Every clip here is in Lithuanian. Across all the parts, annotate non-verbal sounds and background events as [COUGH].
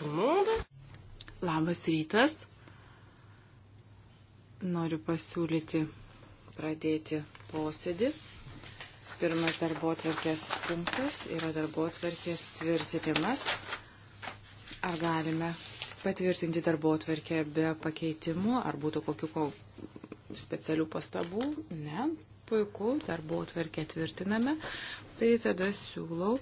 tout le monde. Labas rytas. Noriu pasiūlyti pradėti posėdį. Pirmas darbo atvarkės punktas yra darbo atvarkės tvirtinimas. Ar galime patvirtinti darbo atvarkę be pakeitimų, ar būtų kokių ko specialių pastabų? Ne, puiku, darbo atvarkę tvirtiname. Tai tada siūlau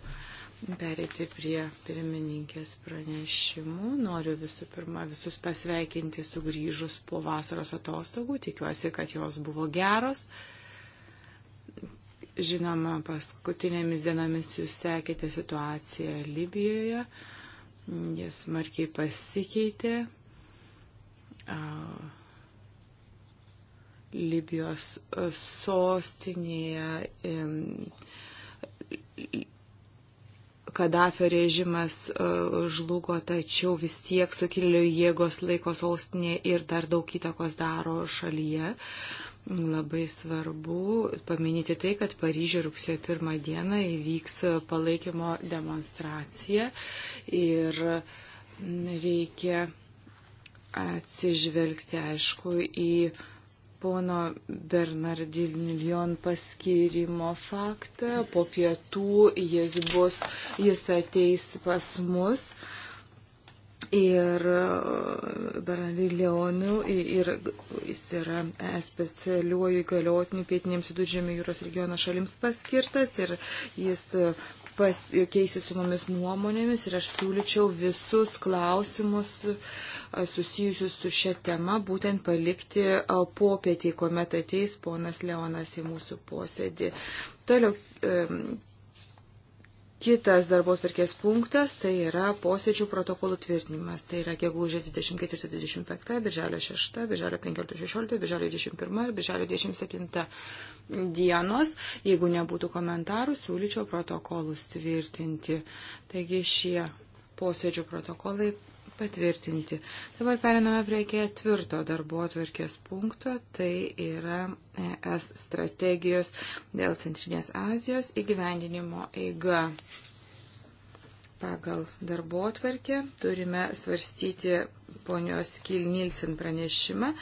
Perėti prie pirmininkės pranešimų. Noriu visų pirma visus pasveikinti sugrįžus po vasaros atostogų. Tikiuosi, kad jos buvo geros. Žinoma, paskutinėmis dienomis jūs sekėte situaciją Libijoje. Jis markiai pasikeitė. Libijos sostinėje Kadafio režimas e, žlugo, tačiau vis tiek sukilėlių jėgos laiko sostinė ir dar daug įtakos daro šalyje. Labai svarbu paminėti tai, kad Paryžiuje rugsėjo pirmą dieną įvyks palaikymo demonstracija ir reikia atsižvelgti, aišku, į pono Bernardilion paskirimo faktą. Po pietų jis, bus, jis ateis pas mus. Ir e, Bernardilionių ir jis yra e, specialiuoju įgaliotiniu pietinėms viduržėmio jūros regiono šalims paskirtas ir jis e, keisi su mumis nuomonėmis ir aš siūlyčiau visus klausimus uh, susijusius su šia tema būtent palikti popietį, kuomet ateis ponas Leonas į mūsų posėdį. Toliau Kitas darbos tarkės punktas tai yra posėdžių protokolų tvirtinimas. Tai yra gegužės 24-25, birželio 6, birželio 15-16, birželio 21 ir birželio 27 dienos. Jeigu nebūtų komentarų, siūlyčiau protokolus tvirtinti. Taigi šie posėdžių protokolai patvirtinti. Dabar periname prie ketvirto darbo atvarkės punkto, tai yra e, ES strategijos dėl Centrinės Azijos įgyvendinimo eiga. Pagal darbo atvarkę turime svarstyti ponios Kilnilsen pranešimą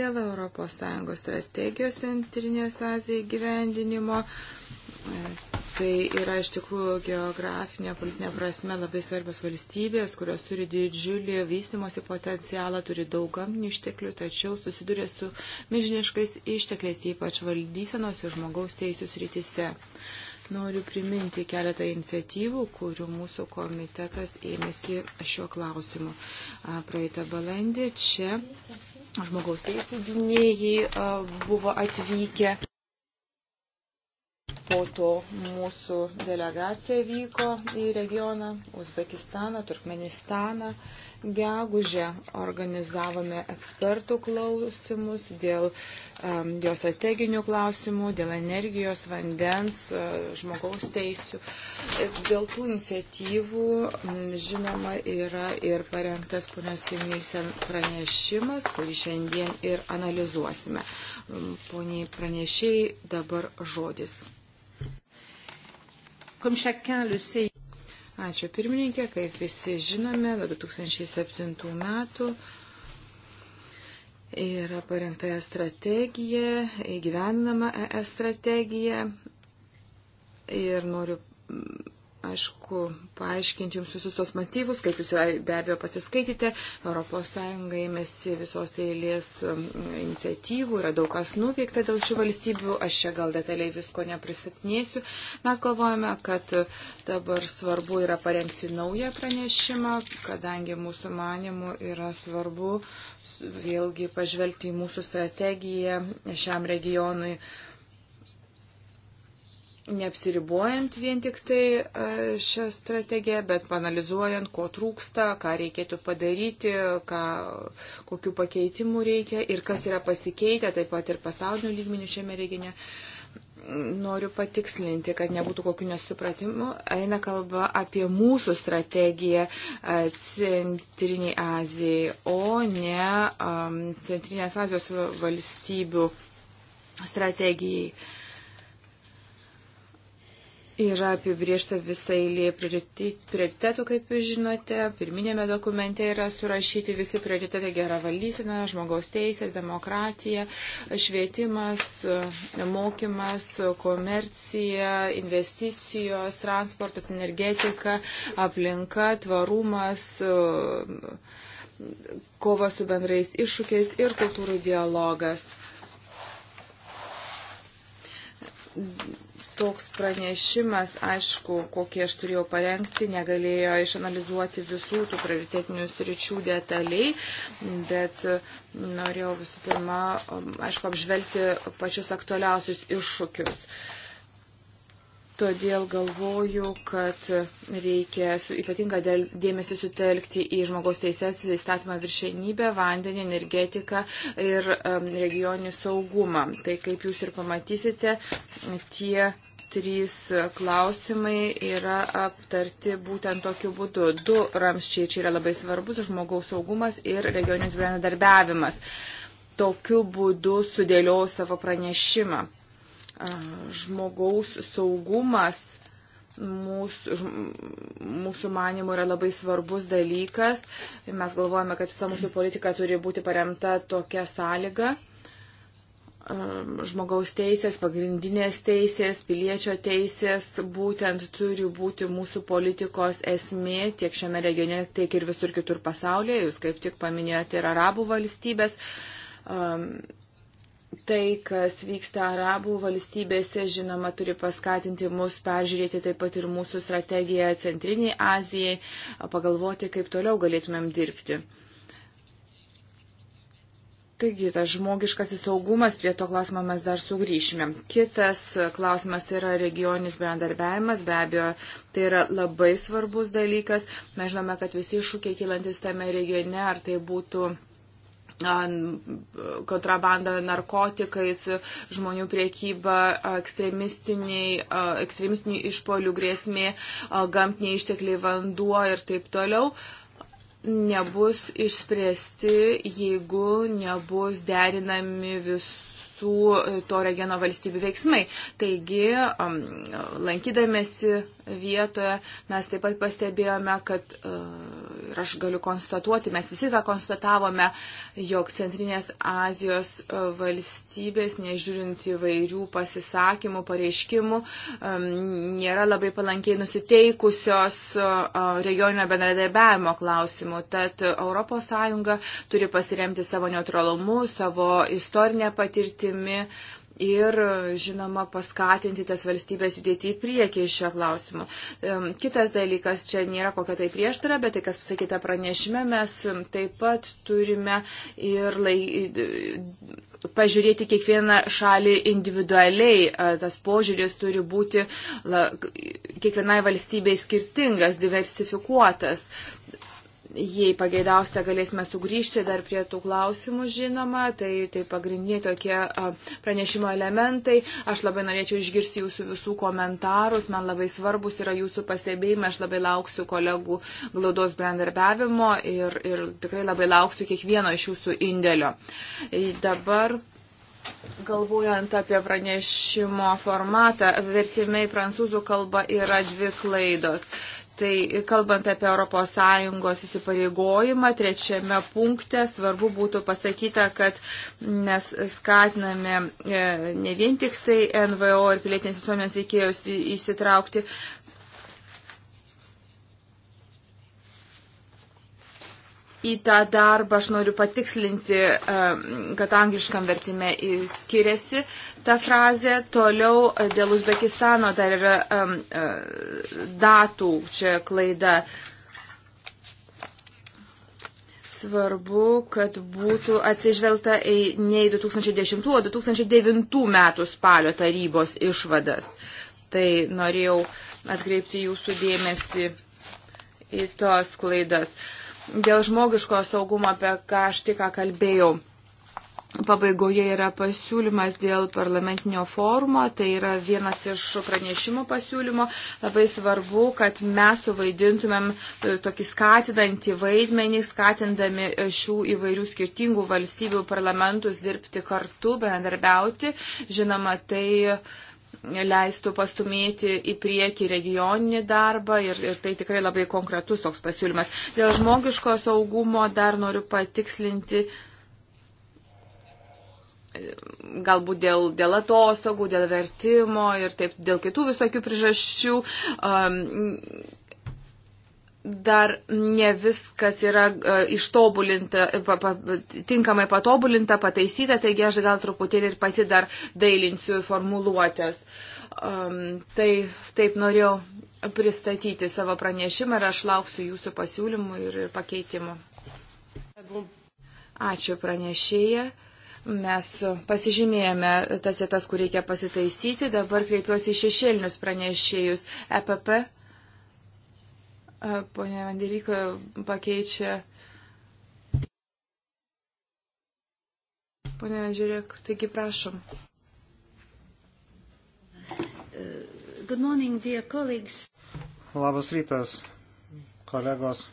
dėl ES strategijos Centrinės Azijos įgyvendinimo Tai yra iš tikrųjų geografinė, politinė prasme labai svarbios valstybės, kurios turi didžiulį vystimosi potencialą, turi daug gamtinių išteklių, tačiau susiduria su milžiniškais ištekliais, ypač valdysenos ir žmogaus teisų srityse. Noriu priminti keletą iniciatyvų, kurių mūsų komitetas ėmėsi šiuo klausimu. Praeitą balandį čia žmogaus teisų gynėjai buvo atvykę. Po to mūsų delegacija vyko į regioną Uzbekistaną, Turkmenistaną. Gegužę organizavome ekspertų klausimus dėl geostrateginių klausimų, dėl energijos, vandens, e, žmogaus teisų. Dėl tų iniciatyvų, žinoma, yra ir parengtas ponios Kimnysen pranešimas, kurį šiandien ir analizuosime. Poniai pranešiai dabar žodis. Ačiū pirmininkė, kaip visi žinome, nuo 2007 metų yra parengta strategija, įgyvendinama ES strategija ir noriu aišku, paaiškinti jums visus tos motyvus, kaip jūs be abejo pasiskaitėte. ES ėmėsi visos eilės um, iniciatyvų, yra daug kas nuveikta dėl šių valstybių, aš čia gal detaliai visko neprisaknėsiu. Mes galvojame, kad dabar svarbu yra parengti naują pranešimą, kadangi mūsų manimų yra svarbu vėlgi pažvelgti į mūsų strategiją šiam regionui neapsiribuojant vien tik tai e, šią strategiją, bet panalizuojant, ko trūksta, ką reikėtų padaryti, ką, kokių pakeitimų reikia ir kas yra pasikeitę, taip pat ir pasaulinių lygmenių šiame regione. Noriu patikslinti, kad nebūtų kokių nesupratimų. Eina kalba apie mūsų strategiją e, Centriniai Azijai, o ne um, Centrinės Azijos valstybių strategijai. Uh, Yra apibriešta visa eilė prioritetų, kaip jūs žinote. Pirminėme dokumente yra surašyti visi prioritetai gera valdysena, žmogaus teisės, demokratija, švietimas, mokymas, komercija, investicijos, transportas, energetika, aplinka, tvarumas kova su bendrais iššūkiais ir kultūrų dialogas toks pranešimas, aišku, kokį aš turėjau parengti, negalėjo išanalizuoti visų tų prioritetinių sričių detaliai, bet norėjau visų pirma, um, aišku, apžvelgti pačius aktualiausius iššūkius. Todėl galvoju, kad reikia ypatingą dėmesį sutelkti į žmogaus teises, įstatymą viršenybę, vandenį, energetiką ir um, regioninį saugumą. Tai kaip jūs ir pamatysite, tie trys klausimai yra aptarti būtent tokiu būdu. Du ramščiai čia yra labai svarbus - žmogaus saugumas ir regioninis bendradarbiavimas. Tokiu būdu sudėliau savo pranešimą. Žmogaus saugumas mūsų, mūsų manimų yra labai svarbus dalykas. Mes galvojame, kad visa mūsų politika turi būti paremta tokia sąlyga Um, žmogaus teisės, pagrindinės teisės, piliečio teisės būtent turi būti mūsų politikos esmė tiek šiame regione, tiek ir visur kitur pasaulyje. Jūs kaip tik paminėjote ir arabų valstybės. Um, tai, kas vyksta arabų valstybėse, žinoma, turi paskatinti mus peržiūrėti taip pat ir mūsų strategiją Centriniai Azijai, pagalvoti, kaip toliau galėtumėm dirbti. Taigi, tas žmogiškasis saugumas, prie to klausimo mes dar sugrįšime. Kitas klausimas tai yra regioninis bendarbiavimas, be abejo, tai yra labai svarbus dalykas. Mes žinome, kad visi iššūkiai kylantis tame regione, ar tai būtų kontrabanda narkotikais, žmonių priekyba, ekstremistiniai išpolių grėsmė, gamtiniai ištekliai vanduo ir taip toliau nebus išspręsti, jeigu nebus derinami visų visų e, to regiono valstybių veiksmai. Taigi, lankydamėsi vietoje, mes taip pat pastebėjome, kad, e, ir aš galiu konstatuoti, mes visi tą konstatavome, jog Centrinės Azijos e, valstybės, nežiūrint įvairių pasisakymų, pareiškimų, nėra labai palankiai nusiteikusios regioninio bendradarbiavimo klausimų. Tad ES turi pasiremti savo neutralumu, savo istorinę patirtį kryptimi ir, žinoma, paskatinti tas valstybės judėti į priekį iš šio klausimo. Kitas dalykas, čia nėra kokia tai prieštara, bet tai, kas pasakyta pranešime, mes taip pat turime ir lai, pažiūrėti kiekvieną šalį individualiai. Tas požiūris turi būti la, kiekvienai valstybei skirtingas, diversifikuotas. Jei pageidausite, galėsime sugrįžti dar prie tų klausimų, žinoma, tai, tai pagrindiniai tokie pranešimo elementai. Aš labai norėčiau išgirsti jūsų visų komentarus, man labai svarbus yra jūsų pastebėjimai, aš labai lauksiu kolegų glaudos bendarbiavimo ir, ir tikrai labai lauksiu kiekvieno iš jūsų indėlio. Dabar Galvojant apie pranešimo formatą, vertime į prancūzų kalbą yra dvi klaidos. Tai kalbant apie ES įsipareigojimą, trečiame punkte svarbu būtų pasakyta, kad mes skatiname e, ne vien tik tai NVO ir pilietinės visuomenės veikėjus įsitraukti, į tą darbą. Aš noriu patikslinti, kad angliškam vertime skiriasi ta frazė. Toliau e, dėl Uzbekistano dar yra e, datų čia klaida. Svarbu, kad būtų atsižvelgta į, ne į 2010, o 2009 metų spalio tarybos išvadas. Tai norėjau atkreipti jūsų dėmesį į tos klaidas. Uh, Dėl žmogiško saugumo, apie ką aš tik ką kalbėjau. Pabaigoje yra pasiūlymas dėl parlamentinio forumo, tai yra vienas iš pranešimų pasiūlymo. Labai svarbu, kad mes suvaidintumėm e, tokį skatinantį vaidmenį, skatindami e, šių įvairių skirtingų valstybių parlamentus dirbti kartu, bendarbiauti. Žinoma, tai uh, leistų pastumėti į priekį regioninį darbą ir, ir tai tikrai labai konkretus toks pasiūlymas. Dėl žmogiško saugumo dar noriu patikslinti, galbūt dėl, dėl atostogų, dėl vertimo ir taip dėl kitų visokių priežasčių. Um, dar ne viskas yra e, ištobulinta, e, pa, pa, tinkamai patobulinta, pataisyta, taigi aš gal truputėlį ir pati dar dailinsiu formuluotės. Um, tai taip norėjau pristatyti savo pranešimą ir aš lauksiu jūsų pasiūlymų ir, ir pakeitimų. Ačiū pranešėja. Mes pasižymėjome tas vietas, kur reikia pasitaisyti. Dabar kreipiuosi į šešėlinius pranešėjus. EPP Pone Vanderyko pakeičia. Pone Žiūrėk, taigi prašom. Good morning, dear colleagues. Labas rytas, kolegos.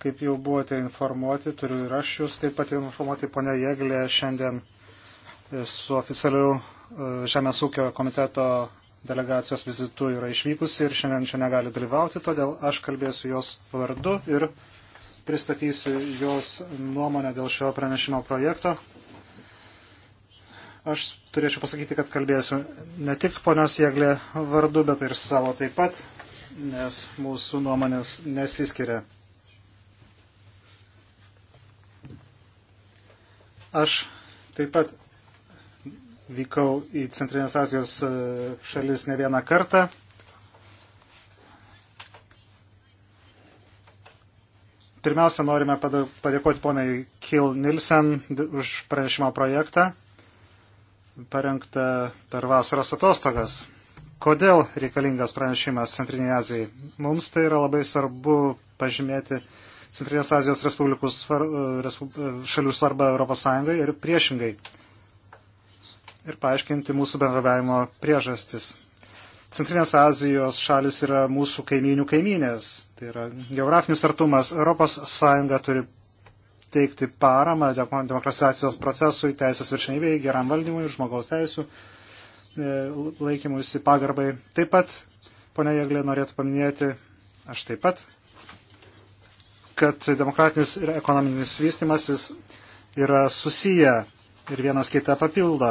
Kaip jau buvote informuoti, turiu ir aš jūs taip pat informuoti, ponia Jėglė, šiandien su oficialiu e, Žemės ūkio komiteto delegacijos vizitu yra išvykusi ir šiandien čia negali dalyvauti, todėl aš kalbėsiu jos vardu ir pristatysiu jos nuomonę dėl šio pranešimo projekto. Aš turėčiau pasakyti, kad kalbėsiu ne tik ponios Jėglė vardu, bet ir savo taip pat, nes mūsų nuomonės nesiskiria. Aš taip pat vykau į Centrinės Azijos e, šalis ne vieną kartą. Pirmiausia, norime padėkoti poniai Kil Nilsen už pranešimo projektą, parengtą per vasaros atostogas. Kodėl reikalingas pranešimas Centrinėje Azijai? Mums tai yra labai svarbu pažymėti Centrinės Azijos respublikų svar, e, e, šalių svarbą Europos Sąjungai ir priešingai ir paaiškinti mūsų bendravimo priežastis. Centrinės Azijos šalis yra mūsų kaiminių kaiminės. Tai yra geografinis artumas. ES turi teikti paramą demokratizacijos procesui, teisės viršinybei, geram valdymui ir žmogaus teisų e, laikymuisi pagarbai. Taip pat, ponia Jeglė, norėtų paminėti, aš taip pat, kad demokratinis ir ekonominis vystimasis yra susiję ir vienas kitą papildo.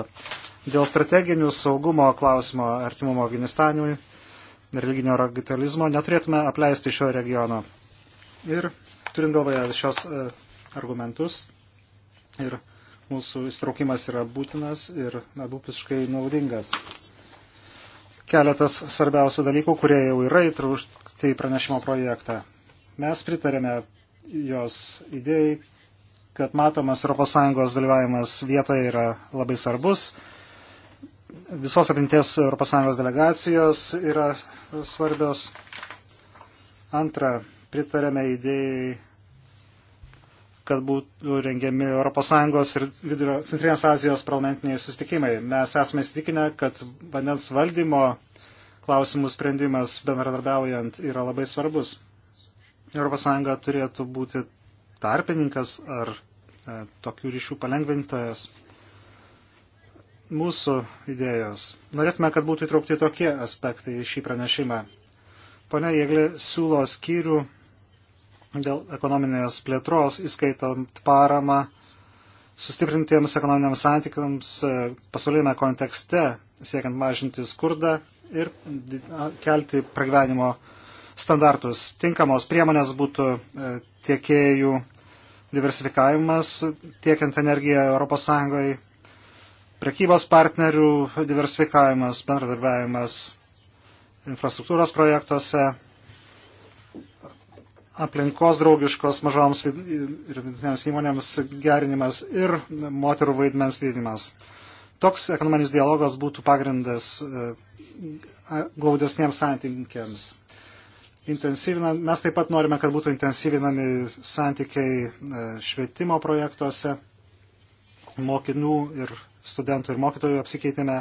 Dėl strateginių saugumo klausimo artimumo Afganistanui ir religinio radikalizmo neturėtume apleisti šio regiono. Ir turint galvoje šios e, argumentus ir mūsų įstraukimas yra būtinas ir abupiškai naudingas. Keletas svarbiausių dalykų, kurie jau yra įtraukti į pranešimo projektą. Mes pritarėme jos idėjai, kad matomas ES dalyvavimas vietoje yra labai svarbus. Visos apimties ES delegacijos yra svarbios. Antra, pritarėme idėjai, kad būtų rengiami ES ir Vidurio Centrinės Azijos parlamentiniai sustikimai. Mes esame įsitikinę, kad vandens valdymo klausimų sprendimas bendradarbiaujant yra labai svarbus. ES turėtų būti tarpininkas ar e, tokių ryšių palengvintojas. Mūsų idėjos. Norėtume, kad būtų įtraukti tokie aspektai į šį pranešimą. Pone Jėglė siūlo skyrių dėl ekonominės plėtros, įskaitant paramą sustiprintiems ekonominiams santykiams e, pasaulyme kontekste, siekiant mažinti skurdą ir kelti pragyvenimo standartus. Tinkamos priemonės būtų e, tiekėjų diversifikavimas tiekiant energiją ES, prekybos partnerių diversifikavimas, bendradarbiavimas infrastruktūros projektuose, aplinkos draugiškos mažoms ir vidutinėms įmonėms gerinimas ir moterų vaidmens didinimas. Toks ekonominis dialogas būtų pagrindas e, glaudesniems santykiams. Intensyvinam, mes taip pat norime, kad būtų intensyvinami santykiai e, švietimo projektuose, mokinių ir studentų ir mokytojų apsikeitime.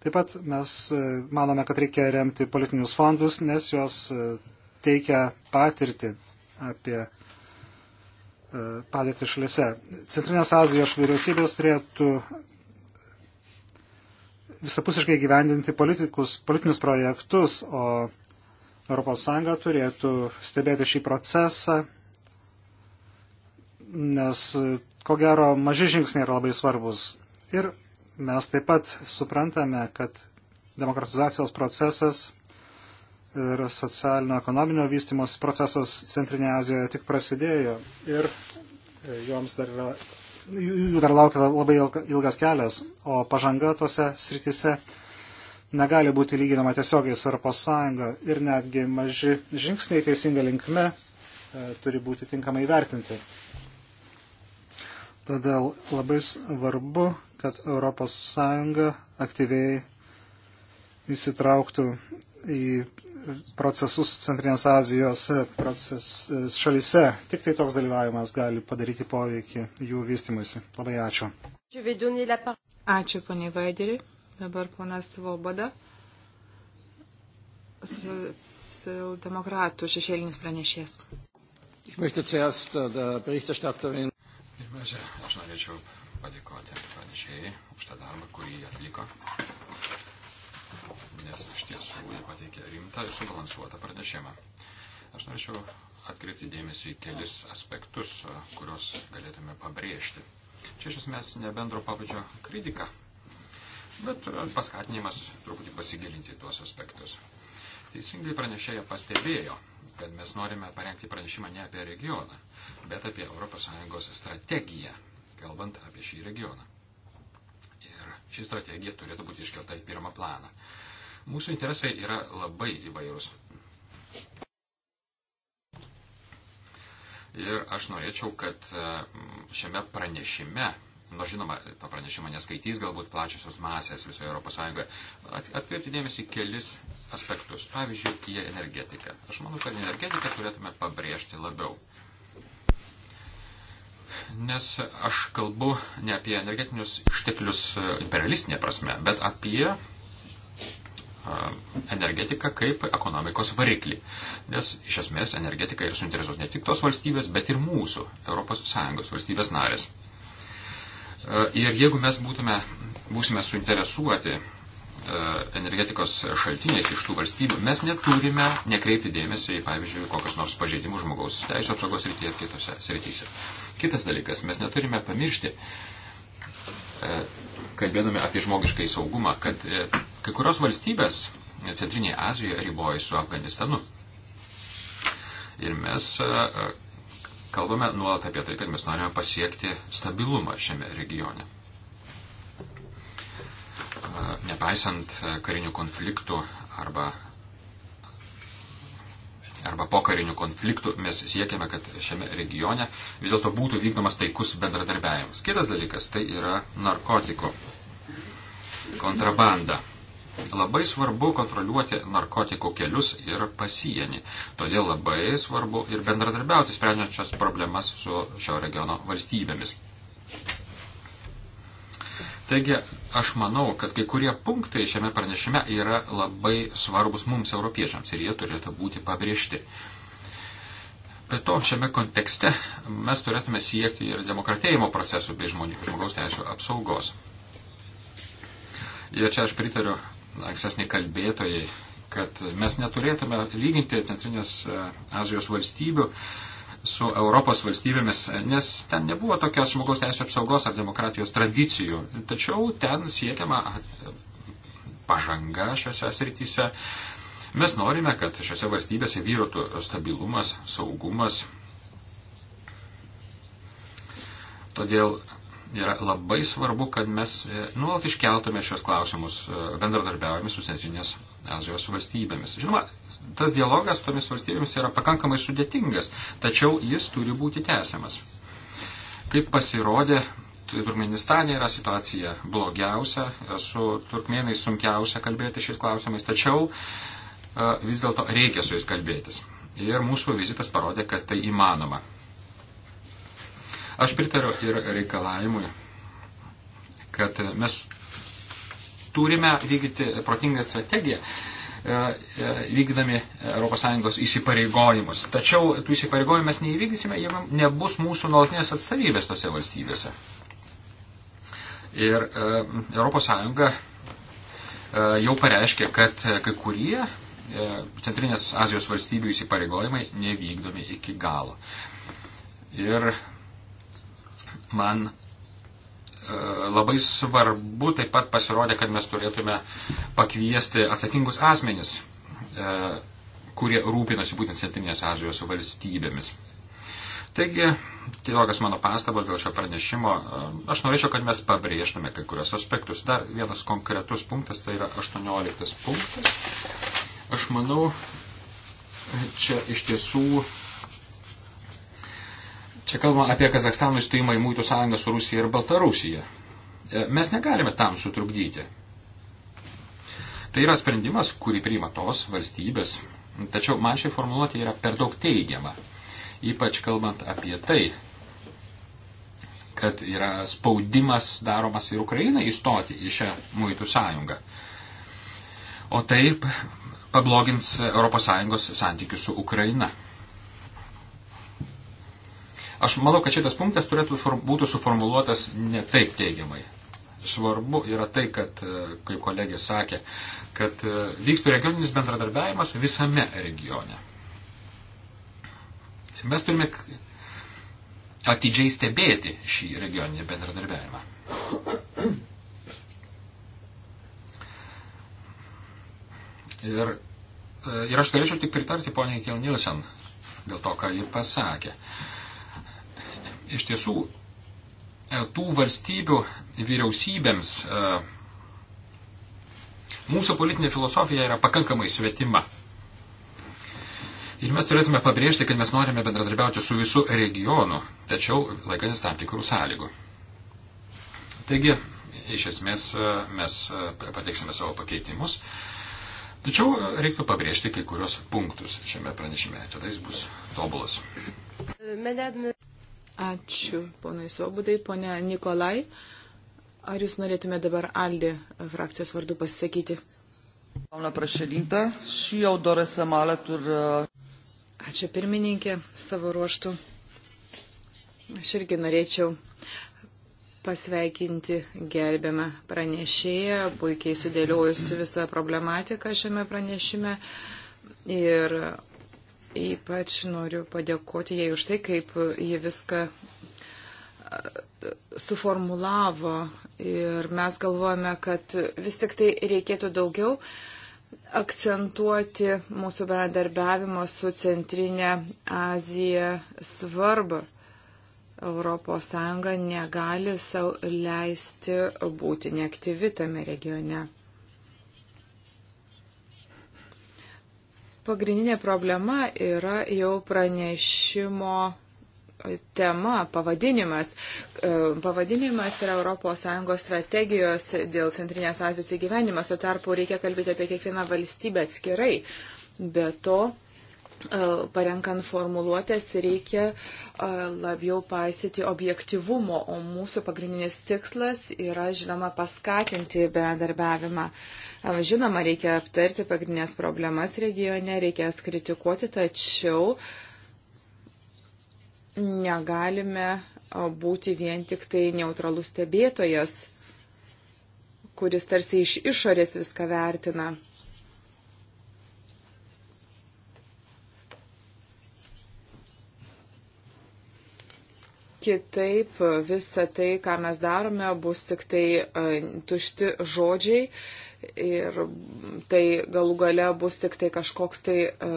Taip pat mes e, manome, kad reikia remti politinius fondus, nes juos e, teikia patirtį apie padėtį šalise. Centrinės Azijos vyriausybės turėtų visapusiškai gyvendinti politikus, politinius projektus, o ES turėtų stebėti šį procesą, nes ko gero maži žingsniai yra labai svarbus. Ir mes taip pat suprantame, kad demokratizacijos procesas ir socialinio ekonominio vystimos procesas Centrinėje Azijoje tik prasidėjo ir joms dar yra, jų dar laukia labai ilgas kelias, o pažanga tose sritise negali būti lyginama tiesiogiai su Europos Sąjunga ir netgi maži žingsniai teisinga linkme e, turi būti tinkamai vertinti. Todėl labai svarbu, kad Europos Sąjunga aktyviai įsitrauktų į procesus Centrinės Azijos proces, e, šalise. Tik tai toks dalyvavimas gali padaryti poveikį jų vystimuisi. Labai ačiū. Ačiū, poniai Vaideriui. Dabar ponas Svoboda, socialdemokratų šešėlinis pranešės. Äh, Pirmiausia, aš norėčiau padėkoti pranešėjai už tą darbą, kurį atliko, nes iš tiesų jie pateikė rimtą ir subalansuotą pranešimą. Aš norėčiau atkreipti dėmesį į kelis aspektus, kuriuos galėtume pabrėžti. Čia iš esmės ne bendro pabudžio kritika, bet e, paskatinimas truputį pasigilinti tuos aspektus. Teisingai pranešėja pastebėjo, kad mes norime parengti pranešimą ne apie regioną, bet apie ES strategiją, kalbant apie šį regioną. Ir ši strategija turėtų būti iškelta į pirmą planą. Mūsų interesai yra labai įvairūs. Ir aš norėčiau, kad e, šiame pranešime Nors žinoma, to pranešimo neskaitys galbūt plačiosios masės visoje Europos Sąjungoje. Atkreipti dėmesį kelis aspektus. Pavyzdžiui, į energetiką. Aš manau, kad energetiką turėtume pabrėžti labiau. Nes aš kalbu ne apie energetinius išteklius e, imperialistinė prasme, bet apie e, energetiką kaip ekonomikos variklį. Nes iš esmės energetika ir suinteresuos ne tik tos valstybės, bet ir mūsų ES valstybės narės. E, ir jeigu mes būtume, būsime suinteresuoti e, energetikos šaltiniais iš tų valstybių, mes neturime nekreipti dėmesį į, pavyzdžiui, kokius nors pažeidimus žmogaus teisų apsaugos rytyje ir kitose srityse. Kitas dalykas, mes neturime pamiršti, e, kalbėdami apie žmogiškai saugumą, kad kai kurios valstybės Centrinėje Azijoje riboja su Afganistanu. Ir mes kalbame nuolat apie tai, kad mes norime pasiekti stabilumą šiame regione. Nepaisant karinių konfliktų arba, arba pokarinių konfliktų, mes siekiame, kad šiame regione vis dėlto būtų vykdomas taikus bendradarbiavimas. Kitas dalykas tai yra narkotikų kontrabanda. Labai svarbu kontroliuoti narkotikų kelius ir pasienį. Todėl labai svarbu ir bendradarbiauti sprendžiant šias problemas su šio regiono valstybėmis. Taigi, aš manau, kad kai kurie punktai šiame pranešime yra labai svarbus mums, europiečiams, ir jie turėtų būti pabrėžti. Be to, šiame kontekste mes turėtume siekti ir demokratėjimo procesų bei žmonių, žmogaus teisų apsaugos. Ir čia aš pritariu ankstesniai kalbėtojai, kad mes neturėtume lyginti Centrinės e, Azijos valstybių su Europos valstybėmis, nes ten nebuvo tokios žmogaus teisų apsaugos ar demokratijos tradicijų. Tačiau ten siekiama pažanga šiose srityse. Mes norime, kad šiose valstybėse vyrotų stabilumas, saugumas. Todėl yra labai svarbu, kad mes e, nuolat iškeltume šios klausimus, e, bendradarbiaujame su Centrinės Azijos valstybėmis. Žinoma, tas dialogas su tomis valstybėmis yra pakankamai sudėtingas, tačiau jis turi būti tęsiamas. Kaip pasirodė, Turkmenistane yra situacija blogiausia, su turkmenais sunkiausia kalbėti šiais klausimais, tačiau e, vis dėlto reikia su jais kalbėtis. Ir mūsų vizitas parodė, kad tai įmanoma. Aš pritariu ir reikalavimui, kad mes turime vykdyti protingą strategiją e, e, vykdami ES įsipareigojimus. Tačiau tų įsipareigojimų mes neįvykdysime, jeigu nebus mūsų nuolatinės atstovybės tose valstybėse. Ir e, ES jau pareiškė, kad kai kurie Centrinės Azijos valstybių įsipareigojimai nevykdomi iki galo. Ir man e, labai svarbu taip pat pasirodė, kad mes turėtume pakviesti atsakingus asmenis, e, kurie rūpinosi būtent Centrinės Azijos valstybėmis. Taigi, tiesiogas mano pastabos dėl šio pranešimo, e, aš norėčiau, kad mes pabrėžtume kai kurios aspektus. Dar vienas konkretus punktas, tai yra 18 punktas. Aš manau, čia iš tiesų Čia kalbama apie Kazakstano įstojimą į Mūtų sąjungą su Rusija ir Baltarusija. E, mes negalime tam sutrukdyti. Tai yra sprendimas, kurį priima tos valstybės. Tačiau man ši formuluotė yra per daug teigiama. Ypač kalbant apie tai, kad yra spaudimas daromas ir Ukrainai įstoti į šią muitų sąjungą. O taip pablogins ES santykius su Ukraina. Aš manau, kad šitas punktas turėtų būti suformuluotas ne taip teigiamai. Svarbu yra tai, kad, e, kaip kolegė sakė, kad e, vyktų regioninis bendradarbiavimas visame regione. Mes turime atidžiai stebėti šį regioninį bendradarbiavimą. Ir, e, ir aš galėčiau tik pritarti poniai Kilnilsen dėl to, ką ji pasakė. Uh, Iš tiesų, e, tų valstybių vyriausybėms e, mūsų politinė filosofija yra pakankamai svetima. Ir mes turėtume pabrėžti, kad mes norime bendradarbiauti su visu regionu, tačiau laikantis tam tikrų sąlygų. Taigi, iš esmės, e, mes pateiksime savo pakeitimus, tačiau reiktų pabrėžti kai kurios punktus šiame pranešime. Tada jis bus tobulas. Madame... Ačiū, ponai Svobudai. Pone Nikolai, ar jūs norėtume dabar Aldi frakcijos vardu pasisakyti? Doamna președintă, și eu doresc să mă alătur. Uh, Ačiū pirmininkė savo ruoštų. Aš irgi norėčiau pasveikinti gerbiamą pranešėją, puikiai sudėliojus visą problematiką šiame pranešime. Ir Ypač noriu padėkoti jai už tai, kaip jie viską e, suformulavo ir mes galvojame, kad vis tik tai reikėtų daugiau akcentuoti mūsų bendarbiavimo su Centrinė Azija svarbą. ES negali savo leisti būti neaktyvi tame regione. Pagrindinė problema yra jau pranešimo tema, pavadinimas. E, pavadinimas yra ES strategijos dėl Centrinės Azijos įgyvenimas, o tarpu reikia kalbėti apie kiekvieną valstybę atskirai. Be to, E, parenkant formuluotės reikia e, labiau paisyti objektivumo, o mūsų pagrindinis tikslas yra, žinoma, paskatinti bendarbiavimą. E, žinoma, reikia aptarti pagrindinės problemas regione, reikia jas kritikuoti, tačiau negalime būti vien tik tai neutralus stebėtojas, kuris tarsi iš išorės viską vertina. Kitaip visa tai, ką mes darome, bus tik tai e, tušti žodžiai ir tai galų gale bus tik tai kažkoks tai e,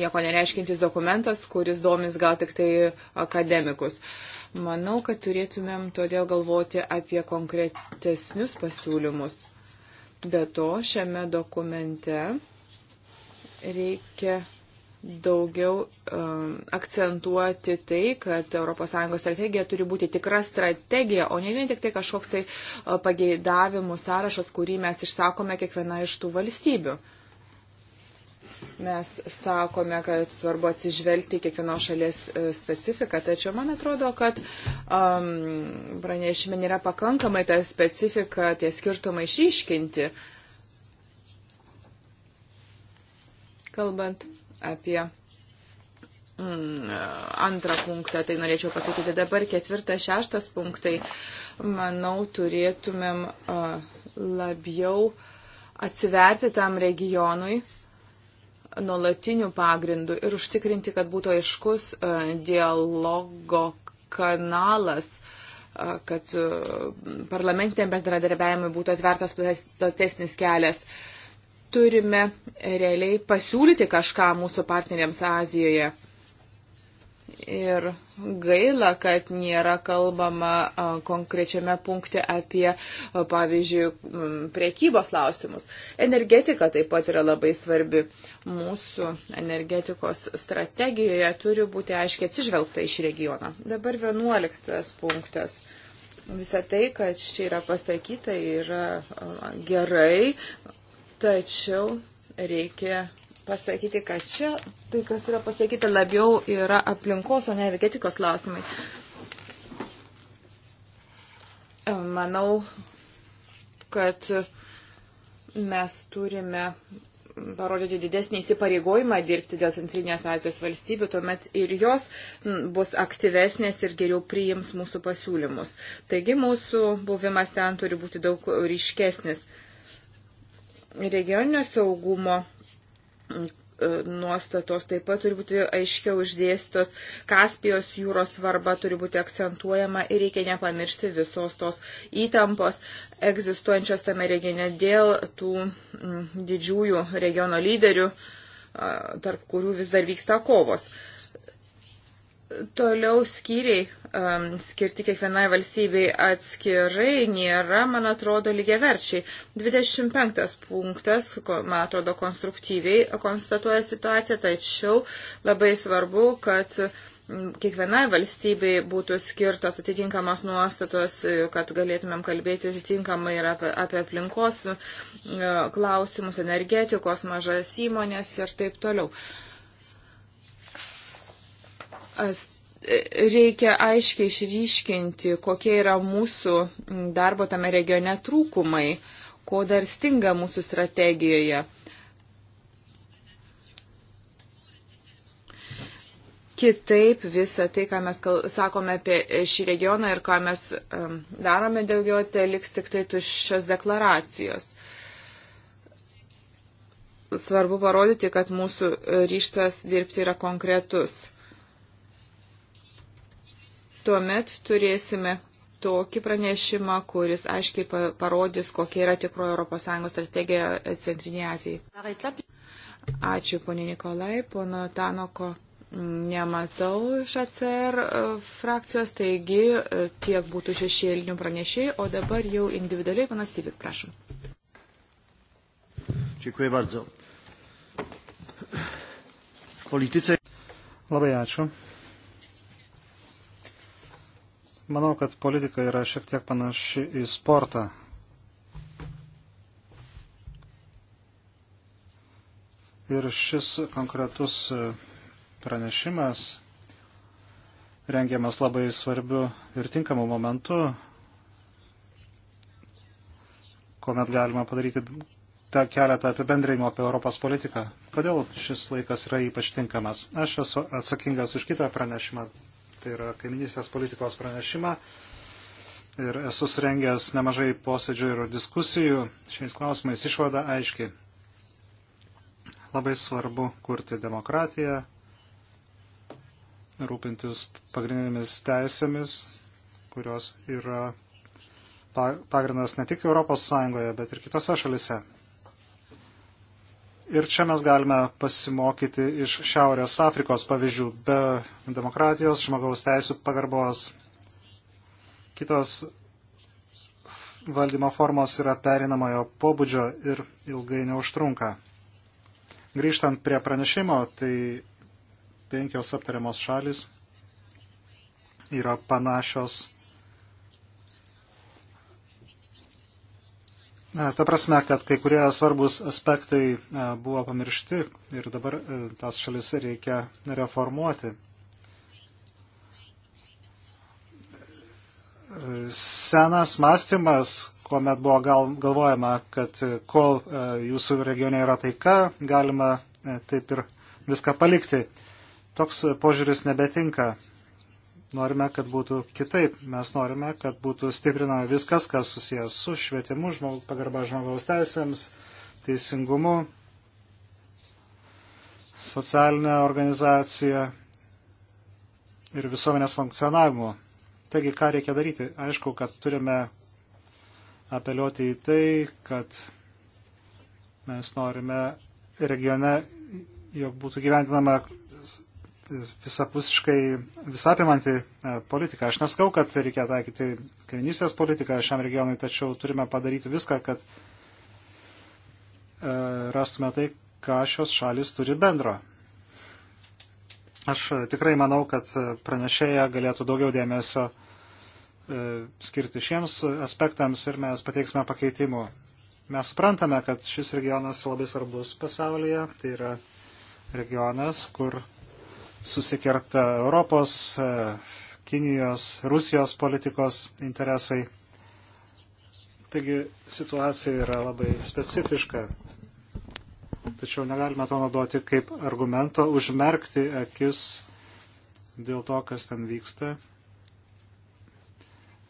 nieko nereiškintis dokumentas, kuris domis gal tik tai akademikus. Manau, kad turėtumėm todėl galvoti apie konkretesnius pasiūlymus. Be to, šiame dokumente reikia daugiau um, akcentuoti tai, kad ES strategija turi būti tikra strategija, o ne vien tik tai kažkoks tai uh, pageidavimų sąrašas, kurį mes išsakome kiekviena iš tų valstybių. Mes sakome, kad svarbu atsižvelgti kiekvienos šalies e, specifiką, tačiau man atrodo, kad um, pranešime nėra pakankamai tą specifiką, tie skirtumai išryškinti. Kalbant apie mm, antrą punktą, tai norėčiau pasakyti dabar ketvirtas, šeštas punktai, manau, turėtumėm labiau atsiverti tam regionui nuolatinių pagrindų ir užtikrinti, kad būtų aiškus dialogo kanalas kad parlamentiniam bendradarbiavimui būtų atvertas platesnis kelias. Uh, turime realiai pasiūlyti kažką mūsų partneriams Azijoje. Ir gaila, kad nėra kalbama konkrečiame punkte apie, pavyzdžiui, priekybos klausimus. Energetika taip pat yra labai svarbi. Mūsų energetikos strategijoje turi būti aiškiai atsižvelgta iš regiono. Dabar vienuoliktas punktas. Visą tai, kad čia yra pasakyta, yra gerai, Tačiau reikia pasakyti, kad čia tai, kas yra pasakyta, labiau yra aplinkos, o ne energetikos klausimai. Manau, kad mes turime parodyti didesnį įsipareigojimą dirbti dėl Centrinės Azijos valstybių, tuomet ir jos bus aktyvesnės ir geriau priims mūsų pasiūlymus. Taigi mūsų buvimas ten turi būti daug ryškesnis regioninio saugumo e, nuostatos taip pat turi būti aiškiau išdėstos, Kaspijos jūros svarba turi būti akcentuojama ir reikia nepamiršti visos tos įtampos egzistuojančios tame regione dėl tų didžiųjų regiono lyderių, tarp kurių vis dar vyksta kovos. Toliau skyriai um, skirti kiekvienai valstybei atskirai nėra, man atrodo, lygiaverčiai. 25 punktas, man atrodo, konstruktyviai konstatuoja situaciją, tačiau labai svarbu, kad mm, kiekvienai valstybei būtų skirtos atitinkamas nuostatos, kad galėtumėm kalbėti atitinkamai ir apie, apie aplinkos e, klausimus, energetikos, mažas įmonės ir taip toliau. Uh, E, reikia aiškiai išryškinti, kokie yra mūsų darbo tame regione trūkumai, ko dar stinga mūsų strategijoje. Kitaip visą tai, ką mes sakome apie šį regioną ir ką mes um, darome dėl jo, tai liks tik tai tuščios deklaracijos. Svarbu parodyti, kad mūsų ryštas dirbti yra konkretus tuomet turėsime tokį pranešimą, kuris aiškiai parodys, kokia yra tikroji ES strategija Centrinėje Azijai. Ačiū, ponė Nikolai, pono Tanoko nematau iš ACR e, frakcijos, taigi e, tiek būtų šešėlinių pranešėjų, o dabar jau individualiai panas Sivik, prašom. Dziękuję bardzo. W polityce. Labai ačiū. Manau, kad politika yra šiek tiek panaši į sportą. Ir šis konkretus pranešimas rengiamas labai svarbiu ir tinkamu momentu, kuomet galima padaryti tą keletą apibendrinimų apie Europos politiką. Kodėl šis laikas yra ypač tinkamas? Aš esu atsakingas už kitą pranešimą, tai yra kaiminysės politikos pranešimą. Ir esu surengęs nemažai posėdžių ir diskusijų šiais klausimais. Išvada aiški. Labai svarbu kurti demokratiją, rūpintis pagrindinėmis teisėmis, kurios yra pagrindas ne tik ES, bet ir kitose šalise. Ir čia mes galime pasimokyti iš Šiaurės Afrikos pavyzdžių be demokratijos, žmogaus teisų pagarbos. Kitos valdymo formos yra perinamojo pobūdžio ir ilgai neužtrunka. Grįžtant prie pranešimo, tai penkios aptariamos šalis yra panašios Ta prasme, kad kai kurie svarbus aspektai e, buvo pamiršti ir dabar e, tas šalis reikia reformuoti. Senas mąstymas, kuomet buvo gal, galvojama, kad kol e, jūsų regione yra taika, galima taip ir viską palikti. Toks požiūris nebetinka norime, kad būtų kitaip. Mes norime, kad būtų stiprinama viskas, kas susijęs su švietimu, žmog, pagarba žmogaus teisėms, teisingumu, socialinė organizacija ir visuomenės funkcionavimu. Taigi, ką reikia daryti? Aišku, kad turime apeliuoti į tai, kad mes norime regione, jog būtų gyventinama visapusiškai visapimanti e, politika. Aš neskau, kad reikia taikyti kaiminystės politiką šiam regionui, tačiau turime padaryti viską, kad e, rastume tai, ką šios šalis turi bendro. Aš tikrai manau, kad pranešėja galėtų daugiau dėmesio e, skirti šiems aspektams ir mes pateiksime pakeitimų. Mes suprantame, kad šis regionas labai svarbus pasaulyje, tai yra regionas, kur susikerta Europos, e, Kinijos, Rusijos politikos interesai. Taigi situacija yra labai specifiška. Tačiau negalime to naudoti kaip argumento, užmerkti akis dėl to, kas ten vyksta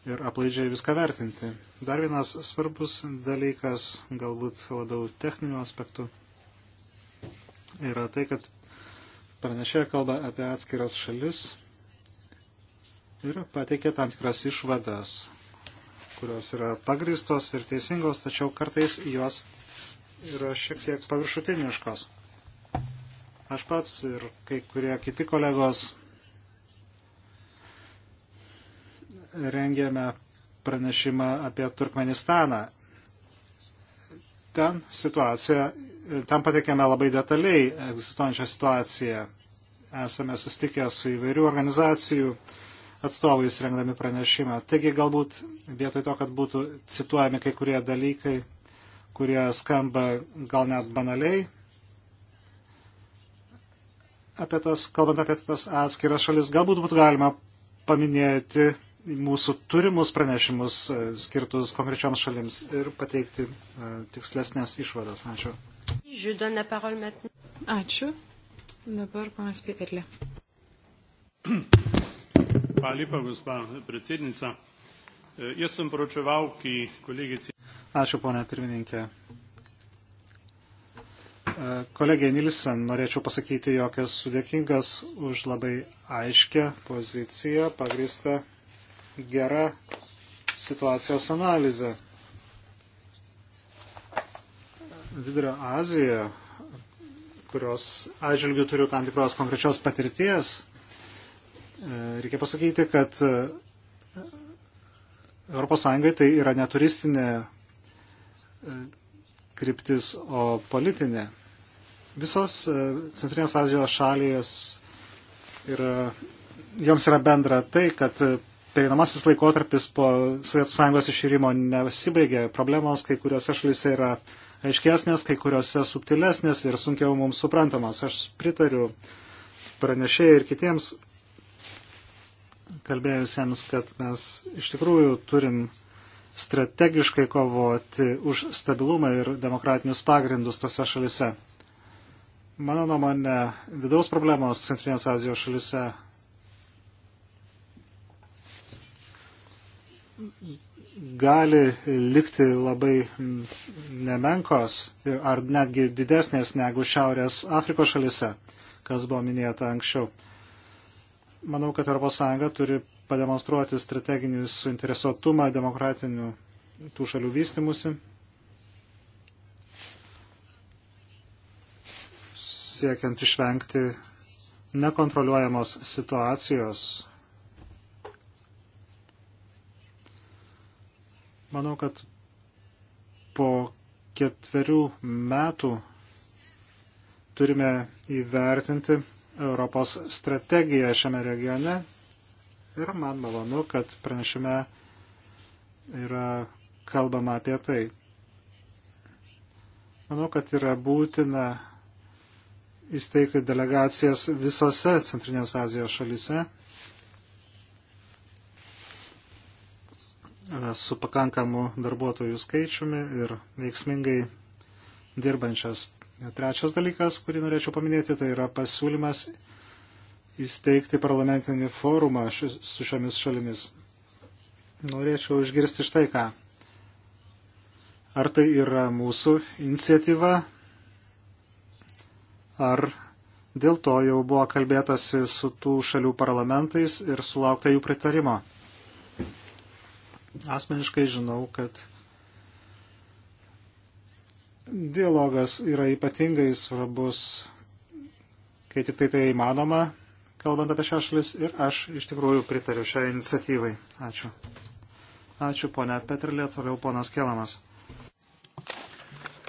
ir aplaidžiai viską vertinti. Dar vienas svarbus dalykas, galbūt labiau techniniu aspektu, yra tai, kad Pranešė kalba apie atskiras šalis ir pateikė tam tikras išvadas, kurios yra pagristos ir teisingos, tačiau kartais jos yra šiek tiek paviršutiniškos. Aš pats ir kai kurie kiti kolegos rengėme pranešimą apie Turkmenistaną ten situacija, ten patekėme labai detaliai egzistuojančią situaciją. Esame sustikę su įvairių organizacijų atstovais rengdami pranešimą. Taigi galbūt vietoj to, kad būtų cituojami kai kurie dalykai, kurie skamba gal net banaliai, apie tas, kalbant apie tas atskiras šalis, galbūt būtų galima paminėti mūsų turimus pranešimus e, skirtus konkrečioms šalims ir pateikti e, tikslesnės išvadas. Ačiū. Ačiū. Dabar panas Piterlė. Hvala lepa, gospa predsednica. E, jaz sem poročeval, ki kolegici. Ačiū, ponia pirmininkė. Kolegė Nilsen, norėčiau pasakyti, jog esu dėkingas už labai aiškę poziciją pagrįstą gera situacijos analizė. Vidurio Azijoje, kurios atžvilgių turiu tam tikros konkrečios patirties, e, reikia pasakyti, kad ES tai yra neturistinė e, kryptis, o politinė. Visos e, Centrinės Azijos šalies yra, joms yra bendra tai, kad pereinamasis laikotarpis po Sovietų Sąjungos iširimo nesibaigė. Problemos kai kuriuose šalyse yra aiškesnės, kai kuriuose subtilesnės ir sunkiau mums suprantamos. Aš pritariu pranešėjai ir kitiems kalbėjusiems, kad mes iš tikrųjų turim strategiškai kovoti už stabilumą ir demokratinius pagrindus tose šalise. Mano nuomonė, vidaus problemos Centrinės Azijos šalise gali likti labai nemenkos ar netgi didesnės negu Šiaurės Afrikos šalise, kas buvo minėta anksčiau. Manau, kad ES turi pademonstruoti strateginį suinteresuotumą demokratinių tų šalių vystimusi. Siekiant išvengti nekontroliuojamos situacijos, Manau, kad po ketverių metų turime įvertinti Europos strategiją šiame regione. Ir man malonu, kad pranešime yra kalbama apie tai. Manau, kad yra būtina įsteigti delegacijas visose Centrinės Azijos šalyse E, su pakankamu darbuotojų skaičiumi ir veiksmingai dirbančias. Trečias dalykas, kurį norėčiau paminėti, tai yra pasiūlymas įsteigti parlamentinį forumą ši, su šiomis šalimis. Norėčiau išgirsti štai ką. Ar tai yra mūsų iniciatyva, ar dėl to jau buvo kalbėtasi su tų šalių parlamentais ir sulaukta jų pritarimo asmeniškai žinau, kad dialogas yra ypatingai svarbus, kai tik tai tai įmanoma, kalbant apie šią šalis, ir aš iš tikrųjų pritariu šią iniciatyvai. Ačiū. Ačiū, ponia Petrilė, toliau ponas Kelamas.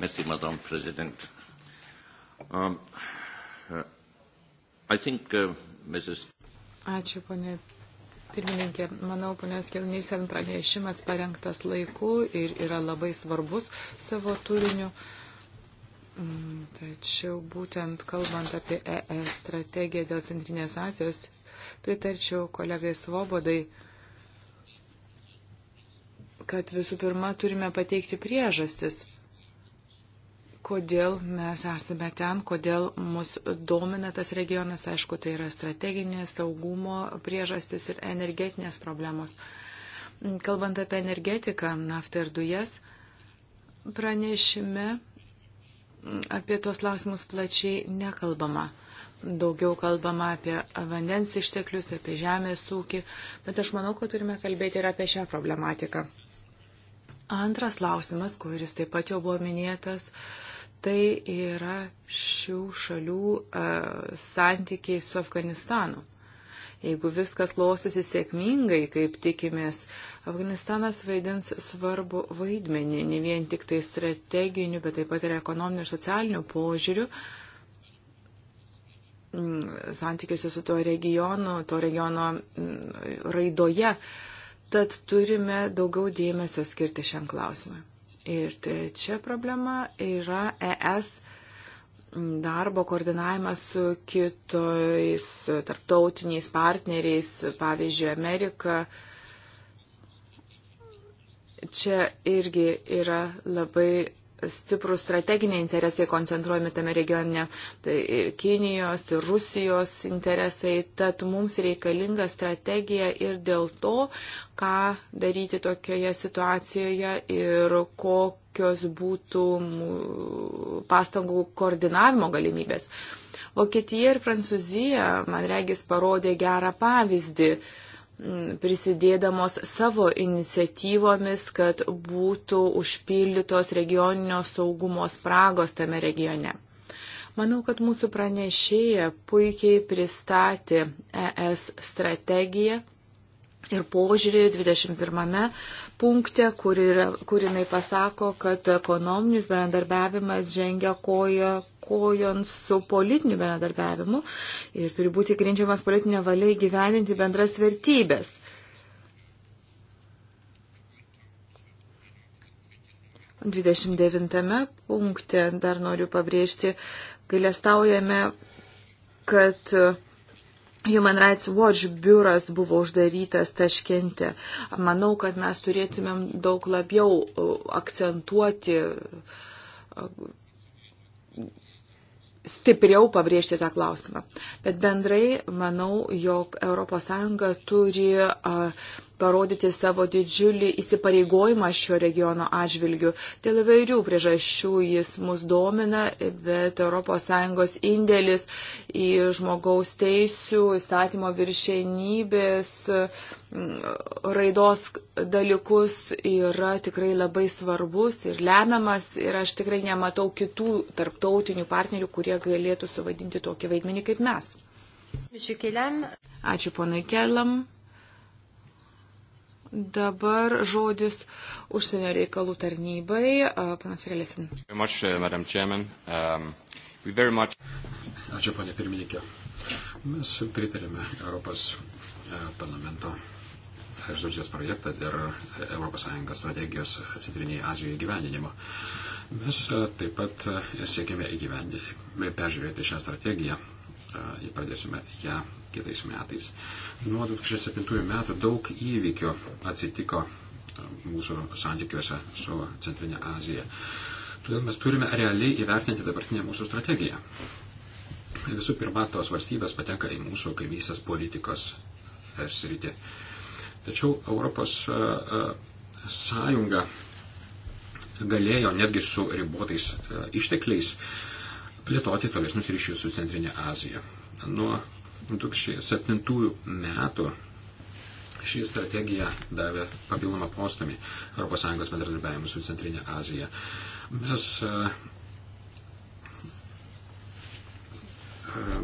Merci, madam prezident. Um, uh, I think, uh, Mrs. Ačiū, ponia pirmininkė. Manau, ponios Kelnysen pranešimas parengtas laiku ir yra labai svarbus savo turiniu. Mm, tačiau būtent kalbant apie ES strategiją dėl Centrinės Azijos, pritarčiau kolegai Svobodai, kad visų pirma turime pateikti priežastis kodėl mes esame ten, kodėl mus domina tas regionas. Aišku, tai yra strateginės saugumo priežastis ir energetinės problemos. Kalbant apie energetiką, naftą ir dujas, pranešime apie tuos klausimus plačiai nekalbama. Daugiau kalbama apie vandens išteklius, apie žemės ūkį, bet aš manau, kad turime kalbėti ir apie šią problematiką. Antras klausimas, kuris taip pat jau buvo minėtas, uh, tai yra šių šalių a, e, santykiai su Afganistanu. Jeigu viskas klostosi sėkmingai, kaip tikimės, Afganistanas vaidins svarbu vaidmenį, ne vien tik tai strateginių, bet taip pat ir ekonominių ir socialinių požiūrių mm, santykiuose su tuo regionu, to regiono mm, raidoje. Tad turime daugiau dėmesio skirti šiam klausimui. Ir čia problema yra ES darbo koordinavimas su kitais tarptautiniais partneriais, pavyzdžiui, Amerika. Čia irgi yra labai stiprų strateginiai interesai koncentruojami tame regione. Tai ir Kinijos, ir Rusijos interesai. Tad mums reikalinga strategija ir dėl to, ką daryti tokioje situacijoje ir kokios būtų pastangų koordinavimo galimybės. Vokietija ir Prancūzija, man regis, parodė gerą pavyzdį. Uh, prisidėdamos savo iniciatyvomis, kad būtų užpildytos regioninio saugumo spragos tame regione. Manau, kad mūsų pranešėja puikiai pristatė ES strategiją ir požiūrį 21 punkte, kur, yra, kur jinai pasako, kad ekonominis bendarbiavimas žengia koja kojon su politiniu bendradarbiavimu ir turi būti grindžiamas politinė valia įgyveninti bendras vertybės. Dvidešimt devintame punkte dar noriu pabrėžti, gailestaujame, kad Human Rights Watch biuras buvo uždarytas taškente. Manau, kad mes turėtumėm daug labiau e, akcentuoti, e, stipriau pabrėžti tą klausimą. Bet bendrai manau, jog ES turi. Uh, parodyti savo didžiulį įsipareigojimą šio regiono atžvilgiu. Dėl įvairių priežasčių jis mus domina, bet ES indėlis į žmogaus teisų, įstatymo viršenybės mm, raidos dalykus yra tikrai labai svarbus ir lemiamas ir aš tikrai nematau kitų tarptautinių partnerių, kurie galėtų suvadinti tokį vaidmenį kaip mes. Ačiū ponai Kelam. Dabar žodis užsienio reikalų tarnybai. Panas Relisin. Uh, um, Ačiū, ponė pirmininkė. Mes pritarėme Europos e, parlamento rezoliucijos projektą ir ES strategijos Centriniai Azijoje gyvendinimo. Mes e, taip pat e, siekime įgyvendinti, peržiūrėti šią strategiją, pradėsime ją kitais metais. Nuo 2007 metų daug įvykių atsitiko mūsų santykiuose su Centrinė Azija. Todėl mes turime realiai įvertinti dabartinę mūsų strategiją. Visų pirma, tos valstybės patenka į mūsų kaimynės politikos e, sritį. Tačiau Europos e, e, sąjunga galėjo netgi su ribotais ištekliais plėtoti tolesnius ryšius su Centrinė Azija. Nuo 2007 nu, metų ši strategija davė papildomą postumį ES bendradarbiavimui su Centrinė Azija. Mes e, e,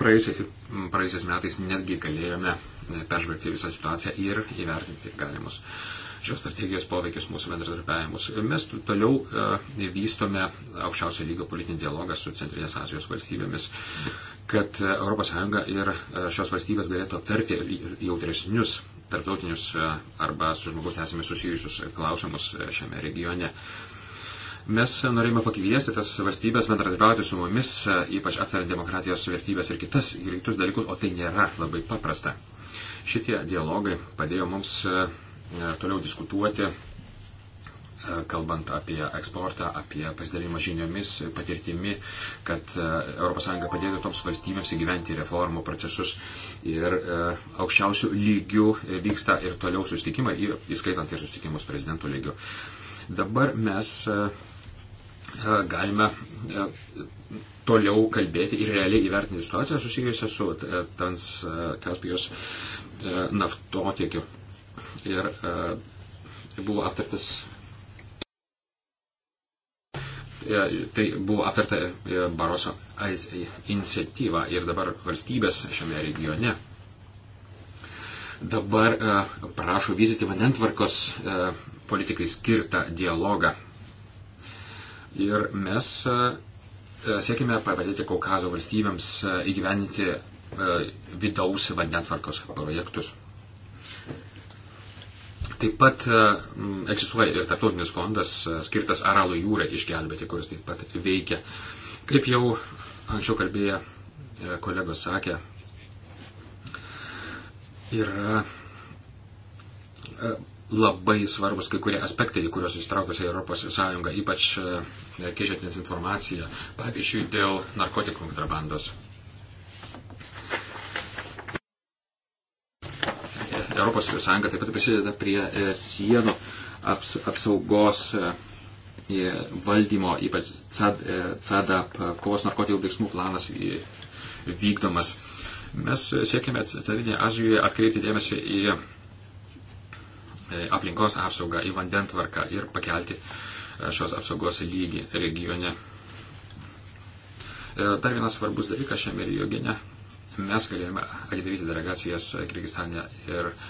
praėjusiais metais netgi galėjome e, peržvelgti visą situaciją ir įvertinti galimus šios strategijos poveikis mūsų bendradarbiavimus. Mes toliau e, vystome aukščiausio lygio politinį dialogą su Centrinės Azijos valstybėmis, kad ES ir e, šios valstybės galėtų aptarti jautresnius tarptautinius e, arba su žmogus esame susijusius klausimus šiame regione. Mes norėjome pakviesti tas valstybės bendradarbiauti su mumis, ypač aptariant demokratijos vertybės ir, kitas, ir kitus dalykus, o tai nėra labai paprasta. Šitie dialogai padėjo mums E, toliau diskutuoti, e, kalbant apie eksportą, apie pasidalimą žiniomis, patirtimi, kad ES padėtų toms valstybėms įgyventi reformų procesus. Ir e, aukščiausių lygių vyksta ir toliau susitikimai, įskaitant ir susitikimus prezidentų lygių. Dabar mes galime toliau kalbėti ir realiai įvertinti situaciją susijusią su Transkaspijos naftotiekiu ir e, buvo aptartas. E, tai buvo aptarta e, Baroso iniciatyva ir dabar valstybės šiame regione dabar prašo vystyti vandentvarkos politikai skirtą dialogą. Ir mes siekime padėti Kaukazo valstybėms įgyveninti vidaus vandentvarkos projektus. Taip pat e, egzistuoja ir tarptautinis fondas e, skirtas Aralo jūrai išgelbėti, kuris taip pat veikia. Kaip jau anksčiau kalbėję e, kolegos sakė, yra labai svarbus kai kurie aspektai, į kuriuos įstraukusi Europos Sąjunga, ypač keičiantis informaciją, pavyzdžiui, dėl narkotikų kontrabandos. Europos Sąjunga taip pat prisideda prie e, sienų aps, apsaugos e, e, valdymo, ypač CADAP, kovos narkotikų veiksmų planas vykdomas. Mes siekime Centrinėje Azijoje atkreipti dėmesį į aplinkos apsaugą, į vandentvarką ir pakelti šios apsaugos lygį regione. Dar vienas svarbus dalykas šiame regione. Mes galėjome atidaryti delegacijas Kirgistane ir uh,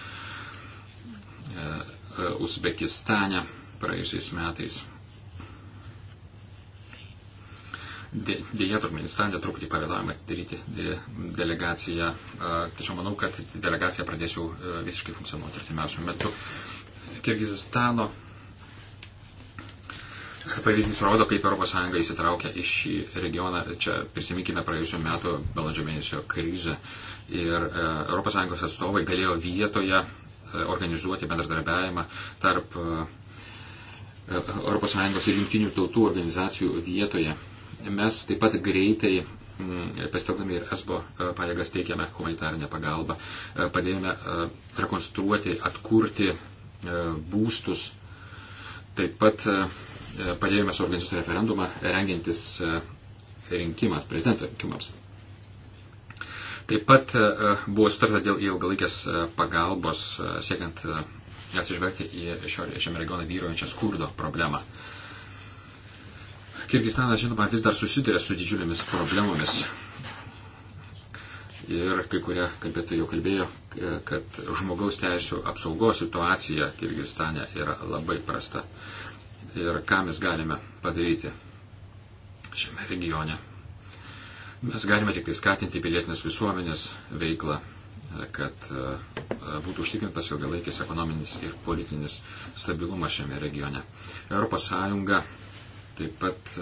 E, e, Uzbekistane praėjusiais metais. Dėja, Turkmenistane truputį pavėlavimą atidaryti de, delegaciją, e, tačiau manau, kad delegaciją pradėsiu visiškai funkcionuoti artimiausiu metu. Kirgizistano Pavyzdys rodo, kaip ES įsitraukia į šį regioną. Čia prisiminkime praėjusiu metu balandžio mėnesio krizę. Ir ES atstovai galėjo vietoje E, organizuoti bendradarbiavimą tarp ES ir jungtinių tautų organizacijų vietoje. Mes taip pat greitai mm, pasitelkdami ir ESBO e, pajėgas teikiame humanitarinę pagalbą, e, padėjome rekonstruoti, atkurti būstus, taip pat padėjome suorganizuoti referendumą, rengiantis rinkimams, prezidento rinkimams. Taip pat e, buvo sutarta dėl ilgalaikės e, pagalbos, e, siekiant atsižvelgti į šiame regione vyruojančią skurdo problemą. Kirgistanas, žinoma, vis dar susiduria su didžiulėmis problemomis. Ir kai kurie kalbėtojai jau kalbėjo, kad žmogaus teisų apsaugos situacija Kirgistane yra labai prasta. Ir ką mes galime padaryti šiame regione. Mes galime tik tai skatinti pilietinės visuomenės veiklą, kad e, būtų užtikrintas ilgalaikis ekonominis ir politinis stabilumas šiame regione. ES taip pat e,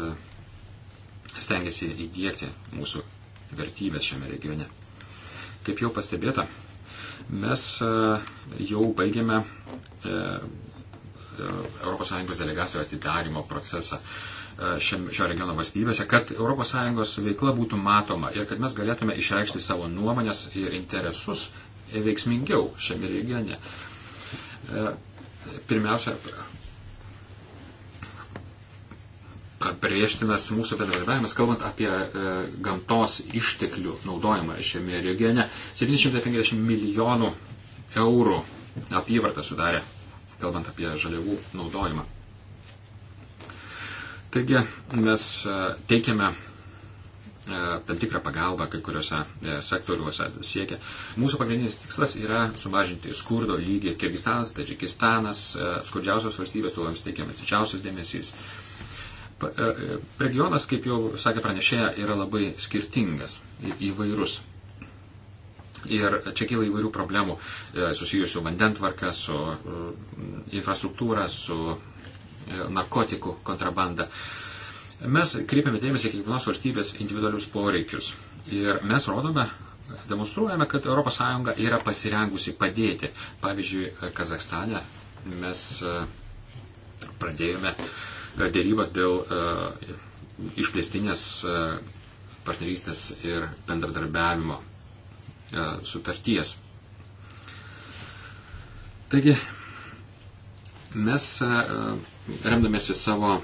stengiasi įdėkti mūsų vertybės šiame regione. Kaip jau pastebėta, mes e, jau baigėme ES delegacijų atidarimo procesą E, šio regiono valstybėse, kad ES veikla būtų matoma ir kad mes galėtume išreikšti savo nuomonės ir interesus veiksmingiau šiame regione. E, pirmiausia, pabrėžtinas mūsų bendradarbiavimas, kalbant apie e, gamtos išteklių naudojimą šiame regione. 750 milijonų eurų apyvartą sudarė, kalbant apie žaliavų naudojimą Taigi mes e, teikiame e, tam tikrą pagalbą kai kuriuose e, sektoriuose siekia. Mūsų pagrindinis tikslas yra sumažinti skurdo lygį. Kirgistanas, Tadžikistanas, skurdžiausios valstybės, tuo jums teikiamas didžiausias dėmesys. Regionas, kaip jau sakė pranešėja, yra labai skirtingas, įvairus. Ir čia kyla įvairių problemų susijusių vandentvarka, su mm, infrastruktūra, su E, narkotikų kontrabandą. Mes kreipiame dėmesį kiekvienos valstybės individualius poreikius. Ir mes rodome, demonstruojame, kad ES yra pasirengusi padėti. Pavyzdžiui, Kazakstane mes e, pradėjome e, dėrybas dėl išplėstinės partnerystės ir bendradarbiavimo sutarties. Taigi, mes remdamėsi savo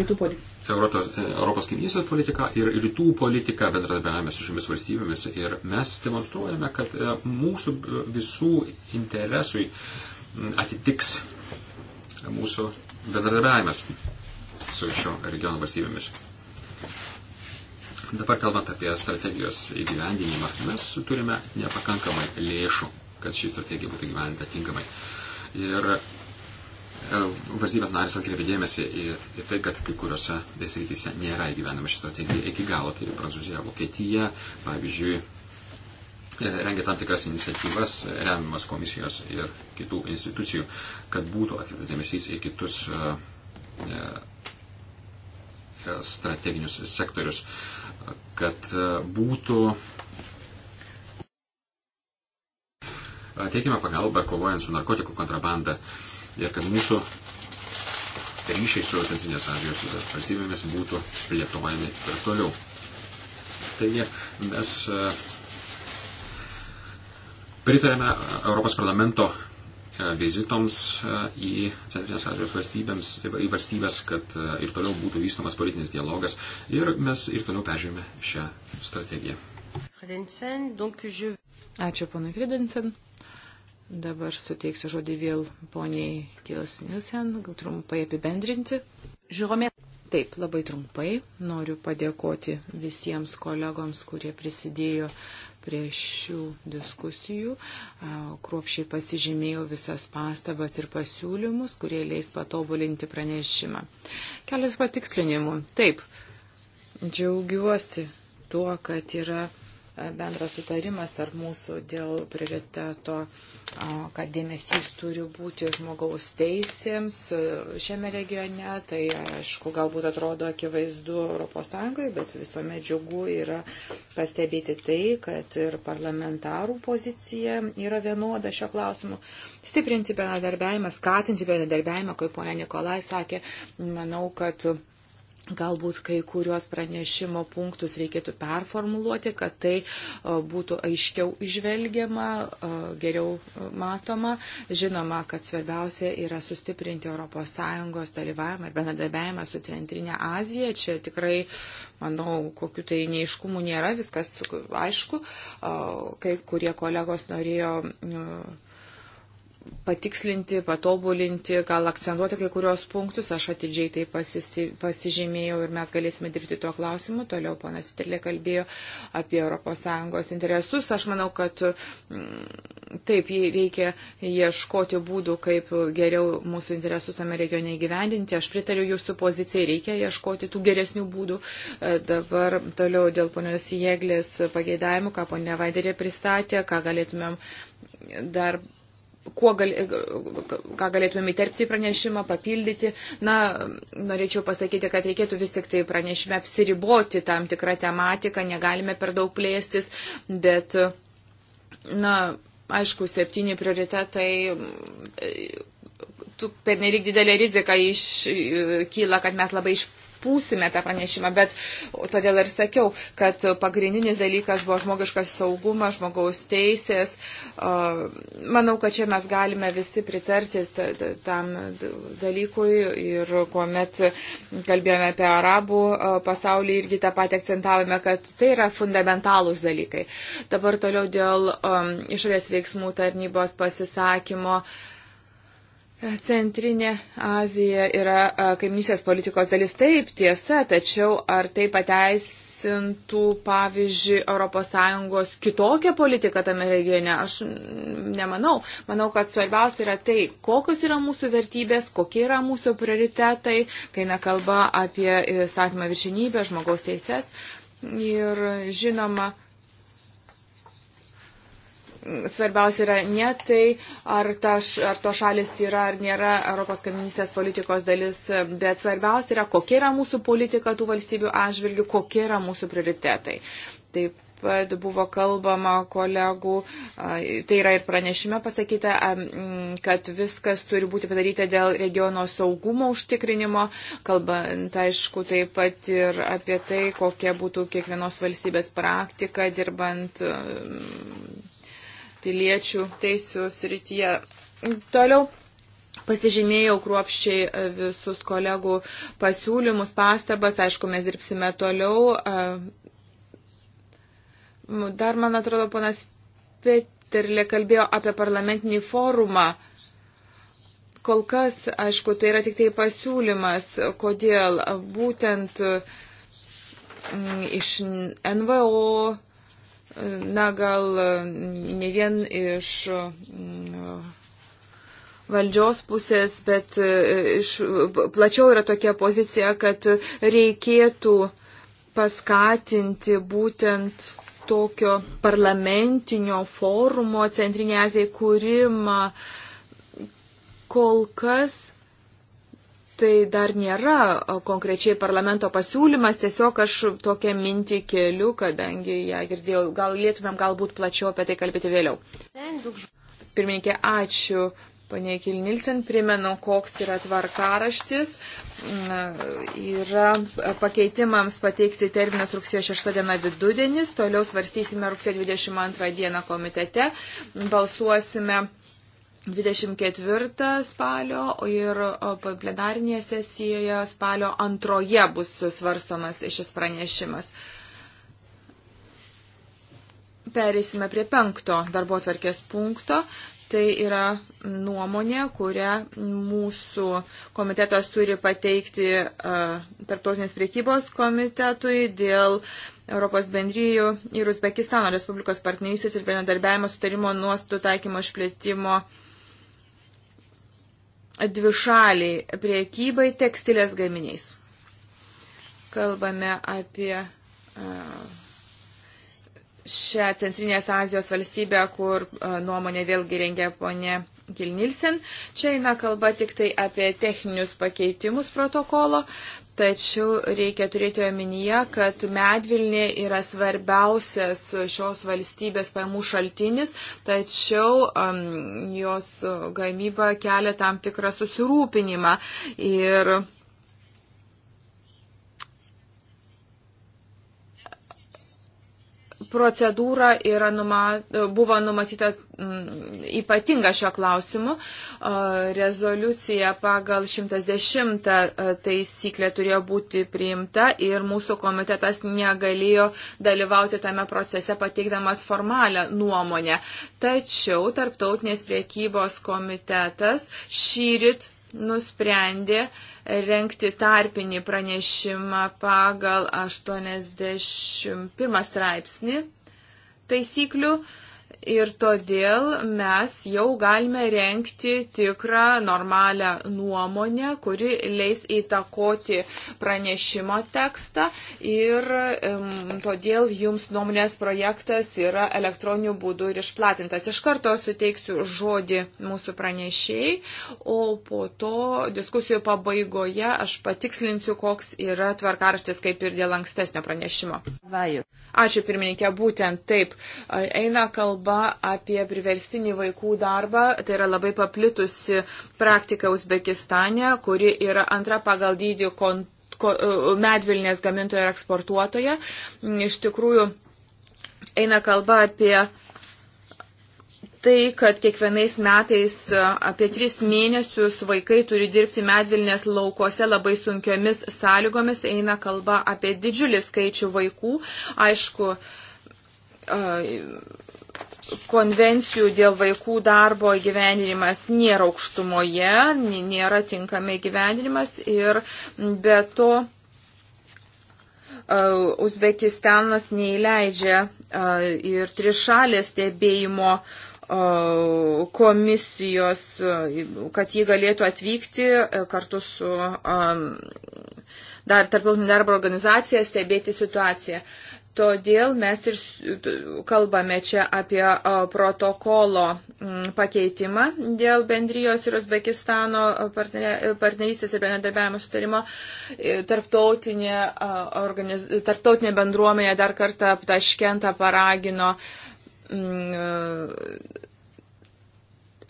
Europos, e, Europos kaimynystės politika ir rytų politika bendradarbiavame su šiomis valstybėmis ir mes demonstruojame, kad e, mūsų e, visų interesui atitiks mūsų bendradarbiavimas su šio regiono valstybėmis. Dabar kalbant apie strategijos įgyvendinimą, mes turime nepakankamai lėšų kad ši strategija būtų gyventa tinkamai. Ir e, valstybės narės atkreipė dėmesį į, į tai, kad kai kuriuose srityse nėra įgyvenama ši strategija iki galo, tai Prancūzija, Vokietija, pavyzdžiui, e, rengia tam tikras iniciatyvas, remiamas komisijos ir kitų institucijų, kad būtų atkreiptas dėmesys į kitus e, strateginius sektorius, kad būtų teikiame pagalbą kovojant su narkotikų kontrabanda ir kad mūsų ryšiai su Centrinės Azijos valstybėmis būtų plėtojami ir toliau. Taigi mes e, pritarėme Europos parlamento e, vizitoms e, į Centrinės Azijos valstybėms, į valstybės, kad ir toliau būtų vystomas politinis dialogas ir mes ir toliau peržiūrime šią strategiją. Ačiū, ponai Kredensen. Dabar suteiksiu žodį vėl poniai Kils Nilsen, gal trumpai apibendrinti. Žiūromė. Taip, labai trumpai noriu padėkoti visiems kolegoms, kurie prisidėjo prie šių diskusijų. Kruopšiai pasižymėjau visas pastabas ir pasiūlymus, kurie leis patobulinti pranešimą. Kelias patikslinimų. Taip, džiaugiuosi tuo, kad yra bendras sutarimas tarp mūsų dėl prioriteto kad dėmesys turi būti žmogaus teisėms e, šiame regione, tai aišku, galbūt atrodo akivaizdu ES, bet visuomet džiugu yra pastebėti tai, kad ir parlamentarų pozicija yra vienoda šio klausimu. Stiprinti bendradarbiavimą, skatinti bendradarbiavimą, kaip ponia Nikolai sakė, manau, kad Galbūt kai kuriuos pranešimo punktus reikėtų performuluoti, kad tai būtų aiškiau išvelgiama, geriau matoma. Žinoma, kad svarbiausia yra sustiprinti ES dalyvavimą ir bendradarbiavimą su Centrinė Azija. Čia tikrai, manau, kokiu tai neiškumu nėra, viskas aišku. Kai kurie kolegos norėjo patikslinti, patobulinti, gal akcentuoti kai kurios punktus. Aš atidžiai tai pasisti, pasižymėjau ir mes galėsime dirbti tuo klausimu. Toliau ponas Vitelė kalbėjo apie ES interesus. Aš manau, kad mm, taip, reikia ieškoti būdų, kaip geriau mūsų interesus tame regione įgyvendinti. Aš pritariu jūsų pozicijai, reikia ieškoti tų geresnių būdų. E, dabar toliau dėl ponios Jėglės pageidavimų, ką ponia Vaiderė pristatė, ką galėtumėm dar gal, ką galėtumėm įterpti į pranešimą, papildyti. Na, norėčiau pasakyti, kad reikėtų vis tik tai pranešime apsiriboti tam tikrą tematiką, negalime per daug plėstis, bet, na, aišku, septyni prioritetai pernelyg didelė rizika iškyla, kad mes labai iš, išpūsime tą pranešimą, bet todėl ir sakiau, kad pagrindinis dalykas buvo žmogiškas saugumas, žmogaus teisės. Manau, kad čia mes galime visi pritarti tam dalykui ir kuomet kalbėjome apie arabų pasaulį irgi tą patį akcentavome, kad tai yra fundamentalūs dalykai. Dabar toliau dėl um, išorės veiksmų tarnybos pasisakymo. Uh, Centrinė Azija yra kaimynysės politikos dalis, taip tiesa, tačiau ar tai pateisintų, pavyzdžiui, ES kitokią politiką tame regione, aš nemanau. Manau, kad svarbiausia yra tai, kokios yra mūsų vertybės, kokie yra mūsų prioritetai, kai nekalba apie statymą viršinybę, žmogaus teises. Ir žinoma, svarbiausia yra ne tai, ar, ta, ar to šalis yra ar nėra Europos kaiminystės politikos dalis, bet svarbiausia yra, kokia yra mūsų politika tų valstybių atžvilgių, kokie yra mūsų prioritetai. Taip pat buvo kalbama kolegų, tai yra ir pranešime pasakyta, kad viskas turi būti padaryta dėl regiono saugumo užtikrinimo, kalbant aišku taip pat ir apie tai, kokia būtų kiekvienos valstybės praktika dirbant piliečių teisų srityje. Toliau pasižymėjau kruopščiai e, visus kolegų pasiūlymus, pastabas, aišku, mes dirbsime toliau. E, dar, man atrodo, ponas Peterlė kalbėjo apie parlamentinį forumą. Kol kas, aišku, tai yra tik tai pasiūlymas, kodėl būtent iš NVO na gal e, ne vien iš mm, valdžios pusės, bet e, iš, plačiau yra tokia pozicija, kad reikėtų paskatinti būtent tokio parlamentinio forumo Centrinė Azija kūrimą. Kol kas tai dar nėra konkrečiai parlamento pasiūlymas, tiesiog aš tokią mintį keliu, kadangi ją girdėjau, galėtumėm galbūt plačiau apie tai kalbėti vėliau. Pirmininkė, ačiū. Pane Kilnilsen, primenu, koks yra tvarkaraštis. Yra pakeitimams pateikti terminas rugsėjo 6 diena vidudienis, toliau svarstysime rugsėjo 22 dieną komitete, balsuosime 24 spalio ir plenarinėje sesijoje spalio antroje bus svarstomas šis pranešimas. Perėsime prie penkto darbo tvarkės punkto. Tai yra nuomonė, kurią mūsų komitetas turi pateikti uh, Tarptautinės priekybos komitetui dėl Europos bendryjų ir Uzbekistano Respublikos partnerystės ir bendradarbiavimo sutarimo nuostų taikymo išplėtimo uh, dvišaliai priekybai tekstilės gaminiais. Kalbame apie šią Centrinės Azijos valstybę, kur nuomonė vėlgi rengia ponė Gilnilsen. Čia eina kalba tik tai apie techninius pakeitimus protokolo, tačiau reikia turėti omenyje, kad medvilnė yra svarbiausias šios valstybės paimų šaltinis, tačiau um, jos gamyba kelia tam tikrą susirūpinimą. Ir procedūra yra numa, buvo numatyta mm, ypatinga šio klausimu. Rezoliucija pagal 110 taisyklę turėjo būti priimta ir mūsų komitetas negalėjo dalyvauti tame procese pateikdamas formalią nuomonę. Tačiau Tarptautinės priekybos komitetas šyrit nusprendė uh, renkti tarpinį pranešimą pagal 81 straipsnį taisyklių ir todėl mes jau galime renkti tikrą normalią nuomonę, kuri leis įtakoti pranešimo tekstą ir um, todėl jums nuomonės projektas yra elektroniniu būdu ir išplatintas. Iš karto suteiksiu žodį mūsų pranešėjai, o po to diskusijų pabaigoje aš patikslinsiu, koks yra tvarkaraštis kaip ir dėl ankstesnio pranešimo. Ačiū pirmininkė, būtent taip. Eina kalba kalba apie priverstinį vaikų darbą. Tai yra labai paplitusi praktika Uzbekistane, kuri yra antra pagal dydį medvilnės gamintoja ir eksportuotoja. Iš tikrųjų, eina kalba apie tai, kad kiekvienais metais e, apie tris mėnesius vaikai turi dirbti medvilnės laukose labai sunkiomis sąlygomis, eina kalba apie didžiulį skaičių vaikų. Aišku, e, konvencijų dėl vaikų darbo įgyvendinimas nėra aukštumoje, nėra tinkamai įgyvendinimas ir be to e, Uzbekistanas neįleidžia e, ir trišalės stebėjimo e, komisijos, kad jį galėtų atvykti kartu su dar, tarptautinė darbo organizacija stebėti situaciją. Uh, Todėl mes ir kalbame čia apie protokolo pakeitimą dėl bendrijos ir Uzbekistano partnerystės ir bendradarbiavimo sutarimo. E, tarptautinė, organiz... tarptautinė bendruomenė dar kartą Taškentą paragino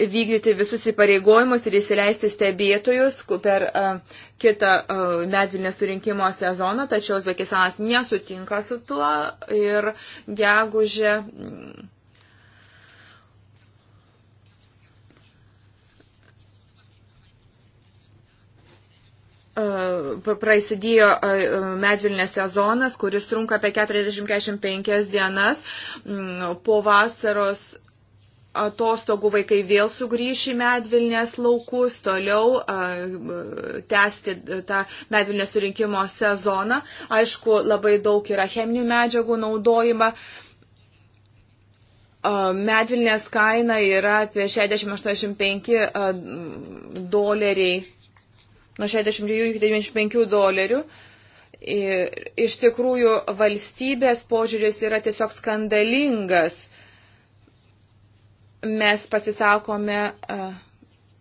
vykdyti visus įpareigojimus ir įsileisti stebėtojus per uh, kitą uh, medvilnės surinkimo sezoną, tačiau Uzbekistanas nesutinka su tuo ir gegužė. prasidėjo medvilnės sezonas, kuris trunka apie 40-45 dienas po vasaros atostogų vaikai vėl sugrįš į medvilnės laukus, toliau a, tęsti tą medvilnės surinkimo sezoną. Aišku, labai daug yra cheminių medžiagų naudojama. Medvilnės kaina yra apie 60-85 doleriai, nuo 62 iki 95 dolerių. Ir, iš tikrųjų, valstybės požiūris yra tiesiog skandalingas mes pasisakome. Uh,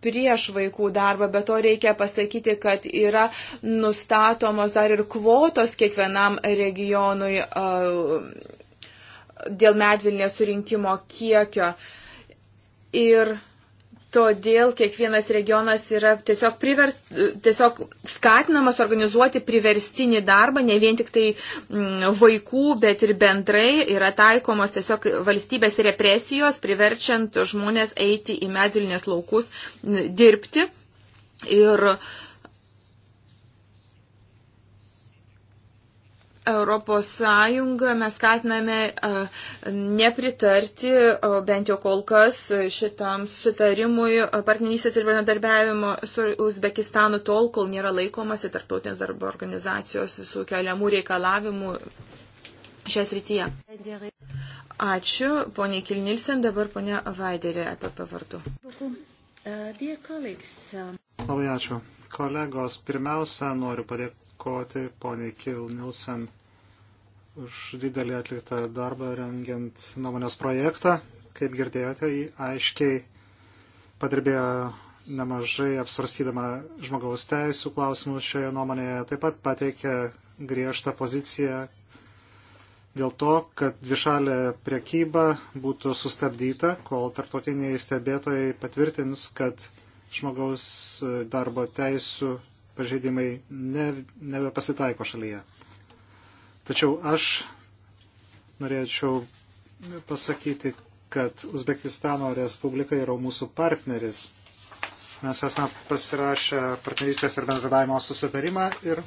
prieš vaikų darbą, bet to reikia pasakyti, kad yra nustatomos dar ir kvotos kiekvienam regionui e, dėl medvilnės surinkimo kiekio. Ir Todėl kiekvienas regionas yra tiesiog, privers, tiesiog skatinamas organizuoti priverstinį darbą, ne vien tik tai mm, vaikų, bet ir bendrai yra taikomos tiesiog valstybės represijos, priverčiant žmonės eiti į medvilnės laukus dirbti. Ir uh, Europos Sąjungą mes skatiname nepritarti, bent jau kol kas, šitam sutarimui partnerystės ir bendradarbiavimo su Uzbekistanu tol, kol nėra laikomasi tarptautinės darbo organizacijos visų keliamų reikalavimų šią srityje. Ačiū, ponė Kilnilsen, dabar ponė Vaiderė apie pavardų. Uh, um, Labai ačiū. Kolegos, pirmiausia, noriu padėk padėkoti poniai Kil Nilsen už didelį atliktą darbą rengiant nuomonės projektą. Kaip girdėjote, jį aiškiai padirbėjo nemažai apsvarstydama žmogaus teisų klausimus šioje nuomonėje. Taip pat pateikė griežtą poziciją dėl to, kad dvišalė priekyba būtų sustabdyta, kol tarptautiniai stebėtojai patvirtins, kad žmogaus darbo teisų pažeidimai ne, nebepasitaiko šalyje. Tačiau aš norėčiau pasakyti, kad Uzbekistano Respublika yra mūsų partneris. Mes esame pasirašę partnerystės ir bendradavimo susitarimą ir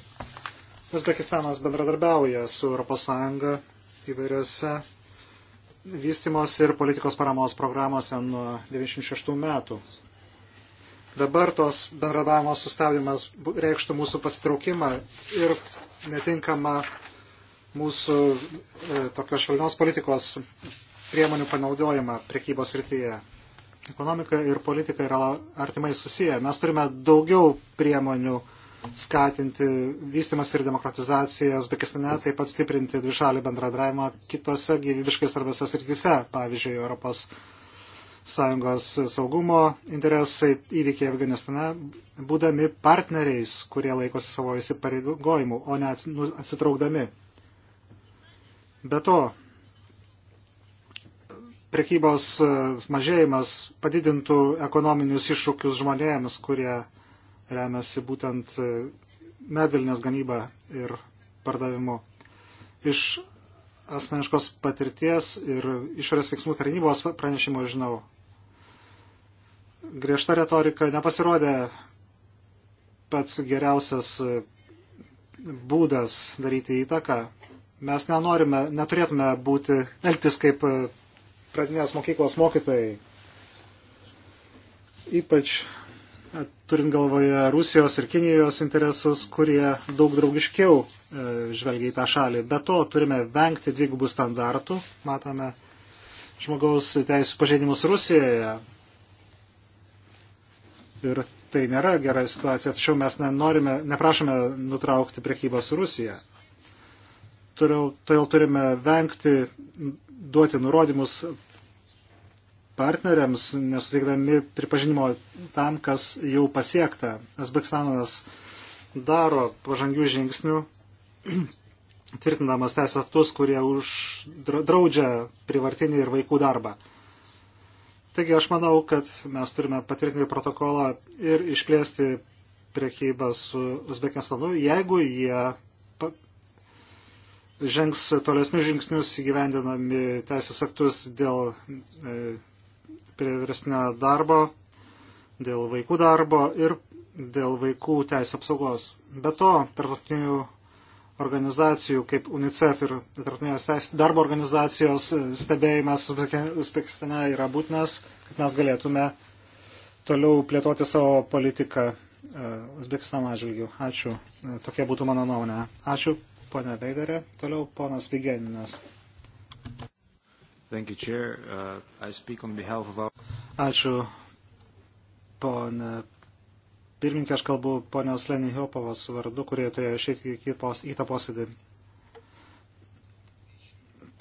Uzbekistanas bendradarbiauja su ES įvairiose vystimos ir politikos paramos programuose nuo 96 metų. Dabar tos bendradavimo sustabdymas reikštų mūsų pasitraukimą ir netinkamą mūsų e, tokios švelnios politikos priemonių panaudojimą prekybos rytyje. Ekonomika ir politika yra artimai susiję. Mes turime daugiau priemonių skatinti vystimas ir demokratizaciją Uzbekistane, taip pat stiprinti dvišalį bendradavimą kitose gyvybiškai svarbiose srityse, pavyzdžiui, Europos sąjungos saugumo interesai įvykiai Afganistane, būdami partneriais, kurie laikosi savo įsipareigojimų, o ne nu, atsitraukdami. Be to, prekybos e, mažėjimas padidintų ekonominius iššūkius žmonėms, kurie remiasi būtent e, medvilnės gamyba ir pardavimu. Iš asmeniškos patirties ir išorės veiksmų tarnybos pranešimo žinau, griežta retorika nepasirodė pats geriausias būdas daryti įtaką. Mes nenorime, neturėtume būti, elgtis kaip pradinės mokyklos mokytojai. Ypač e, turint galvoje Rusijos ir Kinijos interesus, kurie daug draugiškiau e, žvelgia į tą šalį. Be to turime vengti dvigubų standartų. Matome žmogaus teisų pažeidimus Rusijoje, ir tai nėra gera situacija, tačiau mes nenorime, neprašome nutraukti priekybą su Rusija. Todėl tai turime vengti duoti nurodymus partneriams, nesuteikdami pripažinimo tam, kas jau pasiekta. Azbekstanas daro pažangių žingsnių, [CLEARS THROAT] tvirtindamas teisės aktus, kurie uždraudžia privartinį ir vaikų darbą. Taigi aš manau, kad mes turime patvirtinti protokolą ir išplėsti priekybą su Uzbekistanu, jeigu jie žengs tolesnius žingsnius įgyvendinami teisės aktus dėl e, priversnio darbo, dėl vaikų darbo ir dėl vaikų teisų apsaugos. Be to, tarptautinių organizacijų kaip UNICEF ir tarptautinės darbo organizacijos e, stebėjimas Uzbekistane yra būtinas, kad mes galėtume toliau plėtoti savo politiką e, Uzbekistano atžvilgių. Ačiū. E, tokia būtų mano nuomonė. Ačiū, ponė Veidarė. Toliau ponas Vigeninas. Uh, Ačiū, ponė Pirmininkė, aš kalbu ponios Lenį Hiopovas vardu, kurie turėjo išėti į, į tą posėdį.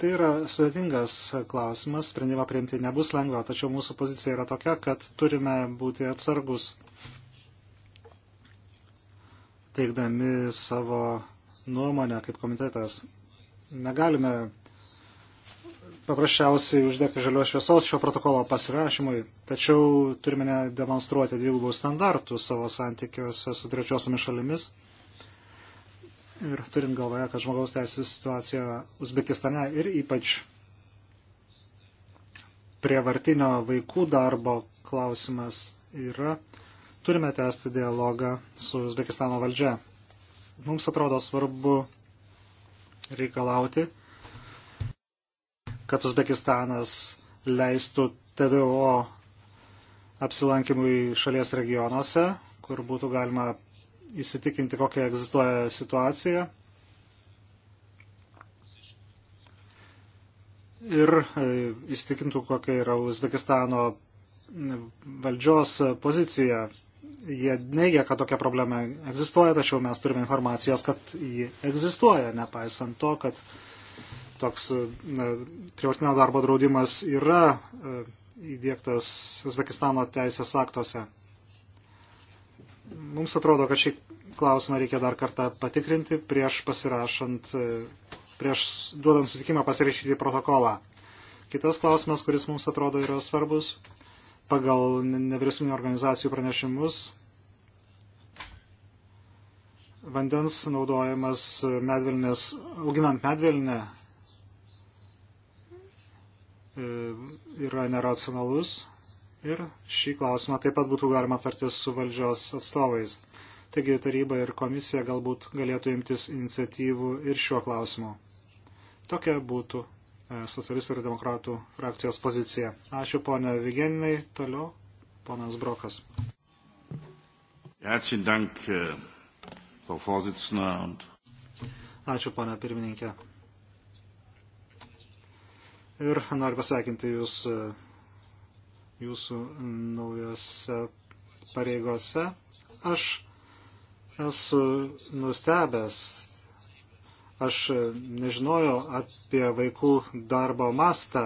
Tai yra sudėtingas klausimas, sprendimą priimti nebus lengva, tačiau mūsų pozicija yra tokia, kad turime būti atsargus teikdami savo nuomonę kaip komitetas. Negalime paprasčiausiai uždegti žalios šviesos šio protokolo pasirašymui, tačiau turime nedemonstruoti dvigubų standartų savo santykiuose su trečiosiomis šalimis. Ir turint galvoje, kad žmogaus teisų situacija Uzbekistane ir ypač prievartinio vaikų darbo klausimas yra, turime tęsti dialogą su Uzbekistano valdžia. Mums atrodo svarbu reikalauti, kad Uzbekistanas leistų TDO apsilankimui šalies regionuose, kur būtų galima įsitikinti, kokia egzistuoja situacija. Ir e, įsitikintų, kokia yra Uzbekistano valdžios pozicija. Jie neigia, kad tokia problema egzistuoja, tačiau mes turime informacijos, kad ji egzistuoja, nepaisant to, kad uh, toks prievartinio darbo draudimas yra e, įdėktas Uzbekistano teisės aktuose. Mums atrodo, kad šį klausimą reikia dar kartą patikrinti prieš pasirašant, e, prieš duodant sutikimą pasirašyti protokolą. Kitas klausimas, kuris mums atrodo yra svarbus, pagal nevyriausybinio organizacijų pranešimus, vandens naudojimas medvilnės, auginant medvilnę E, yra neracionalus ir šį klausimą taip pat būtų galima aptarti su valdžios atstovais. Taigi taryba ir komisija galbūt galėtų imtis iniciatyvų ir šiuo klausimu. Tokia būtų e, socialistų ir demokratų frakcijos pozicija. Ačiū ponė Vigeninai, toliau ponas Brokas. Äh, Ačiū, ponė pirmininkė ir noriu pasveikinti Jūs e, Jūsų naujose pareigose. Aš esu nustebęs, aš e, nežinojau apie vaikų darbo mastą,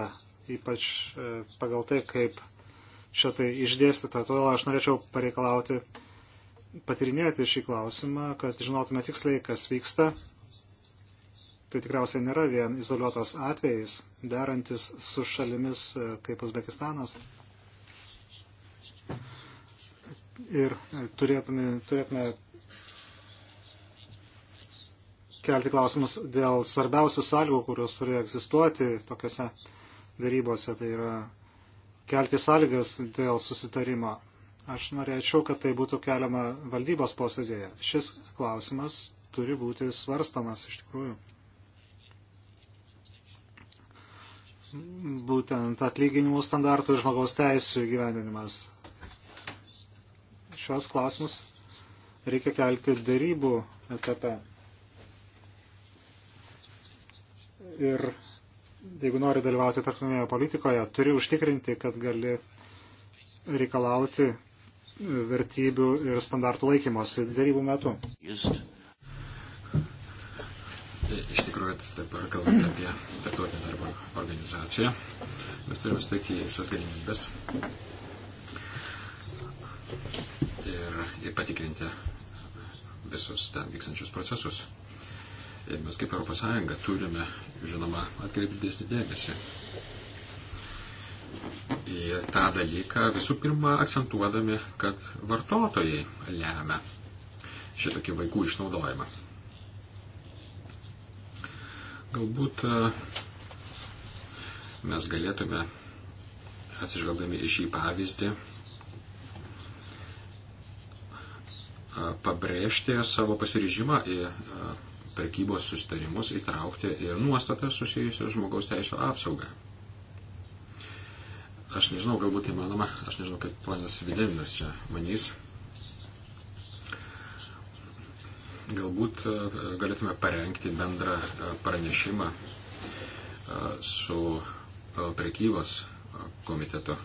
ypač e, pagal tai, kaip šitai išdėstyta. Todėl aš norėčiau pareikalauti patirinėti šį klausimą, kad žinotume tiksliai, kas vyksta tai tikriausiai nėra vien izoliuotas atvejais, derantis su šalimis e, kaip Uzbekistanas. Ir e, turėtume, turėtume kelti klausimus dėl svarbiausių sąlygų, kurios turi egzistuoti tokiuose darybose, tai yra kelti sąlygas dėl susitarimo. Aš norėčiau, kad tai būtų keliama valdybos posėdėje. Šis klausimas turi būti svarstamas iš tikrųjų. būtent atlyginimų standartų ir žmogaus teisų įgyvendinimas. Šios klausimus reikia kelti darybų etape. Ir jeigu nori dalyvauti tarptautinėje politikoje, turi užtikrinti, kad gali reikalauti vertybių ir standartų laikymosi darybų metu. Just kad dabar kalbant apie tarptautinę darbo organizaciją, mes turime suteikti visas galimybės ir, ir patikrinti visus ten vykstančius procesus. Ir mes kaip Europos Sąjunga turime, žinoma, atkreipti dėsnį dėmesį į tą dalyką, visų pirma, akcentuodami, kad vartotojai lemia šitokį vaikų išnaudojimą. Galbūt e, mes galėtume, atsižvelgdami į šį pavyzdį, e, pabrėžti savo pasiryžimą į e, prekybos sustarimus įtraukti ir nuostatas susijusios žmogaus teisų apsaugą. Aš nežinau, galbūt įmanoma, aš nežinau, kaip ponas Videninas čia manys, Galbūt e, galėtume parengti bendrą e, pranešimą e, su prekybos komitetu.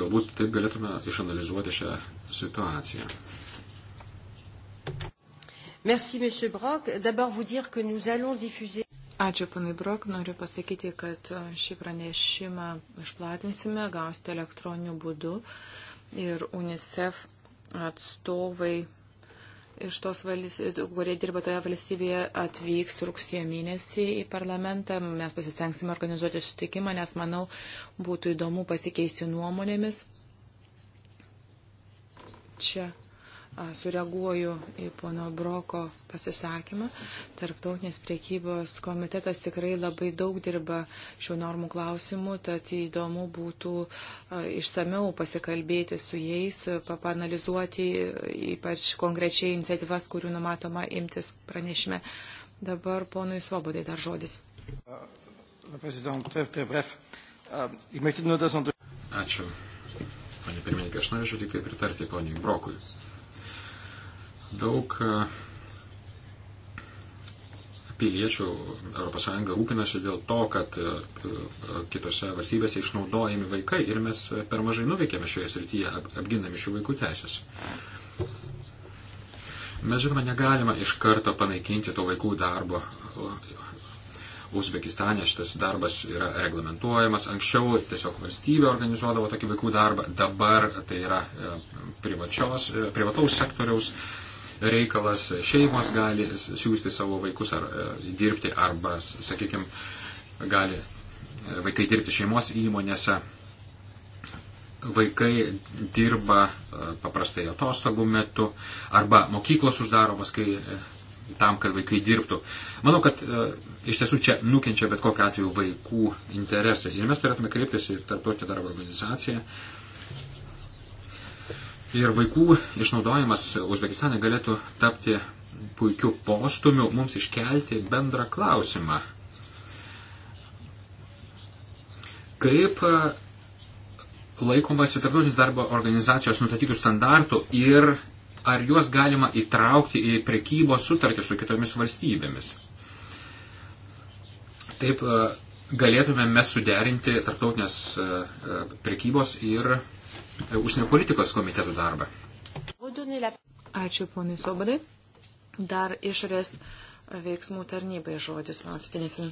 Galbūt taip galėtume išanalizuoti šią situaciją. Merci, Monsieur Brock. D'abord, vous dire que nous allons diffuser. Ačiū, panai Brok, noriu pasakyti, kad šį pranešimą išplatinsime, gausite elektroniniu būdu ir UNICEF atstovai iš tos valstybės, kurie dirba toje valstybėje, atvyks rugsėjo mėnesį į parlamentą. Mes pasistengsime organizuoti sutikimą, nes manau būtų įdomu pasikeisti nuomonėmis. Čia sureaguoju į pono Broko pasisakymą. Tarptautinės priekybos komitetas tikrai labai daug dirba šių normų klausimų, tad įdomu būtų išsameu pasikalbėti su jais, papanalizuoti ypač konkrečiai iniciatyvas, kurių numatoma imtis pranešime. Dabar ponui Svobodai dar žodis. Ačiū. Pane pirmininkė, aš norėčiau tik tai pritarti poniai Brokui. Daug e, piliečių ES rūpinasi dėl to, kad e, e, kitose valstybėse išnaudojami vaikai ir mes per mažai nuveikėme šioje srityje apginami šių vaikų teisės. Mes žinoma, negalima iš karto panaikinti to vaikų darbo. Uzbekistane šitas darbas yra reglamentuojamas. Anksčiau tiesiog valstybė organizuodavo tokį vaikų darbą, dabar tai yra privačios, privataus sektoriaus reikalas, šeimos gali siūsti savo vaikus ar e, dirbti, arba, sakykime, gali e, vaikai dirbti šeimos įmonėse. Vaikai dirba e, paprastai atostogų metu arba mokyklos uždaromos, kai tam, kad vaikai dirbtų. Manau, kad e, iš tiesų čia nukenčia bet kokiu atveju vaikų interesai. Ir mes turėtume kreiptis į tarptautinę darbo organizaciją, e, Ir vaikų išnaudojimas Uzbekistane galėtų tapti puikiu postumiu mums iškelti bendrą klausimą. Kaip e, laikomasi tarptautinės darbo organizacijos nustatytų standartų ir ar juos galima įtraukti į prekybos sutartį su kitomis valstybėmis. Taip e, galėtume mes suderinti tarptautinės e, prekybos ir E, užsienio politikos komiteto darbą. Ačiū, ponai Sobadai. Dar išorės veiksmų tarnybai žodis, man sutinėsim.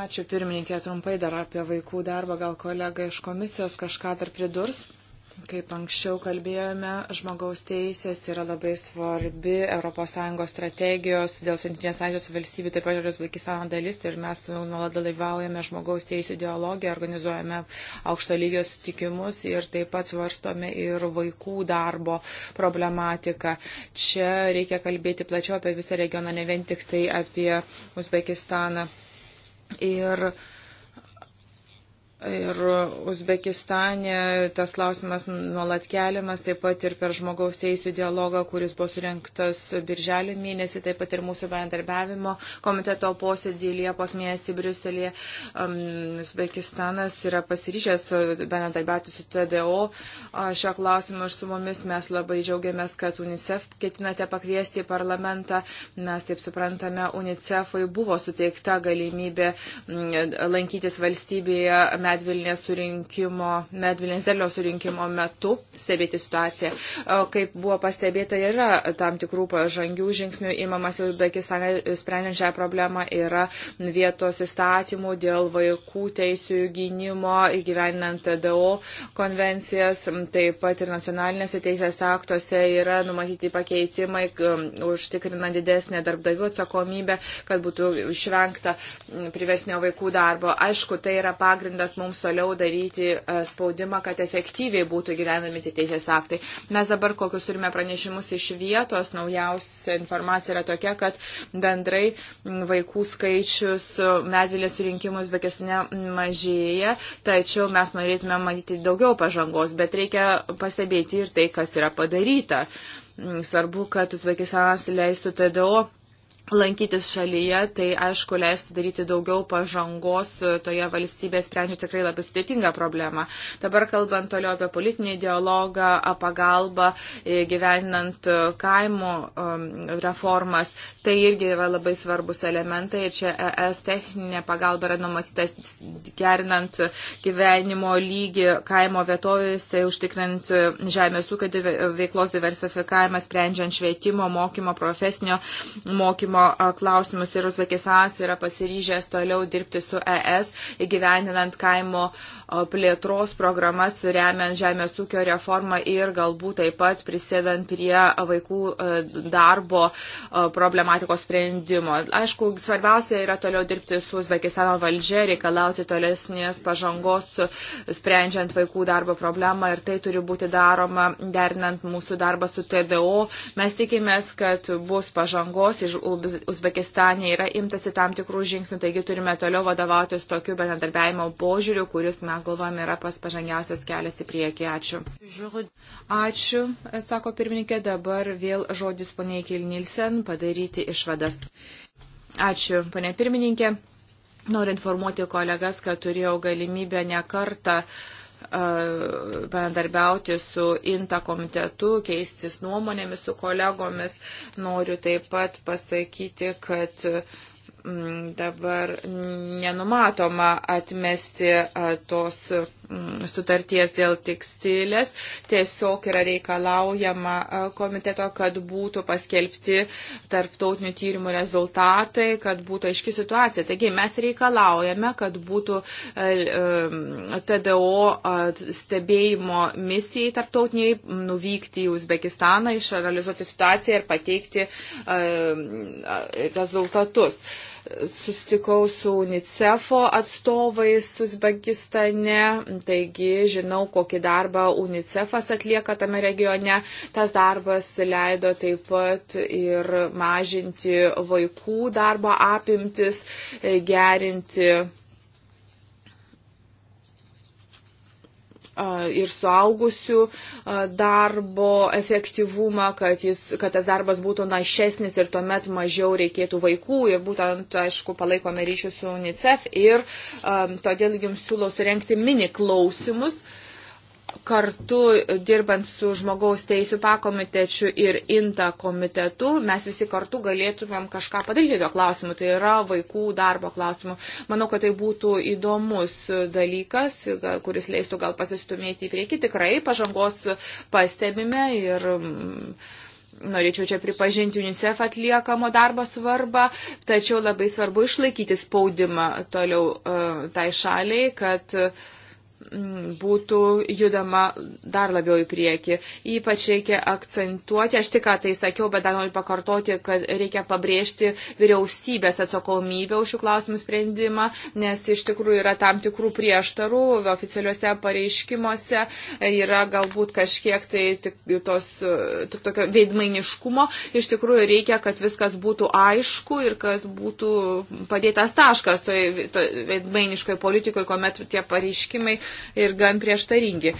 Ačiū, pirmininkė, trumpai dar apie vaikų darbą. Gal kolega iš komisijos kažką dar pridurs? Kaip anksčiau kalbėjome, žmogaus teisės yra labai svarbi ES strategijos dėl Centrinės Azijos valstybių, taip pat ir Uzbekistano dalis. Ir mes nuolat dalyvaujame žmogaus teisų dialogę, organizuojame aukšto lygio sutikimus ir taip pat svarstome ir vaikų darbo problematiką. Čia reikia kalbėti plačiau apie visą regioną, ne vien tik tai apie Uzbekistaną. Ir uh, Ir Uzbekistane tas klausimas nuolat keliamas, taip pat ir per žmogaus teisų dialogą, kuris buvo surinktas birželio mėnesį, taip pat ir mūsų bendarbiavimo komiteto posėdį Liepos mėnesį Briuselėje. Um, Uzbekistanas yra pasiryžęs bendarbiauti su TDO. Šio klausimo ir su mumis mes labai džiaugiamės, kad UNICEF ketinate pakviesti į parlamentą. Mes taip suprantame, UNICEFui buvo suteikta galimybė lankytis valstybėje medvilnės surinkimo, medvilnės derlio surinkimo metu stebėti situaciją. Kaip buvo pastebėta, yra tam tikrų pažangių žingsnių įmamas jau Uzbekistane sprendžiant šią problemą, yra vietos įstatymų dėl vaikų teisų gynimo įgyveninant TDO konvencijas, taip pat ir nacionalinėse teisės aktuose yra numatyti pakeitimai, um, užtikrinant didesnę darbdavių atsakomybę, kad būtų išvengta priversnio vaikų darbo. Aišku, tai yra pagrindas pareigūnams mums toliau daryti e, spaudimą, kad efektyviai būtų gyvenami tie teisės aktai. Mes dabar kokius turime pranešimus iš vietos, naujausia informacija yra tokia, kad bendrai vaikų skaičius e, medvilės surinkimus Bekesne mažėja, tačiau mes norėtume matyti daugiau pažangos, bet reikia pastebėti ir tai, kas yra padaryta. Svarbu, kad Uzbekistanas leistų TDO lankytis šalyje, tai aišku leistų daryti daugiau pažangos e, toje valstybėje, sprendžiant tikrai labai sudėtingą problemą. Dabar kalbant toliau apie politinį dialogą, pagalbą e, gyveninant e, kaimo reformas, tai irgi yra labai svarbus elementai ir čia ES techninė pagalba yra numatytas gerinant gyvenimo lygį kaimo vietovėse, užtikrint žemės ūkio veiklos diversifikavimą, sprendžiant švietimo, mokymo, profesinio mokymo bendradarbiavimo klausimus ir Uzbekistanas yra pasiryžęs toliau dirbti su ES, įgyveninant kaimo plėtros programas, remiant žemės ūkio reformą ir galbūt taip pat prisėdant prie vaikų darbo problematikos sprendimo. Aišku, svarbiausia yra toliau dirbti su Uzbekistano valdžia, reikalauti tolesnės pažangos, sprendžiant vaikų darbo problemą ir tai turi būti daroma derinant mūsų darbą su TDO. Mes tikimės, kad bus pažangos iš Uzbekistane yra imtasi tam tikrų žingsnių, taigi turime toliau vadovautis tokiu bendradarbiavimo požiūriu, kuris mes galvojame yra pas pažangiausias kelias į priekį. Ačiū. Ačiū, sako pirmininkė, dabar vėl žodis poniai Kilnilsen padaryti išvadas. Ačiū, ponė pirmininkė. Noriu informuoti kolegas, kad turėjau galimybę nekartą uh, bendarbiauti su INTA komitetu, keistis nuomonėmis su kolegomis. Noriu taip pat pasakyti, kad mm, dabar nenumatoma atmesti tos Mm, sutarties dėl tekstilės. Tiesiog yra reikalaujama e, komiteto, kad būtų paskelbti tarptautinių tyrimų rezultatai, kad būtų aiški situacija. Taigi mes reikalaujame, kad būtų e, e, TDO stebėjimo misijai tarptautiniai nuvykti į Uzbekistaną, išanalizuoti situaciją ir pateikti rezultatus. Uh, sustikau su UNICEF'o atstovais Uzbekistane, taigi žinau, kokį darbą UNICEF'as atlieka tame regione. Tas darbas leido taip pat ir mažinti vaikų darbo apimtis, gerinti ir suaugusių darbo efektyvumą, kad, jis, kad tas darbas būtų našesnis ir tuomet mažiau reikėtų vaikų. Ir būtent, aišku, palaikome ryšius su UNICEF ir um, todėl jums siūlau surenkti mini klausimus. Uh, kartu dirbant su žmogaus teisų pakomitečiu ir INTA komitetu, mes visi kartu galėtumėm kažką padaryti to klausimu, tai yra vaikų darbo klausimu. Manau, kad tai būtų įdomus dalykas, kuris leistų gal pasistumėti į priekį. Tikrai pažangos pastebime ir. Mm, norėčiau čia pripažinti UNICEF atliekamo darbo svarbą, tačiau labai svarbu išlaikyti spaudimą toliau uh, tai šaliai, kad uh, būtų judama dar labiau į priekį. Ypač reikia akcentuoti, aš tik ką tai sakiau, bet dar noriu pakartoti, kad reikia pabrėžti vyriausybės atsakomybę už šių klausimų sprendimą, nes iš tikrųjų yra tam tikrų prieštarų oficialiuose pareiškimuose, yra galbūt kažkiek tai tik tos tik tokio veidmainiškumo. Iš tikrųjų reikia, kad viskas būtų aišku ir kad būtų padėtas taškas toje to veidmainiškoje politikoje, kuomet tie pareiškimai ir gan prieštaringi.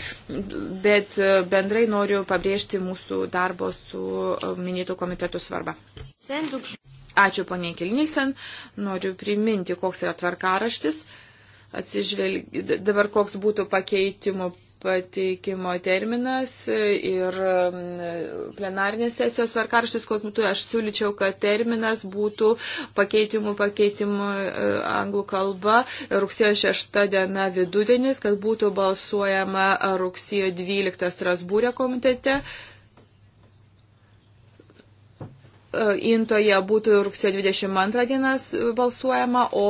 Bet e, bendrai noriu pabrėžti mūsų darbo su e, minėtų komitetų svarbą. Ačiū poniai Kilnysen, noriu priminti, koks yra tvarkaraštis. Atsižvelg... Dabar koks būtų pakeitimo pateikimo terminas ir plenarnės sesijos varkarštis komitui. Aš siūlyčiau, kad terminas būtų pakeitimų pakeitimų e, anglų kalba rugsėjo 6 diena vidudienis, kad būtų balsuojama rugsėjo 12 Strasbūrė komitete. Intoje būtų rugsėjo 22 dienas balsuojama, o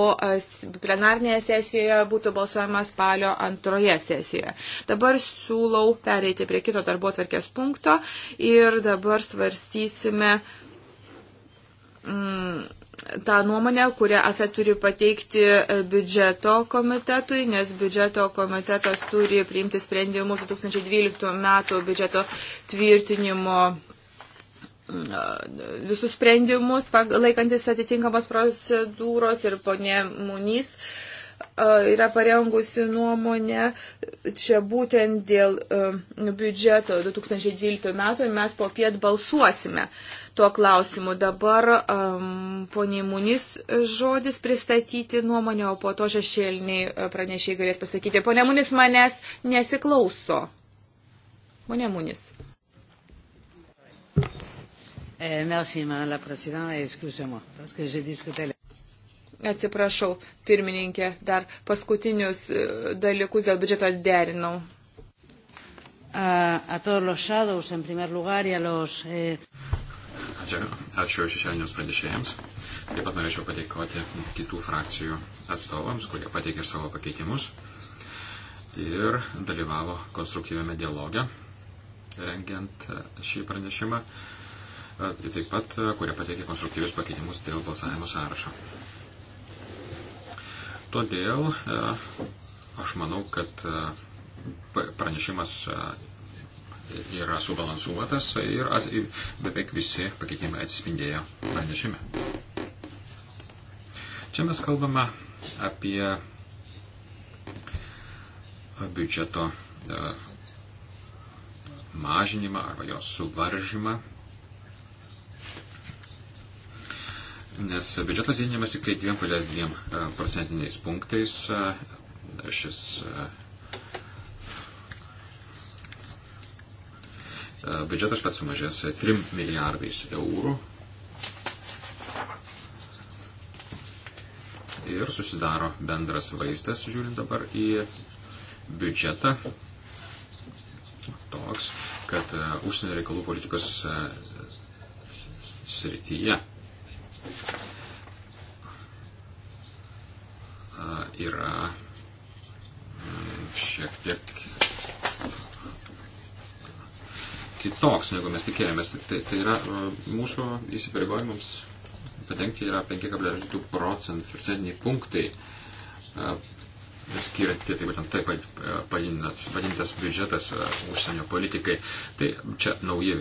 plenarnėje sesijoje būtų balsuojama spalio antroje sesijoje. Dabar siūlau pereiti prie kito darbo atverkės punkto ir dabar svarstysime mm, tą nuomonę, kurią AFE turi pateikti e, biudžeto komitetui, nes biudžeto komitetas turi priimti sprendimus 2012 metų biudžeto tvirtinimo visus sprendimus, laikantis atitinkamos procedūros ir ponė Munys yra parengusi nuomonę čia būtent dėl biudžeto 2012 metų ir mes po piet balsuosime tuo klausimu. Dabar um, poniai Munis žodis pristatyti nuomonę, o po to šešėliniai pranešiai galės pasakyti. Pone Munis manęs nesiklauso. Pone Munis. Eh, merci, Madame la Présidente, excusez-moi, parce que j'ai discuté. Atsiprašau, pirmininkė, dar paskutinius e, dalykus dėl biudžeto derinau. A, a todos los shadows, en primer lugar, y a los... Eh... Ačiū, ačiū šešėlinius pranešėjams. Taip pat norėčiau padėkoti kitų frakcijų atstovams, kurie pateikė savo pakeitimus ir dalyvavo konstruktyviame dialoge, rengiant e, šį pranešimą. Uh, E, taip pat, e, kurie pateikė konstruktyvius pakeitimus dėl balsavimo sąrašo. Todėl e, aš manau, kad pranešimas yra subalansuotas ir beveik visi pakeitimai atsispindėjo pranešime. Čia mes kalbame apie biudžeto mažinimą arba jos suvaržymą nes biudžetas didinimas tik tai 2,2 e, procentiniais punktais. E, šis e, biudžetas pats sumažės 3 milijardais eurų. Ir susidaro bendras vaizdas, žiūrint dabar į biudžetą, toks, kad užsienio reikalų politikos srityje mažesnė, negu mes tikėjomės. Tai, tai yra e, mūsų įsipareigojimams padengti yra 5,2 procentiniai punktai e, skirti, tai būtent taip e, padidintas, padidintas biudžetas užsienio politikai. Tai čia nauji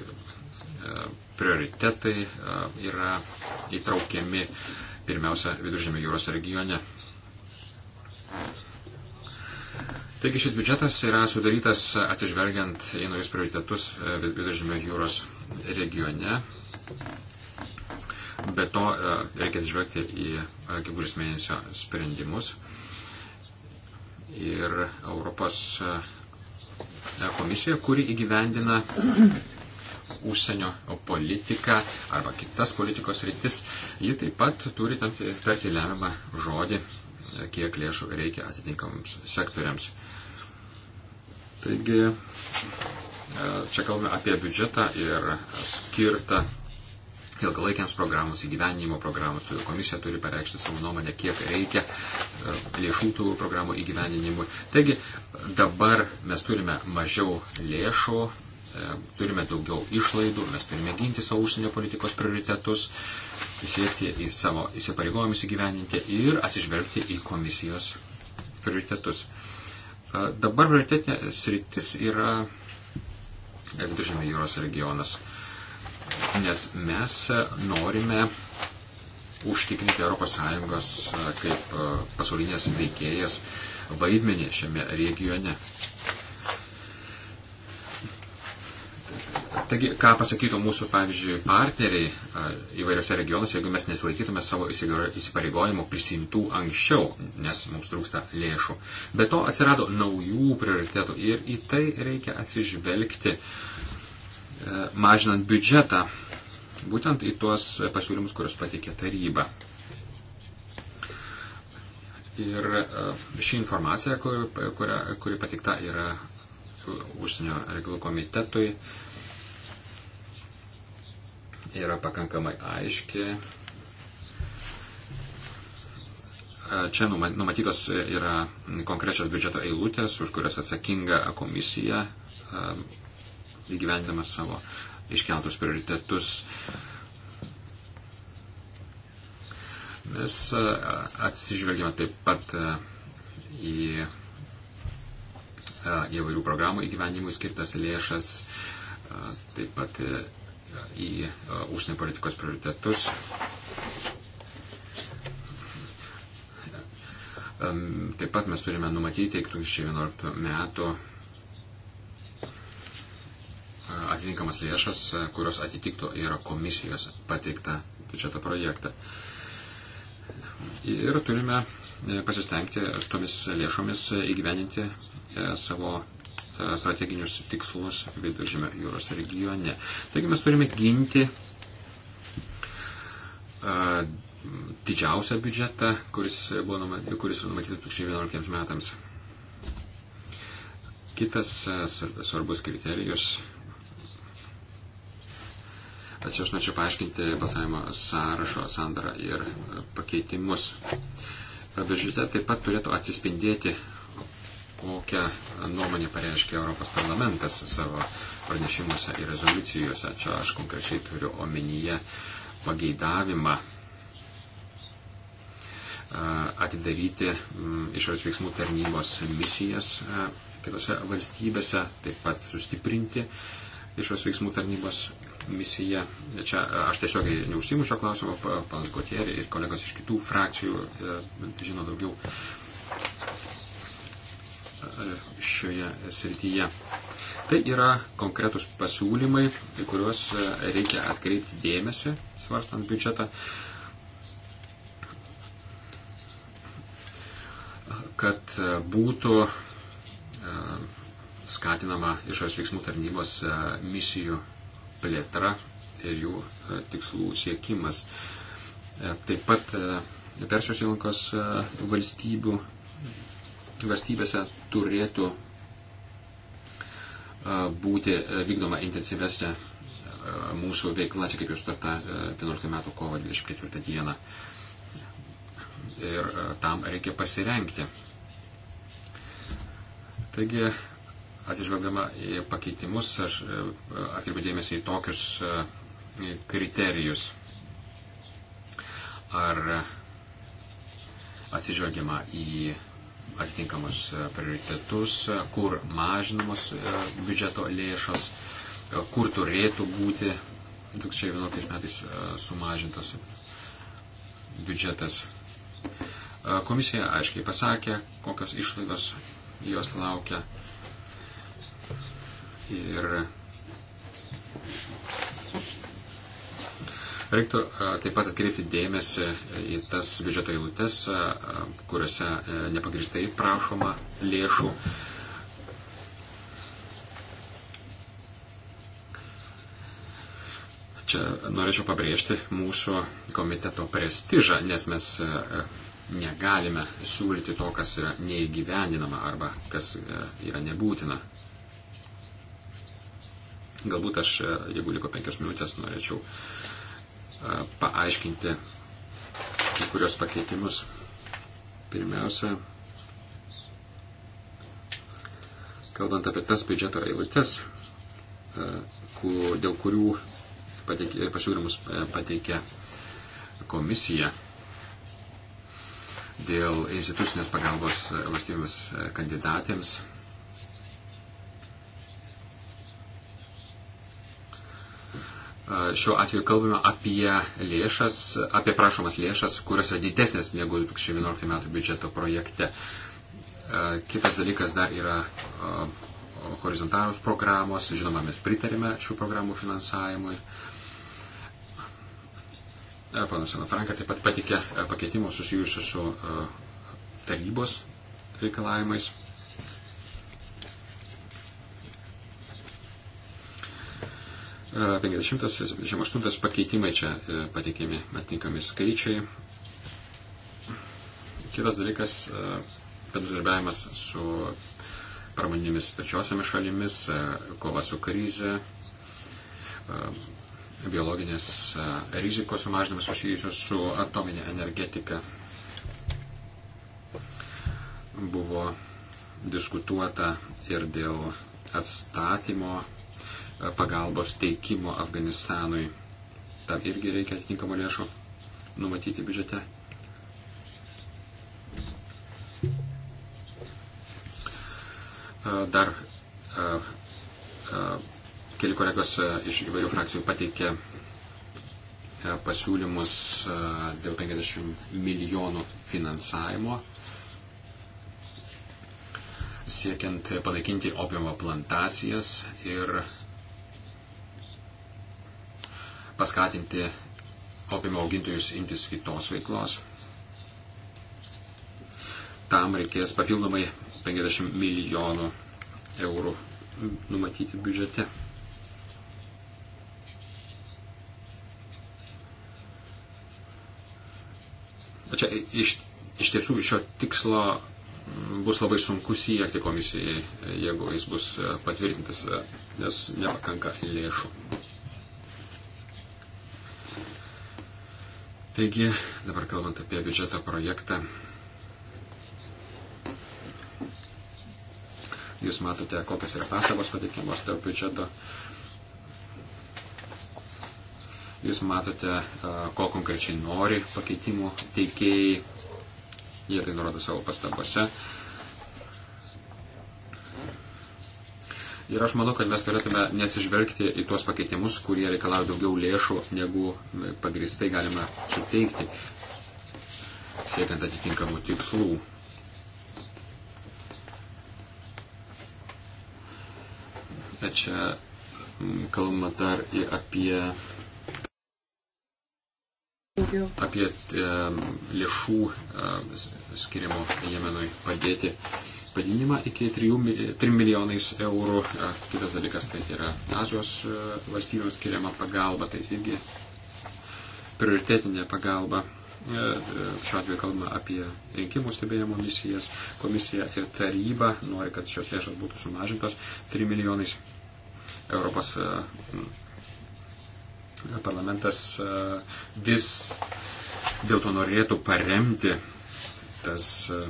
prioritetai yra įtraukiami pirmiausia viduržėmio jūros regione Taigi šis biudžetas yra sudarytas atsižvelgiant į naujus prioritetus e, Viduržymio jūros regione. Be to e, reikia atsižvelgti į e, gegužės mėnesio sprendimus. Ir Europos komisija, kuri įgyvendina užsienio politiką arba kitas politikos rytis, ji taip pat turi tarti lemiamą žodį, kiek lėšų reikia atitinkamams sektoriams. Taigi, e, čia kalbame apie biudžetą ir skirtą ilgalaikiams programos, įgyvenimo programos. Todėl komisija turi pareikšti savo nuomonę, kiek reikia e, lėšų tų programų įgyveninimui. Taigi dabar mes turime mažiau lėšų, e, turime daugiau išlaidų, mes turime ginti savo užsienio politikos prioritetus, siekti į savo įsipareigojimus įgyveninti ir atsižvelgti į komisijos prioritetus. Dabar prioritetinė sritis yra Viduržėmio jūros regionas, nes mes norime užtikrinti ES kaip pasaulinės veikėjas vaidmenį šiame regione. Taigi, ką pasakytų mūsų, pavyzdžiui, partneriai įvairiose regionuose, jeigu mes nesilaikytume savo įsipareigojimų prisimtų anksčiau, nes mums trūksta lėšų. Be to atsirado naujų prioritetų ir į tai reikia atsižvelgti, e, mažinant biudžetą, būtent į tuos pasiūlymus, kuriuos patikė taryba. Ir e, ši informacija, kuri, kuri, kuri patikta yra e, užsienio reikalų komitetui, uh, yra pakankamai aiški. E, čia numatytos yra konkrečios biudžeto eilutės, už kurias atsakinga komisija e, įgyvendama savo iškeltus prioritetus. Mes e, atsižvelgime taip pat į įvairių programų įgyvendimui skirtas lėšas, taip pat į e, užsienio politikos prioritetus. Taip pat mes turime numatyti iki 2011 metų e, atitinkamas lėšas, e, kurios atitiktų yra komisijos pateiktą biudžeto projektą. Ir turime pasistengti tomis lėšomis įgyveninti savo E, strateginius tikslus viduržėme jūros regione. Taigi mes turime ginti e, didžiausią biudžetą, kuris, buvo numatytas, kuris numatytas 2011 metams. Kitas e, svarbus kriterijus. Čia aš norėčiau paaiškinti balsavimo sąrašo sandarą ir pakeitimus. Biudžete taip pat turėtų atsispindėti kokią nuomonę pareiškia Europos parlamentas savo pranešimuose ir rezoliucijose. Čia aš konkrečiai turiu omenyje pageidavimą atidaryti išorės veiksmų tarnybos misijas kitose valstybėse, taip pat sustiprinti išorės veiksmų tarnybos misiją. Čia aš tiesiogiai neužsimu šio klausimo, panas Gotieri ir kolegos iš kitų frakcijų e, žino daugiau šioje srityje. Tai yra konkretus pasiūlymai, į kuriuos e, reikia atkreipti dėmesį, svarstant biudžetą, kad e, būtų e, skatinama išorės veiksmų tarnybos misijų plėtra ir jų tikslų siekimas. Taip pat Persijos įlankos valstybių valstybėse turėtų būti vykdoma intensyvesnė mūsų veikla, čia kaip jau sutarta 11 metų kovo 24 dieną. Ir tam reikia pasirengti. Taigi, atsižvelgdama į pakeitimus, aš atkreipiu dėmesį į tokius kriterijus. Ar atsižvelgiama į atitinkamus e, prioritetus, e, kur mažinamos e, biudžeto lėšos, kur turėtų būti 2011 metais sumažintas biudžetas. Komisija aiškiai pasakė, kokios išlaidos jos laukia. Ir Reiktų taip pat atkreipti dėmesį į tas biudžeto eilutes, kuriuose e, nepagristai prašoma lėšų. Čia norėčiau pabrėžti mūsų komiteto prestižą, nes mes negalime siūlyti to, kas yra neįgyvendinama arba kas yra nebūtina. Galbūt aš, jeigu liko penkias minutės, norėčiau uh, paaiškinti kai kurios pakeitimus. Pirmiausia, kalbant apie tas biudžeto eilutes, dėl kurių pateikė, pasiūlymus pateikė komisija dėl institucinės pagalbos valstybėms kandidatėms šiuo atveju kalbame apie lėšas, apie prašomas lėšas, kurios yra didesnės negu 2011 metų biudžeto projekte. Kitas dalykas dar yra horizontalios programos, žinoma, mes pritarėme šių programų finansavimui. Panas Anafranka taip pat patikė pakeitimų susijusių su tarybos reikalavimais. 50-78 pakeitimai čia e, patikimi atitinkami skaičiai. Kitas dalykas e, - bendradarbiavimas su pramoninėmis trečiosiomis šalimis, e, kova su krize, biologinės rizikos sumažinimas susijusios su atominė energetika. Buvo diskutuota ir dėl atstatymo pagalbos teikimo Afganistanui. Tam irgi reikia atitinkamų lėšų numatyti biudžete. Dar keli kolegos iš įvairių frakcijų pateikė pasiūlymus dėl 50 milijonų finansavimo siekiant panaikinti opiumo plantacijas ir paskatinti opimo augintojus imtis kitos veiklos. Tam reikės papildomai 50 milijonų eurų numatyti biudžete. Čia iš, iš tiesų šio tikslo bus labai sunku siekti komisijai, jeigu jis bus patvirtintas, nes nepakanka lėšų. Taigi, dabar kalbant apie biudžeto projektą, jūs matote, kokios yra pastabos pateikiamos dėl biudžeto. Jūs matote, ko konkrečiai nori pakeitimų teikėjai. Jie tai nurodo savo pastabose. Uh, Ir aš manau, kad mes turėtume nesižvelgti į tuos pakeitimus, kurie reikalauja daugiau lėšų, negu pagristai galima suteikti, siekiant atitinkamų tikslų. Čia kalbama dar ir apie, apie lėšų skirimo Jemenui padėti padidinimą iki 3, 3 milijonais eurų. Kitas dalykas tai yra Azijos e, valstybėms skiriama pagalba, tai irgi prioritetinė pagalba. E, e, šiuo atveju kalbame apie rinkimų stebėjimo misijas. Komisija ir taryba nori, kad šios lėšos būtų sumažintos 3 milijonais. Europos parlamentas vis dėl to norėtų paremti tas uh,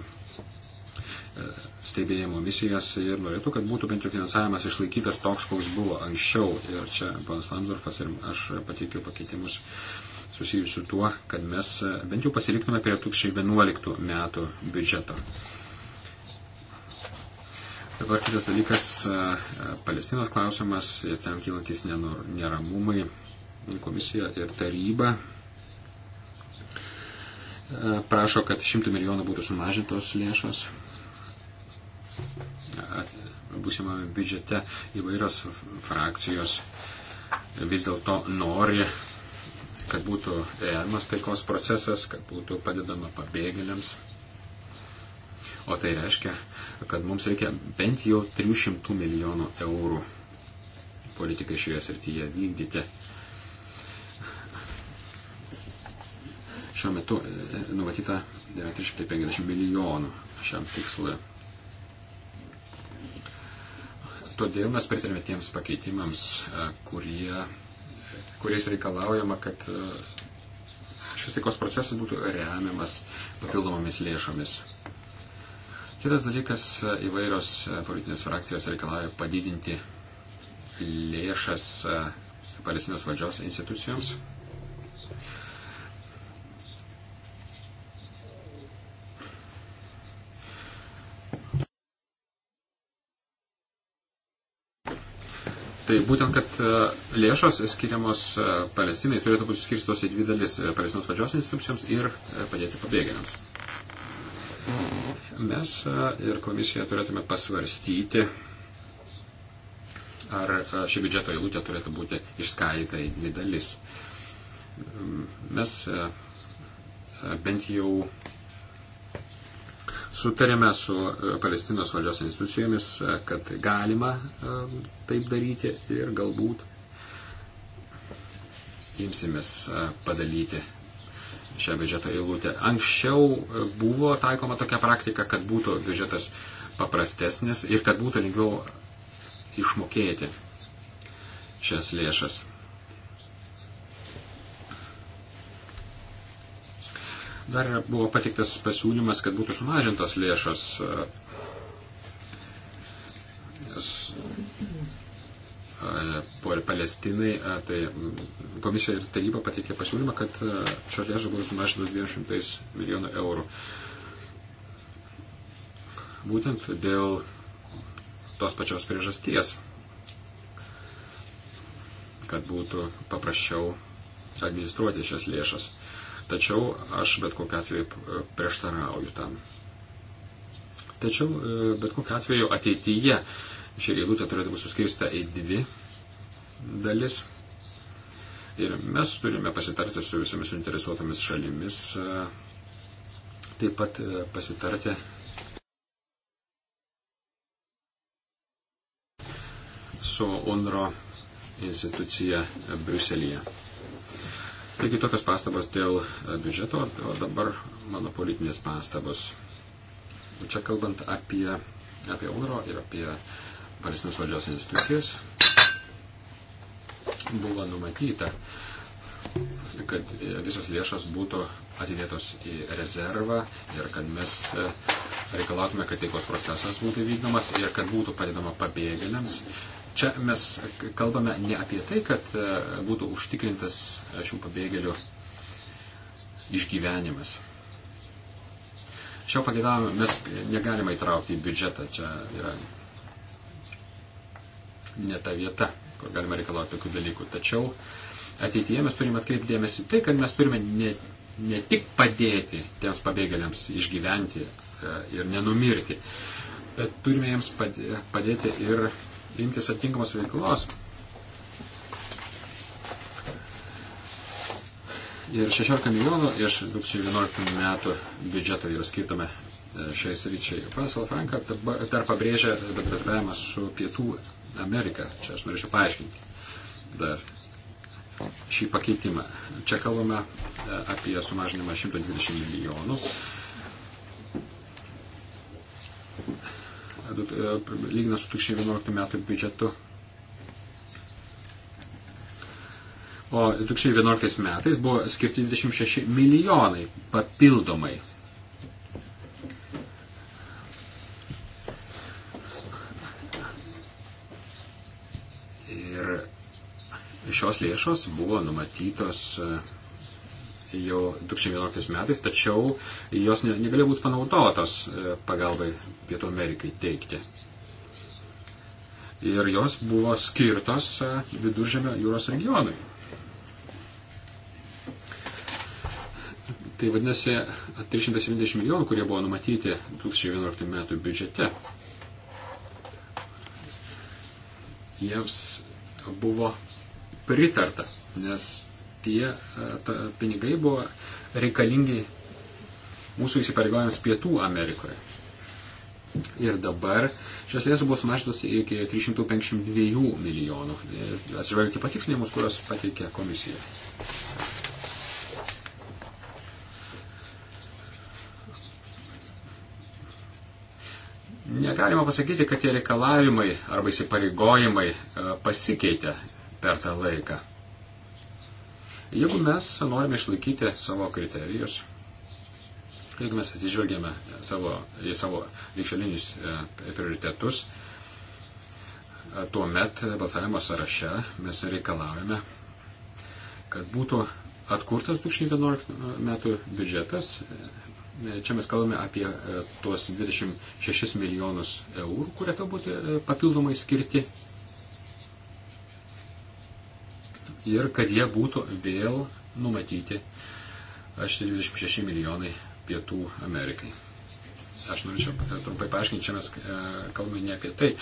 stebėjimo misijas ir norėtų, kad būtų bent jau finansavimas išlaikytas toks, koks buvo anksčiau. Ir čia panas Lamsdorfas ir aš pateikiau pakeitimus susijusiu su tuo, kad mes bent jau pasiliktume prie 2011 metų biudžeto. Dabar kitas dalykas - Palestinos klausimas ir ten kylantis neramumai. Komisija ir taryba e, prašo, kad 100 milijonų būtų sumažintos lėšos būsimame biudžete įvairios frakcijos vis dėlto nori, kad būtų remiamas taikos procesas, kad būtų padedama pabėgėliams. O tai reiškia, kad mums reikia bent jau 300 milijonų eurų politikai šioje srityje vykdyti. Šiuo metu e, numatyta 350 milijonų šiam tikslui. Todėl mes pritarėme tiems pakeitimams, e, kurie, kuriais reikalaujama, kad e, šis taikos procesas būtų remiamas papildomomis lėšomis. Kitas dalykas, e, įvairios politinės frakcijos reikalauja padidinti lėšas Palestinos valdžios institucijoms. Tai būtent, kad e, lėšos skiriamos e, Palestinai turėtų būti skirstos į dvi dalis e, - Palestinos valdžios institucijoms ir padėti pabėgėliams. Mes ir komisija turėtume pasvarstyti, ar ši biudžeto eilutė turėtų būti išskaidyta į dvi dalis. Mes bent jau Sutarėme su e, Palestinos valdžios institucijomis, e, kad galima e, taip daryti ir galbūt imsimės padalyti šią biudžeto eilutę. Anksčiau buvo taikoma tokia praktika, kad būtų biudžetas paprastesnis ir kad būtų lengviau išmokėti šias lėšas. Dar buvo patiktas pasiūlymas, kad būtų sumažintos lėšos. E, e, Palestinai, e, tai komisija ir taryba pateikė pasiūlymą, kad šio lėšo buvo sumažintos 200 milijonų eurų. Būtent dėl tos pačios priežasties, kad būtų paprasčiau administruoti šias lėšas. Tačiau aš bet kokiu atveju e, prieštarauju tam. Tačiau e, bet kokiu atveju ateityje ši eilutė turėtų būti suskirsta į dvi dalis. Ir mes turime pasitarti su visomis suinteresuotomis šalimis, e, taip pat pasitarti su UNRO institucija Briuselėje. Taigi tokios pastabos dėl e, biudžeto, o dabar mano politinės pastabos. Čia kalbant apie, apie UNRO ir apie Palestinos valdžios institucijas, buvo numatyta, kad e, visos lėšos būtų atidėtos į rezervą ir kad mes e, reikalautume, kad taikos procesas būtų vykdomas ir kad būtų padedama pabėgėliams čia mes kalbame ne apie tai, kad e, būtų užtikrintas šių pabėgėlių išgyvenimas. Šio pagėdavimo mes negalime įtraukti į biudžetą, čia yra ne ta vieta, kur galima reikalauti tokių dalykų. Tačiau ateityje mes turime atkreipdėmėsi tai, kad mes turime ne, ne tik padėti tiems pabėgėliams išgyventi e, ir nenumirti, bet turime jiems padėti ir imtis atinkamos veiklos. Ir 16 milijonų iš 2011 metų biudžeto yra skirtame e, šiais ryčiai. Panas Alfranka dar pabrėžia bendradarbiavimą su Pietų Amerika. Čia aš norėčiau paaiškinti dar šį pakeitimą. Čia kalbame e, apie sumažinimą 120 milijonų metų, lyginant su 2011 metų biudžetu. O 2011 metais buvo skirti 26 milijonai papildomai. Ir šios lėšos buvo numatytos uh, jau 2011 metais, tačiau jos negalėjo būti panaudotos e, pagalbai Pietų Amerikai teikti. Ir jos buvo skirtos e, viduržėmio jūros regionui. Tai vadinasi, 370 milijonų, kurie buvo numatyti 2011 metų biudžete, jiems buvo pritarta, nes tie e, pinigai buvo reikalingi mūsų įsipareigojams Pietų Amerikoje. Ir dabar šios lėšos buvo sumažintos iki 352 milijonų, e, atsižvelgiant į patikslinimus, kuriuos pateikė komisija. Negalima pasakyti, kad tie reikalavimai arba įsipareigojimai e, pasikeitė per tą laiką. Jeigu mes norime išlaikyti savo kriterijus, jeigu mes atsižvelgiame savo, į savo likšalinius e, prioritetus, e, tuo met balsavimo sąraše mes reikalavome, kad būtų atkurtas 2011 metų biudžetas. E, čia mes kalbame apie tuos 26 milijonus eurų, kurie tau būtų papildomai skirti ir kad jie būtų vėl numatyti šitie 26 milijonai Pietų Amerikai. Aš norėčiau trumpai paaiškinti, čia mes e, kalbame ne apie tai,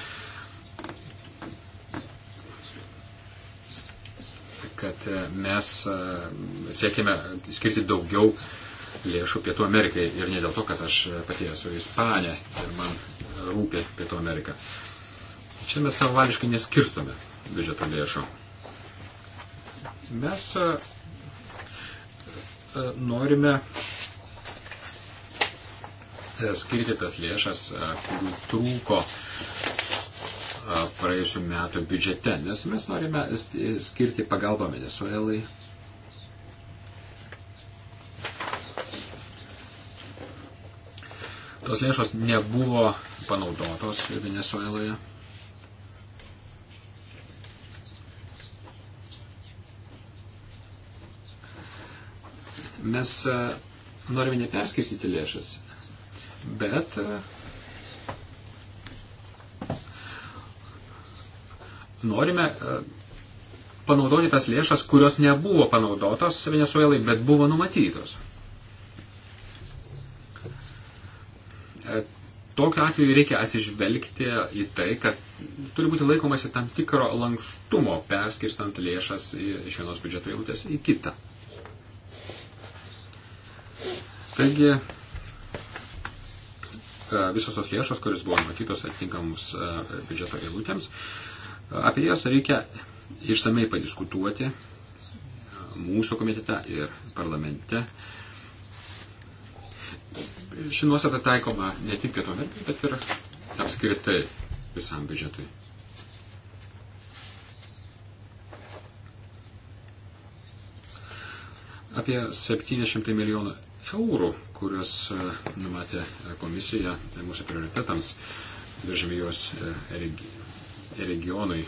kad e, mes e, siekime skirti daugiau lėšų Pietų Amerikai ir ne dėl to, kad aš pati esu Ispanė ir man rūpi Pietų Amerika. Čia mes savališkai neskirstome biudžeto lėšų. Mes e, e, norime e, skirti tas lėšas, kurių trūko praėjusių metų biudžete, nes mes norime skirti pagalbą Venezuelai. Tos lėšos nebuvo panaudotos Venezueloje. Mes e, norime neperskirstyti lėšas, bet e, norime e, panaudoti tas lėšas, kurios nebuvo panaudotos Venezuelai, bet buvo numatytos. Tokiu atveju reikia atsižvelgti į tai, kad turi būti laikomasi tam tikro lankstumo perskirstant lėšas iš vienos biudžeto eilutės į kitą. Taigi, e, visos tos lėšos, kuris buvo matytos atitinkamus e, biudžeto eilutėms, apie jas reikia išsamei padiskutuoti e, mūsų komitete ir parlamente. Ši nuostata taikoma ne tik Pietų Amerikai, bet ir apskritai visam biudžetui. Apie 700 milijonų eurų, kuriuos e, numatė komisija tai mūsų prioritetams viržymėjos e, regionui.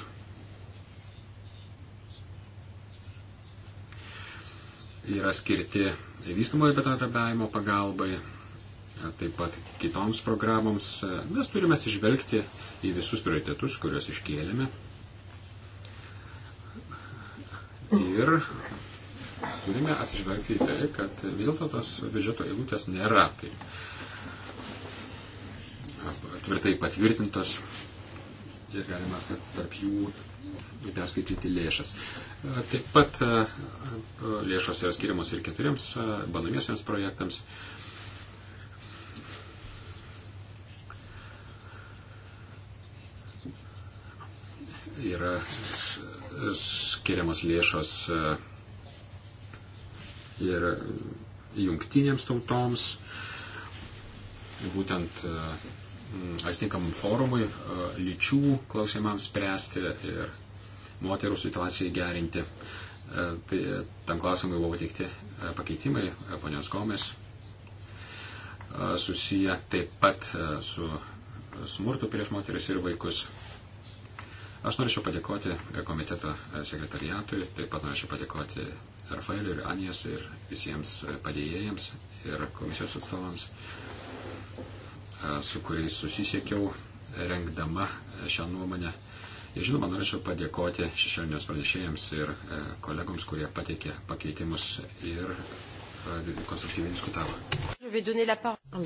Yra skirti vystamojo bendradarbiavimo pagalbai, e, taip pat kitoms programoms. Mes turime atsižvelgti į visus prioritetus, kuriuos iškėlėme. Ir turime atsižvelgti į tai, kad vis dėlto tos biudžeto eilutės nėra taip tvirtai patvirtintos ir galima tarp jų perskaityti lėšas. Taip pat lėšos yra skiriamos ir keturiems bandomiesiams projektams. Yra skiriamos lėšos uh, ir jungtinėms tautoms, būtent e, atitinkamam forumui e, lyčių klausimams spręsti ir moterų situacijai gerinti. E, tai tam klausimui buvo teikti pakeitimai, ponios Gomes, susiję taip pat su smurtu prieš moteris ir vaikus. Aš norėčiau padėkoti komiteto sekretariatui, taip pat norėčiau padėkoti Rafaeliu ir Anijas ir visiems e, padėjėjams ir komisijos atstovams, e, su kuriais susisiekiau rengdama e, šią nuomonę. Ir žinoma, norėčiau padėkoti šešėlinės pranešėjams ir kolegoms, kurie pateikė pakeitimus ir konstruktyviai diskutavo.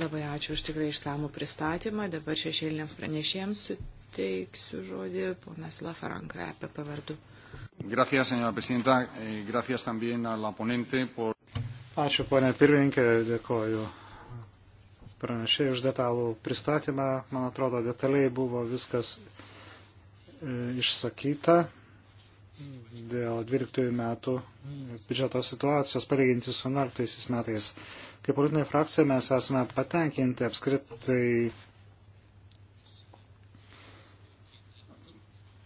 Labai ačiū už tikrai išsamų pristatymą. Dabar šešėlinėms pranešėjams suteiksiu žodį ponas Lafaranka apie pavardų. Gracias, señora presidenta. Eh, gracias también a la ponente por. Ačiū, ponė pirmininkė, dėkoju pranešėjai už detalų pristatymą. Man atrodo, detaliai buvo viskas e, išsakyta dėl 12 metų biudžeto situacijos palyginti su 11 metais. Kaip politinė frakcija mes esame patenkinti apskritai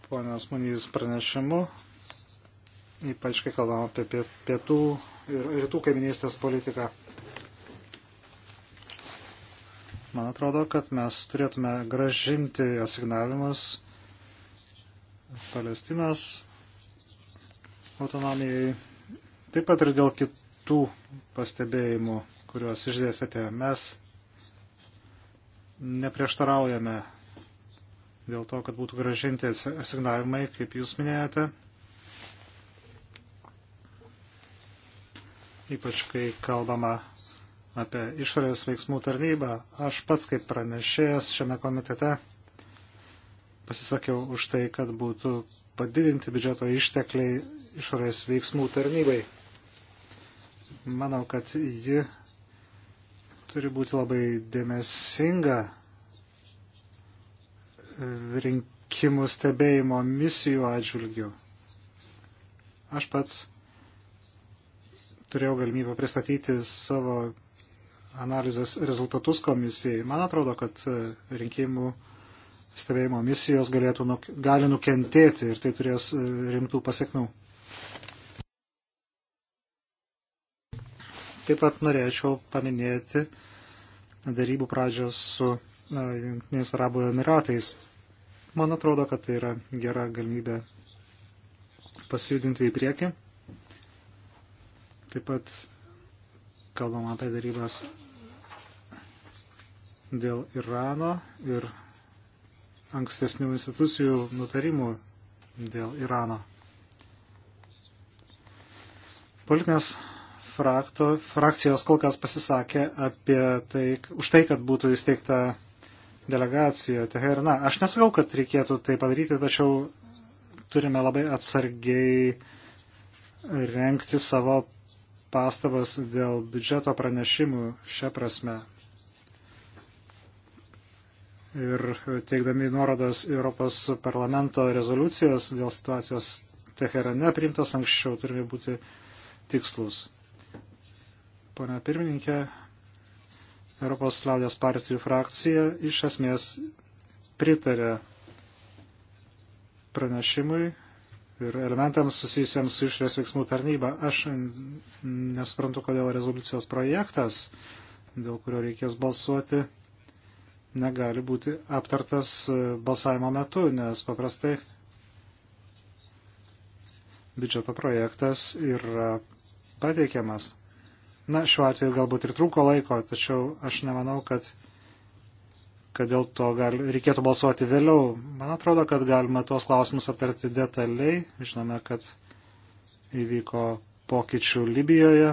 ponios Munijus pranešimu ypač kai kalbam apie pietų ir rytų kaiminystės politiką. Man atrodo, kad mes turėtume gražinti asignavimus Palestinos autonomijai, taip pat ir dėl kitų pastebėjimų, kuriuos išdėsite. Mes neprieštaraujame dėl to, kad būtų gražinti asignavimai, kaip jūs minėjote. ypač kai kalbama apie išorės veiksmų tarnybą. Aš pats kaip pranešėjas šiame komitete pasisakiau už tai, kad būtų padidinti biudžeto ištekliai išorės veiksmų tarnybai. Manau, kad ji turi būti labai dėmesinga rinkimų stebėjimo misijų atžvilgių. Aš pats turėjau galimybę pristatyti savo analizės rezultatus komisijai. Man atrodo, kad e, rinkimų stebėjimo misijos galėtų, gali nukentėti ir tai turės e, rimtų pasiekmių. Taip pat norėčiau paminėti darybų pradžios su e, Junktinės Arabų Emiratais. Man atrodo, kad tai yra gera galimybė pasijudinti į priekį. Taip pat kalbam apie darybas dėl Irano ir ankstesnių institucijų nutarimų dėl Irano. Politinės frakto, frakcijos kol kas pasisakė apie tai, už tai, kad būtų įsteigta delegacija Teherina. Aš nesakau, kad reikėtų tai padaryti, tačiau turime labai atsargiai renkti savo pastabas dėl biudžeto pranešimų šią prasme. Ir teikdami nuorodas Europos parlamento rezoliucijas dėl situacijos Teherane priimtas anksčiau turime būti tikslus. Pone pirmininkė, Europos liaudės partijų frakcija iš esmės pritarė pranešimui ir elementams susijusiems su išorės veiksmų tarnyba. Aš nesuprantu, kodėl rezoliucijos projektas, dėl kurio reikės balsuoti, negali būti aptartas e, balsavimo metu, nes paprastai biudžeto projektas yra pateikiamas. Na, šiuo atveju galbūt ir trūko laiko, tačiau aš nemanau, kad kad dėl to gal, reikėtų balsuoti vėliau. Man atrodo, kad galima tuos klausimus aptarti detaliai. Žinome, kad įvyko pokyčių Libijoje.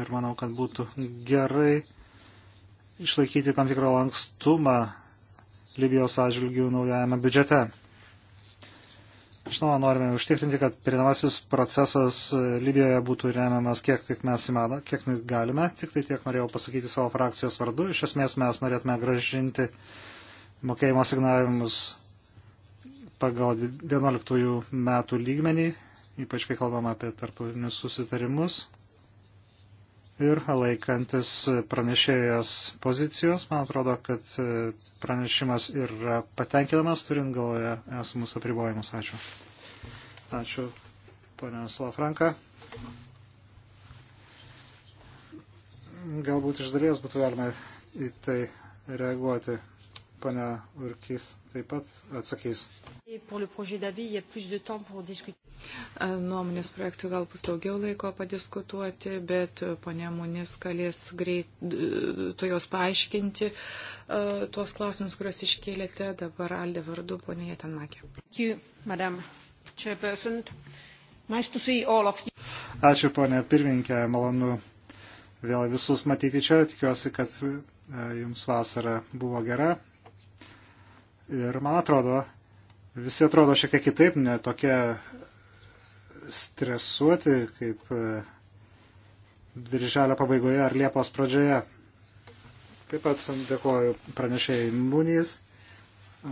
Ir manau, kad būtų gerai išlaikyti tam tikrą lankstumą Libijos atžvilgių naujajame biudžete. Žinoma, norime užtikrinti, kad pirinamasis procesas Libijoje būtų remiamas kiek tik mes įmano, kiek galime, tik tai tiek norėjau pasakyti savo frakcijos vardu. Iš esmės mes norėtume gražinti mokėjimo signavimus pagal 11 metų lygmenį, ypač kai kalbame apie tarptautinius susitarimus ir laikantis pranešėjas pozicijos. Man atrodo, kad e, pranešimas yra patenkinamas, turint galvoje esamus apribojimus. Ačiū. Ačiū, ponia Slafranka. Galbūt iš dalies būtų galima į tai reaguoti. Pane Urkis taip pat atsakys. Nuomonės projektui gal bus daugiau laiko padiskutuoti, bet e, ponė Munis galės greit to jos paaiškinti e, tuos klausimus, kuriuos iškėlėte dabar Aldė vardu, ponė Jetanmakė. Ačiū, ponė pirmininkė, malonu vėl visus matyti čia, tikiuosi, kad e, jums vasara buvo gera. Ir man atrodo, visi atrodo šiek tiek kitaip, ne tokie stresuoti kaip dirželio e, pabaigoje ar liepos pradžioje. Taip pat dėkoju pranešėjai Munys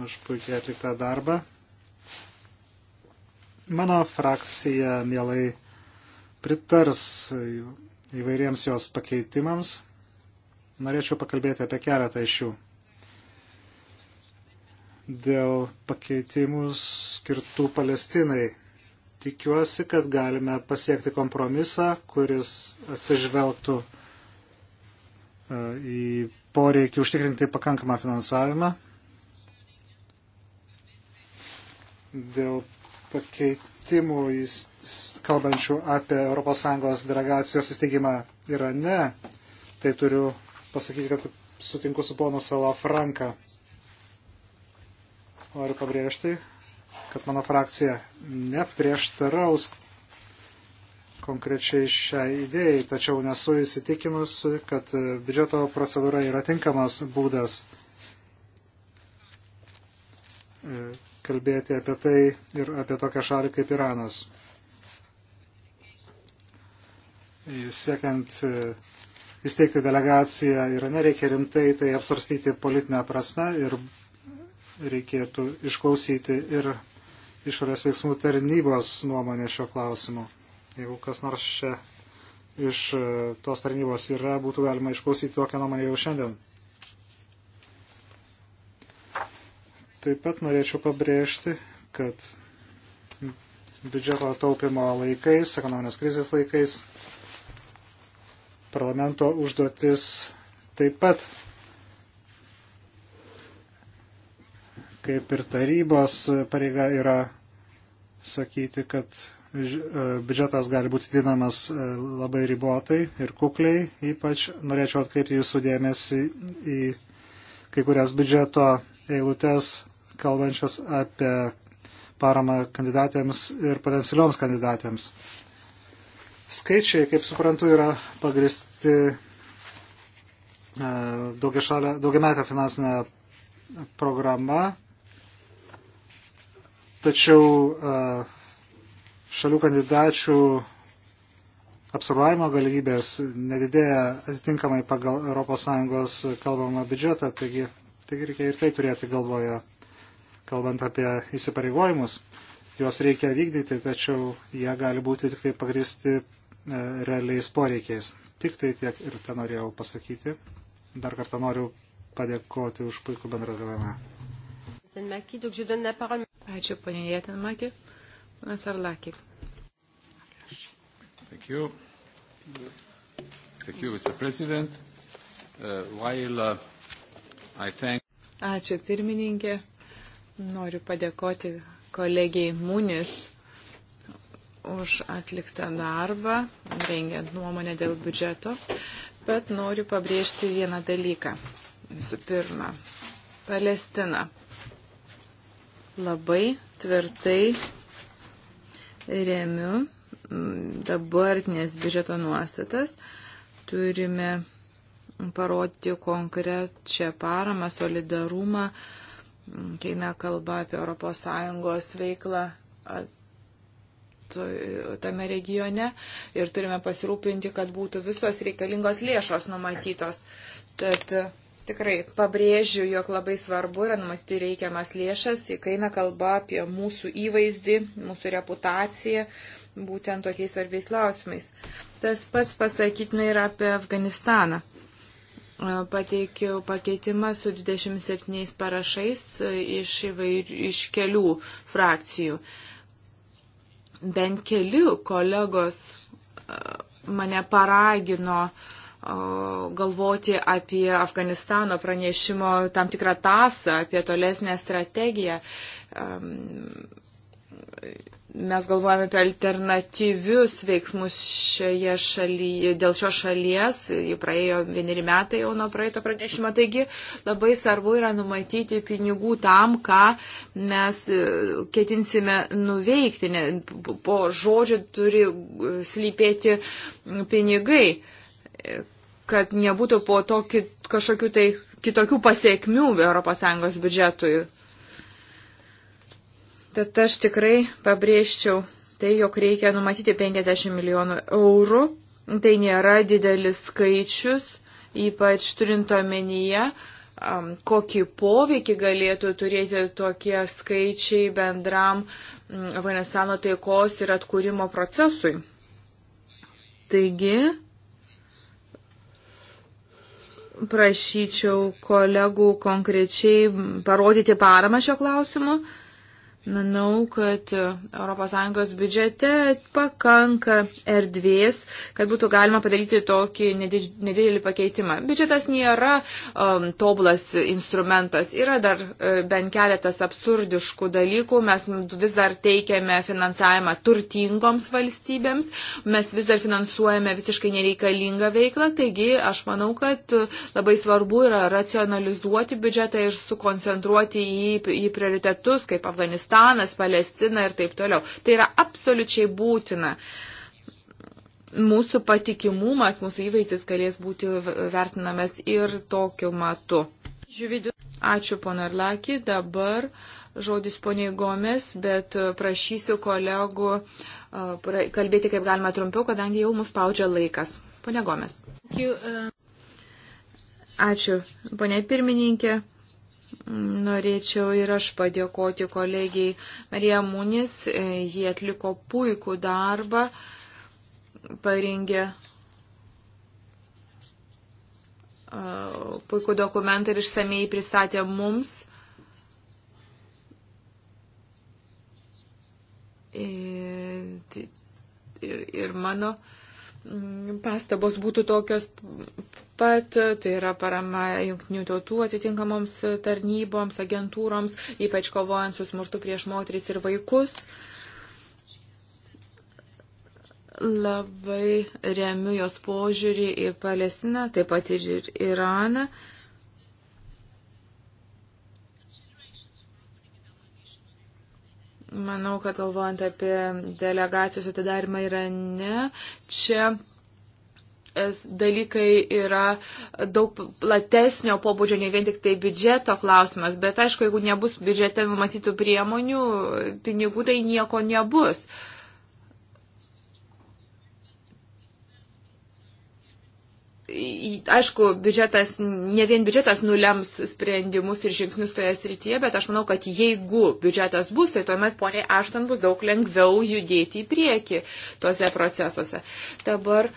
už puikiai atliktą darbą. Mano frakcija mielai pritars įvairiems jos pakeitimams. Norėčiau pakalbėti apie keletą iš jų dėl pakeitimų skirtų Palestinai. Tikiuosi, kad galime pasiekti kompromisą, kuris atsižvelgtų e, į poreikį užtikrinti pakankamą finansavimą. Dėl pakeitimų, kalbančių apie ES delegacijos įsteigimą Irane, tai turiu pasakyti, kad sutinku su ponu Salafranka. Franka noriu pabrėžti, kad mano frakcija neprieštaraus konkrečiai šiai idėjai, tačiau nesu įsitikinusi, kad biudžeto procedūra yra tinkamas būdas e, kalbėti apie tai ir apie tokią šalį kaip Iranas. E, siekiant e, įsteigti delegaciją Irane reikia rimtai tai apsvarstyti politinę prasme ir reikėtų išklausyti ir išorės veiksmų tarnybos nuomonę šio klausimu. Jeigu kas nors čia iš e, tos tarnybos yra, būtų galima išklausyti tokią nuomonę jau šiandien. Taip pat norėčiau pabrėžti, kad biudžeto taupimo laikais, ekonominės krizės laikais, parlamento užduotis taip pat kaip ir tarybos pareiga yra sakyti, kad e, biudžetas gali būti didinamas e, labai ribotai ir kukliai. Ypač norėčiau atkreipti jūsų dėmesį į kai kurias biudžeto eilutes, kalbančias apie paramą kandidatėms ir potencialioms kandidatėms. Skaičiai, kaip suprantu, yra pagristi e, daugiametę finansinę programą Tačiau šalių kandidačių apsarvavimo galimybės nedidėja atitinkamai pagal ES kalbamą biudžetą, taigi, taigi reikia ir tai turėti galvoje, kalbant apie įsipareigojimus. Juos reikia vykdyti, tačiau jie gali būti tik tai pagristi e, realiais poreikiais. Tik tai tiek ir tą norėjau pasakyti. Dar kartą noriu padėkoti už puikų bendradarbiavimą. Ačiū, ponė Jėtinmakė. Ponas Arlakė. Thank you. Thank you, Mr. President. Uh, while uh, I thank... Ačiū, pirmininkė. Noriu padėkoti kolegijai Munis už atliktą darbą, rengiant nuomonę dėl biudžeto, bet noriu pabrėžti vieną dalyką. Visų pirma, Palestina labai tvirtai remiu mm, dabartinės biudžeto nuostatas. Turime parodyti konkrečią paramą, solidarumą, mm, kai eina kalba apie ES veiklą tame regione ir turime pasirūpinti, kad būtų visos reikalingos lėšos numatytos. Tad Tikrai pabrėžiu, jog labai svarbu yra numatyti reikiamas lėšas, kai eina kalba apie mūsų įvaizdį, mūsų reputaciją, būtent tokiais svarbiais klausimais. Tas pats pasakytina ir apie Afganistaną. Pateikiau pakeitimą su 27 parašais e, iš, įvairių, iš kelių frakcijų. Bent keli kolegos e, mane paragino uh, galvoti apie Afganistano pranešimo tam tikrą tasą, apie tolesnę strategiją mes galvojame apie alternatyvius veiksmus šioje šalyje, dėl šios šalies, jį praėjo vieneri metai jau nuo praeito pranešimo, taigi labai svarbu yra numatyti pinigų tam, ką mes e, ketinsime nuveikti, ne, po žodžių turi slypėti pinigai kad nebūtų po to kit, kažkokių tai kitokių pasiekmių ES biudžetui. Tad aš tikrai pabrėžčiau tai, jog reikia numatyti 50 milijonų eurų. Tai nėra didelis skaičius, ypač turint omenyje, kokį poveikį galėtų turėti tokie skaičiai bendram mm, Afganistano taikos ir atkūrimo procesui. Taigi, prašyčiau kolegų konkrečiai parodyti paramą šio klausimu. Manau, kad ES biudžete pakanka erdvės, kad būtų galima padaryti tokį nedidelį pakeitimą. Biudžetas nėra um, tobulas instrumentas, yra dar uh, bent keletas absurdiškų dalykų, mes vis dar teikiame finansavimą turtingoms valstybėms, mes vis dar finansuojame visiškai nereikalingą veiklą, taigi aš manau, kad labai svarbu yra racionalizuoti biudžetą ir sukoncentruoti į, į prioritetus, kaip Afganistanas Afganistanas, Palestina ir taip toliau. Tai yra absoliučiai būtina. Mūsų patikimumas, mūsų įvaizdis galės būti vertinamas ir tokiu matu. Ačiū, ponarlaki. Dabar žodis poniai Gomes, bet prašysiu kolegų kalbėti kaip galima trumpiau, kadangi jau mus paudžia laikas. Pone Gomes. Uh, Ačiū, ponė pirmininkė. Norėčiau ir aš padėkoti kolegijai Marija Munis, jie atliko puikų darbą, parengė puikų dokumentą ir išsamei pristatė mums. Ir, ir mano pastabos būtų tokios pat, tai yra parama jungtinių tautų atitinkamoms tarnyboms, agentūroms, ypač kovojant su smurtu prieš moteris ir vaikus. Labai remiu jos požiūrį į Palestiną, taip pat ir Iraną. Manau, kad galvojant apie delegacijos atidarimą Irane, čia dalykai yra daug platesnio pobūdžio, ne vien tik tai biudžeto klausimas, bet aišku, jeigu nebus biudžete numatytų priemonių, pinigų tai nieko nebus. Aišku, biudžetas, ne vien biudžetas nulems sprendimus ir žingsnius toje srityje, bet aš manau, kad jeigu biudžetas bus, tai tuomet poniai Aštan bus daug lengviau judėti į priekį tuose procesuose. Dabar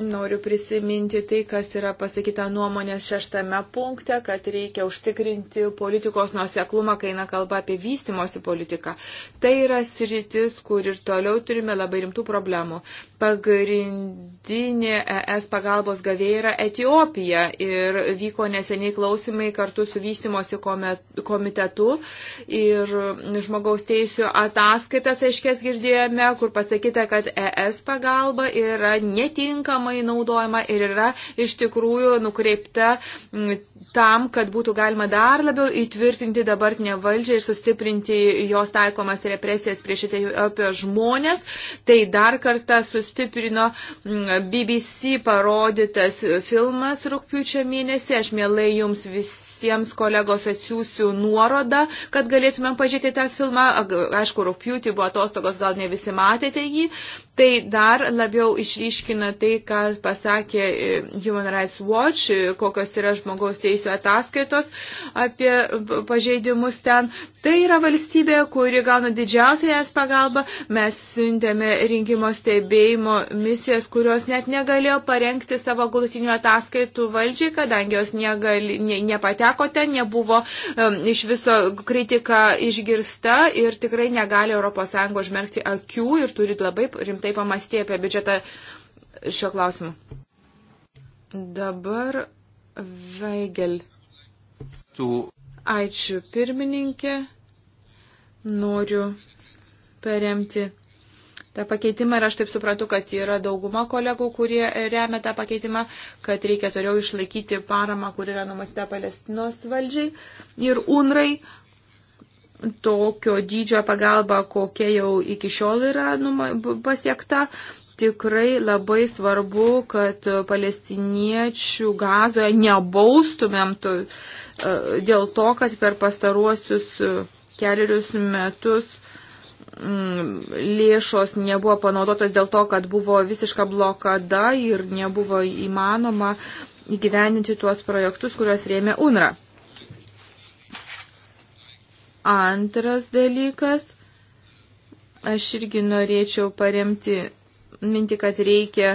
noriu prisiminti tai, kas yra pasakyta nuomonės šeštame punkte, kad reikia užtikrinti politikos nuoseklumą, kai eina kalba apie vystimosi politiką. Tai yra sritis, kur ir toliau turime labai rimtų problemų. Pagrindinė ES pagalbos gavėja yra Etijopija ir vyko neseniai klausimai kartu su vystimosi komitetu ir žmogaus teisų ataskaitas aiškės girdėjome, kur pasakyta, kad ES pagalba yra netinkama tinkamai naudojama ir yra iš tikrųjų nukreipta tam, kad būtų galima dar labiau įtvirtinti dabartinę valdžią ir sustiprinti jos taikomas represijas prieš Etiopijos žmonės. Tai dar kartą sustiprino BBC parodytas filmas rūpiučio mėnesį. Aš mielai jums visi visiems kolegos atsiųsiu nuorodą, kad galėtumėm pažiūrėti tą filmą. Aišku, rūpjūtį buvo atostogos, gal ne visi matėte jį. Tai dar labiau išryškina tai, ką pasakė e, Human Rights Watch, e, kokios yra žmogaus teisų ataskaitos apie pažeidimus ten. Tai yra valstybė, kuri gauna didžiausią jas pagalbą. Mes siuntėme rinkimo stebėjimo misijas, kurios net negalėjo parengti savo galutinių ataskaitų valdžiai, kadangi jos negali, ne, nepateko ten, nebuvo um, iš viso kritika išgirsta ir tikrai negali ES užmerkti akių ir turi labai rimtai pamastyti apie biudžetą šio klausimu. Dabar Veigel. Tu. Ačiū pirmininkė noriu paremti tą pakeitimą ir aš taip suprantu, kad yra dauguma kolegų, kurie remia tą pakeitimą, kad reikia toliau išlaikyti paramą, kur yra numatyta Palestinos valdžiai ir UNRAI. Tokio dydžio pagalba, kokia jau iki šiol yra numa, pasiekta, tikrai labai svarbu, kad palestiniečių gazoje nebaustumėm to, e, dėl to, kad per pastaruosius e, keliarius metus mm, lėšos nebuvo panaudotos dėl to, kad buvo visiška blokada ir nebuvo įmanoma įgyveninti tuos projektus, kuriuos rėmė UNRA. Antras dalykas, aš irgi norėčiau paremti minti, kad reikia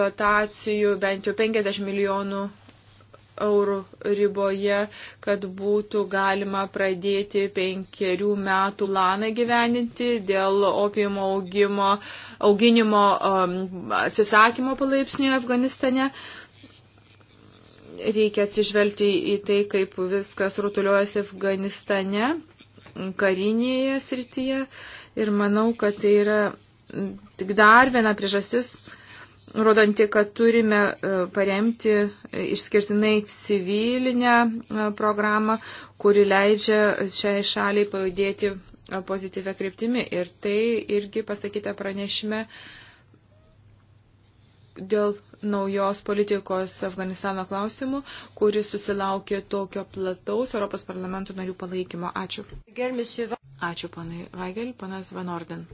dotacijų bent jau 50 milijonų eurų riboje, kad būtų galima pradėti penkerių metų planą gyveninti dėl opimo augimo, auginimo um, atsisakymo palaipsniui Afganistane reikia atsižvelgti į tai, kaip viskas rutuliuojasi Afganistane, karinėje srityje. Ir manau, kad tai yra tik dar viena priežastis, rodanti, kad turime e, paremti e, išskirtinai civilinę e, programą, kuri leidžia šiai šaliai pajudėti pozityvę kryptimį. Ir tai irgi pasakyta pranešime dėl naujos politikos Afganistano klausimų, kuris susilaukė tokio plataus Europos parlamento narių palaikymo. Ačiū. Ačiū, panai Vaigel, panas Van Orden.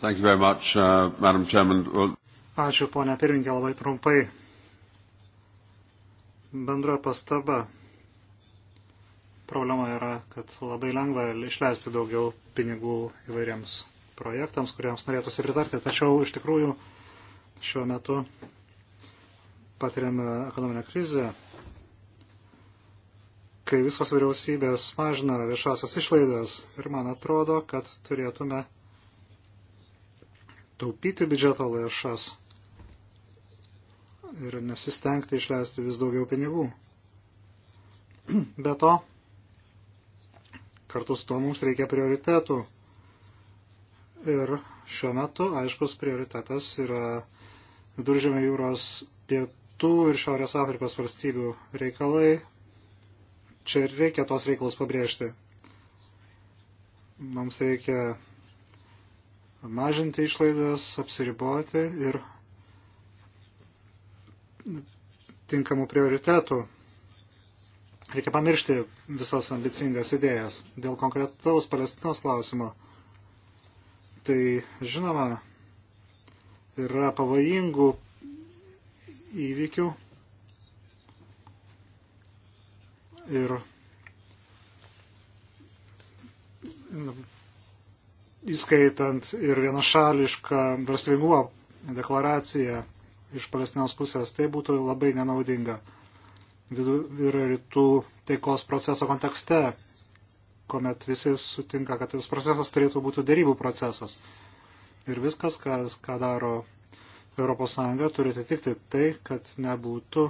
Much, uh, well... Ačiū, ponia pirmininkė, labai trumpai. Bendra pastaba. Problema yra, kad labai lengva išleisti daugiau pinigų įvairiems projektams, kuriems norėtųsi pritarti. Tačiau iš tikrųjų šiuo metu patiriame ekonominę krizę, kai visos vyriausybės mažina viešasias išlaidas ir man atrodo, kad turėtume taupyti biudžeto lėšas ir nesistengti išleisti vis daugiau pinigų. [CLEARS THROAT] Be to, kartu su to mums reikia prioritetų. Ir šiuo metu aiškus prioritetas yra Viduržėmio jūros pietų ir Šiaurės Afrikos valstybių reikalai. Čia reikia tos reikalus pabrėžti. Mums reikia mažinti išlaidas, apsiriboti ir tinkamų prioritetų. Reikia pamiršti visas ambicingas idėjas dėl konkretaus Palestinos klausimo. Tai žinoma, yra pavojingų įvykių ir nu, įskaitant ir vienašališką verslingumo deklaraciją iš Palestinos pusės. Tai būtų labai nenaudinga vidurio rytų taikos proceso kontekste, kuomet visi sutinka, kad tas procesas turėtų būti dėrybų procesas. Ir viskas, kas, ką daro ES, turi atitikti tai, kad nebūtų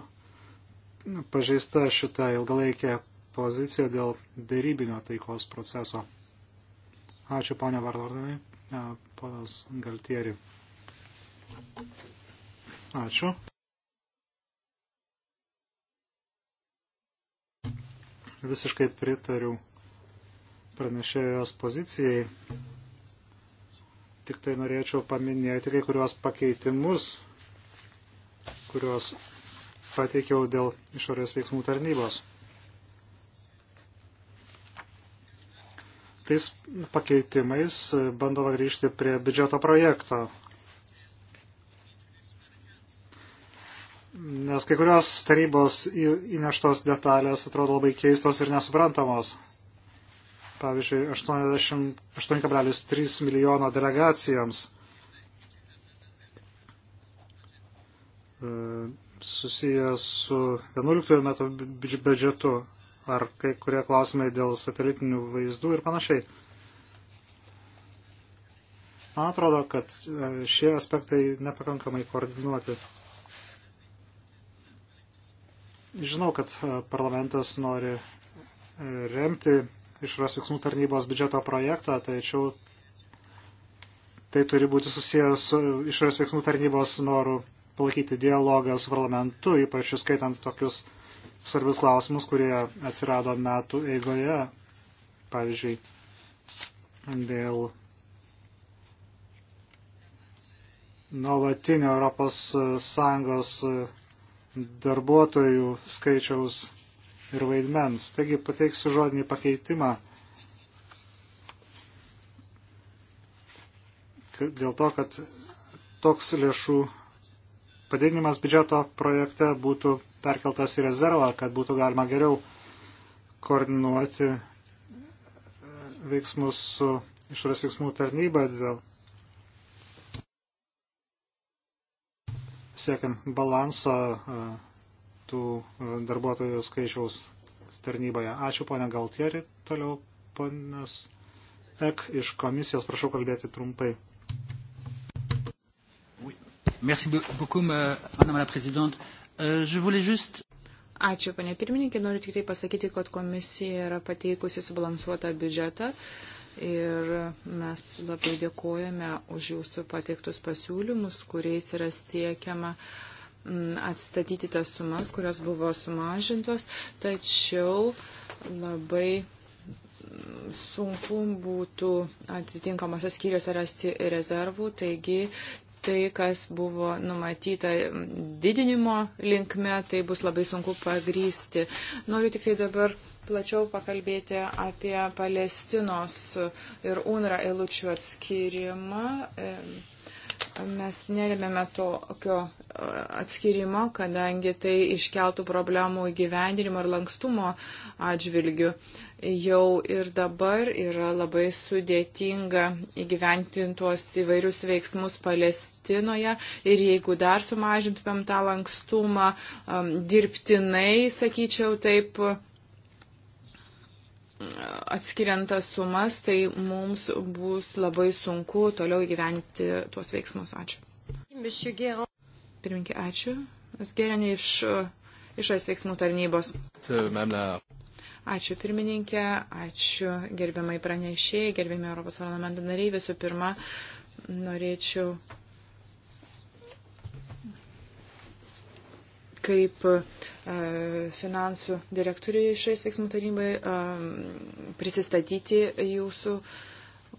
pažeista šita ilgalaikė pozicija dėl dėrybinio taikos proceso. Ačiū, ponia Varvardinai, ponas Galtieri. Thank you. Ačiū. Visiškai pritariu pranešėjos pozicijai. Tik tai norėčiau paminėti kai kuriuos pakeitimus, kuriuos pateikiau dėl išorės veiksmų tarnybos. Tais pakeitimais bandoma grįžti prie biudžeto projekto, nes kai kurios tarybos įneštos detalės atrodo labai keistos ir nesuprantamos. Pavyzdžiui, 88,3 milijono delegacijoms e, susijęs su 11 metų biudžetu ar kai kurie klausimai dėl satelitinių vaizdų ir panašiai. Man atrodo, kad e, šie aspektai nepakankamai koordinuoti. Žinau, kad e, parlamentas nori e, remti išras veiksmų tarnybos biudžeto projektą, tačiau tai turi būti susijęs su išras veiksmų tarnybos noru palaikyti dialogą su parlamentu, ypač skaitant tokius svarbius klausimus, kurie atsirado metų eigoje, pavyzdžiui, dėl nuolatinio Europos Sąjungos darbuotojų skaičiaus ir vaidmens. Taigi pateiksiu žodinį pakeitimą dėl to, kad toks lėšų padidinimas biudžeto projekte būtų perkeltas į rezervą, kad būtų galima geriau koordinuoti e, veiksmus su išorės veiksmų tarnyba dėl siekiant balanso e, tų e, darbuotojų skaičiaus tarnyboje. Ačiū, ponia Galtieri. Toliau, ponas Ek iš komisijos, prašau kalbėti trumpai. Merci beaucoup, madame la présidente. Euh, je voulais juste Ačiū, panė pirmininkė. Noriu tikrai pasakyti, kad komisija yra pateikusi subalansuotą biudžetą. Uh, Ir mes labai dėkojame už jūsų pateiktus pasiūlymus, kuriais yra siekiama mm, atstatyti tas sumas, kurios buvo sumažintos, tačiau labai mm, sunku būtų atitinkamose skyriuose rasti rezervų, taigi tai, kas buvo numatyta mm, didinimo linkme, tai bus labai sunku pagrysti. Noriu tik tai dabar plačiau pakalbėti apie Palestinos ir UNRA eilučių atskirimą. Mes neremėme tokio e, atskirimo, kadangi tai iškeltų problemų įgyvendinimo ir lankstumo atžvilgių. Jau ir dabar yra labai sudėtinga įgyventintos įvairius veiksmus Palestinoje ir jeigu dar sumažintumėm tą lankstumą dirbtinai, sakyčiau taip, atskiriant tas sumas, tai mums bus labai sunku toliau įgyventi tuos veiksmus. Ačiū. Pirminkė, ačiū. Sgerinė iš išorės veiksmų tarnybos. Ačiū pirmininkė, ačiū gerbiamai pranešėjai, gerbiami Europos parlamento nariai. Visų pirma, norėčiau kaip e, finansų direktoriui šiais veiksmų tarybai e, prisistatyti jūsų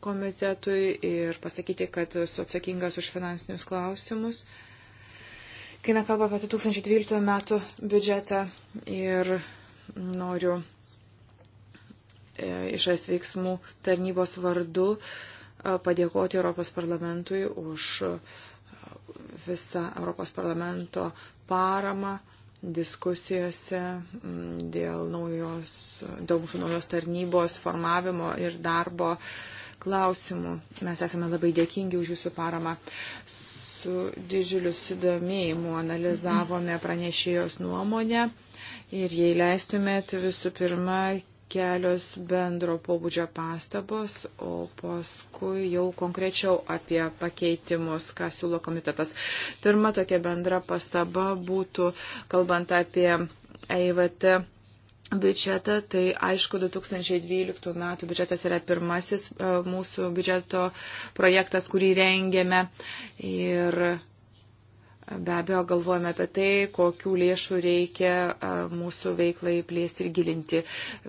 komitetui ir pasakyti, kad esu atsakingas už finansinius klausimus. Kai nekalba apie 2012 metų biudžetą ir noriu e, išės veiksmų tarnybos vardu padėkoti Europos parlamentui už visą Europos parlamento paramą diskusijose mm, dėl, naujos, dėl mūsų naujos tarnybos formavimo ir darbo klausimų. Mes esame labai dėkingi už jūsų paramą. Su didžiuliu sudomėjimu analizavome pranešėjos nuomonę ir jei leistumėt visų pirma kelios bendro pobūdžio pastabos, o paskui jau konkrečiau apie pakeitimus, ką siūlo komitetas. Pirma tokia bendra pastaba būtų, kalbant apie EIVT biudžetą, tai aišku, 2012 metų biudžetas yra pirmasis e, mūsų biudžeto projektas, kurį rengėme. Ir Be abejo, galvojame apie tai, kokių lėšų reikia mūsų veiklai plėsti ir gilinti.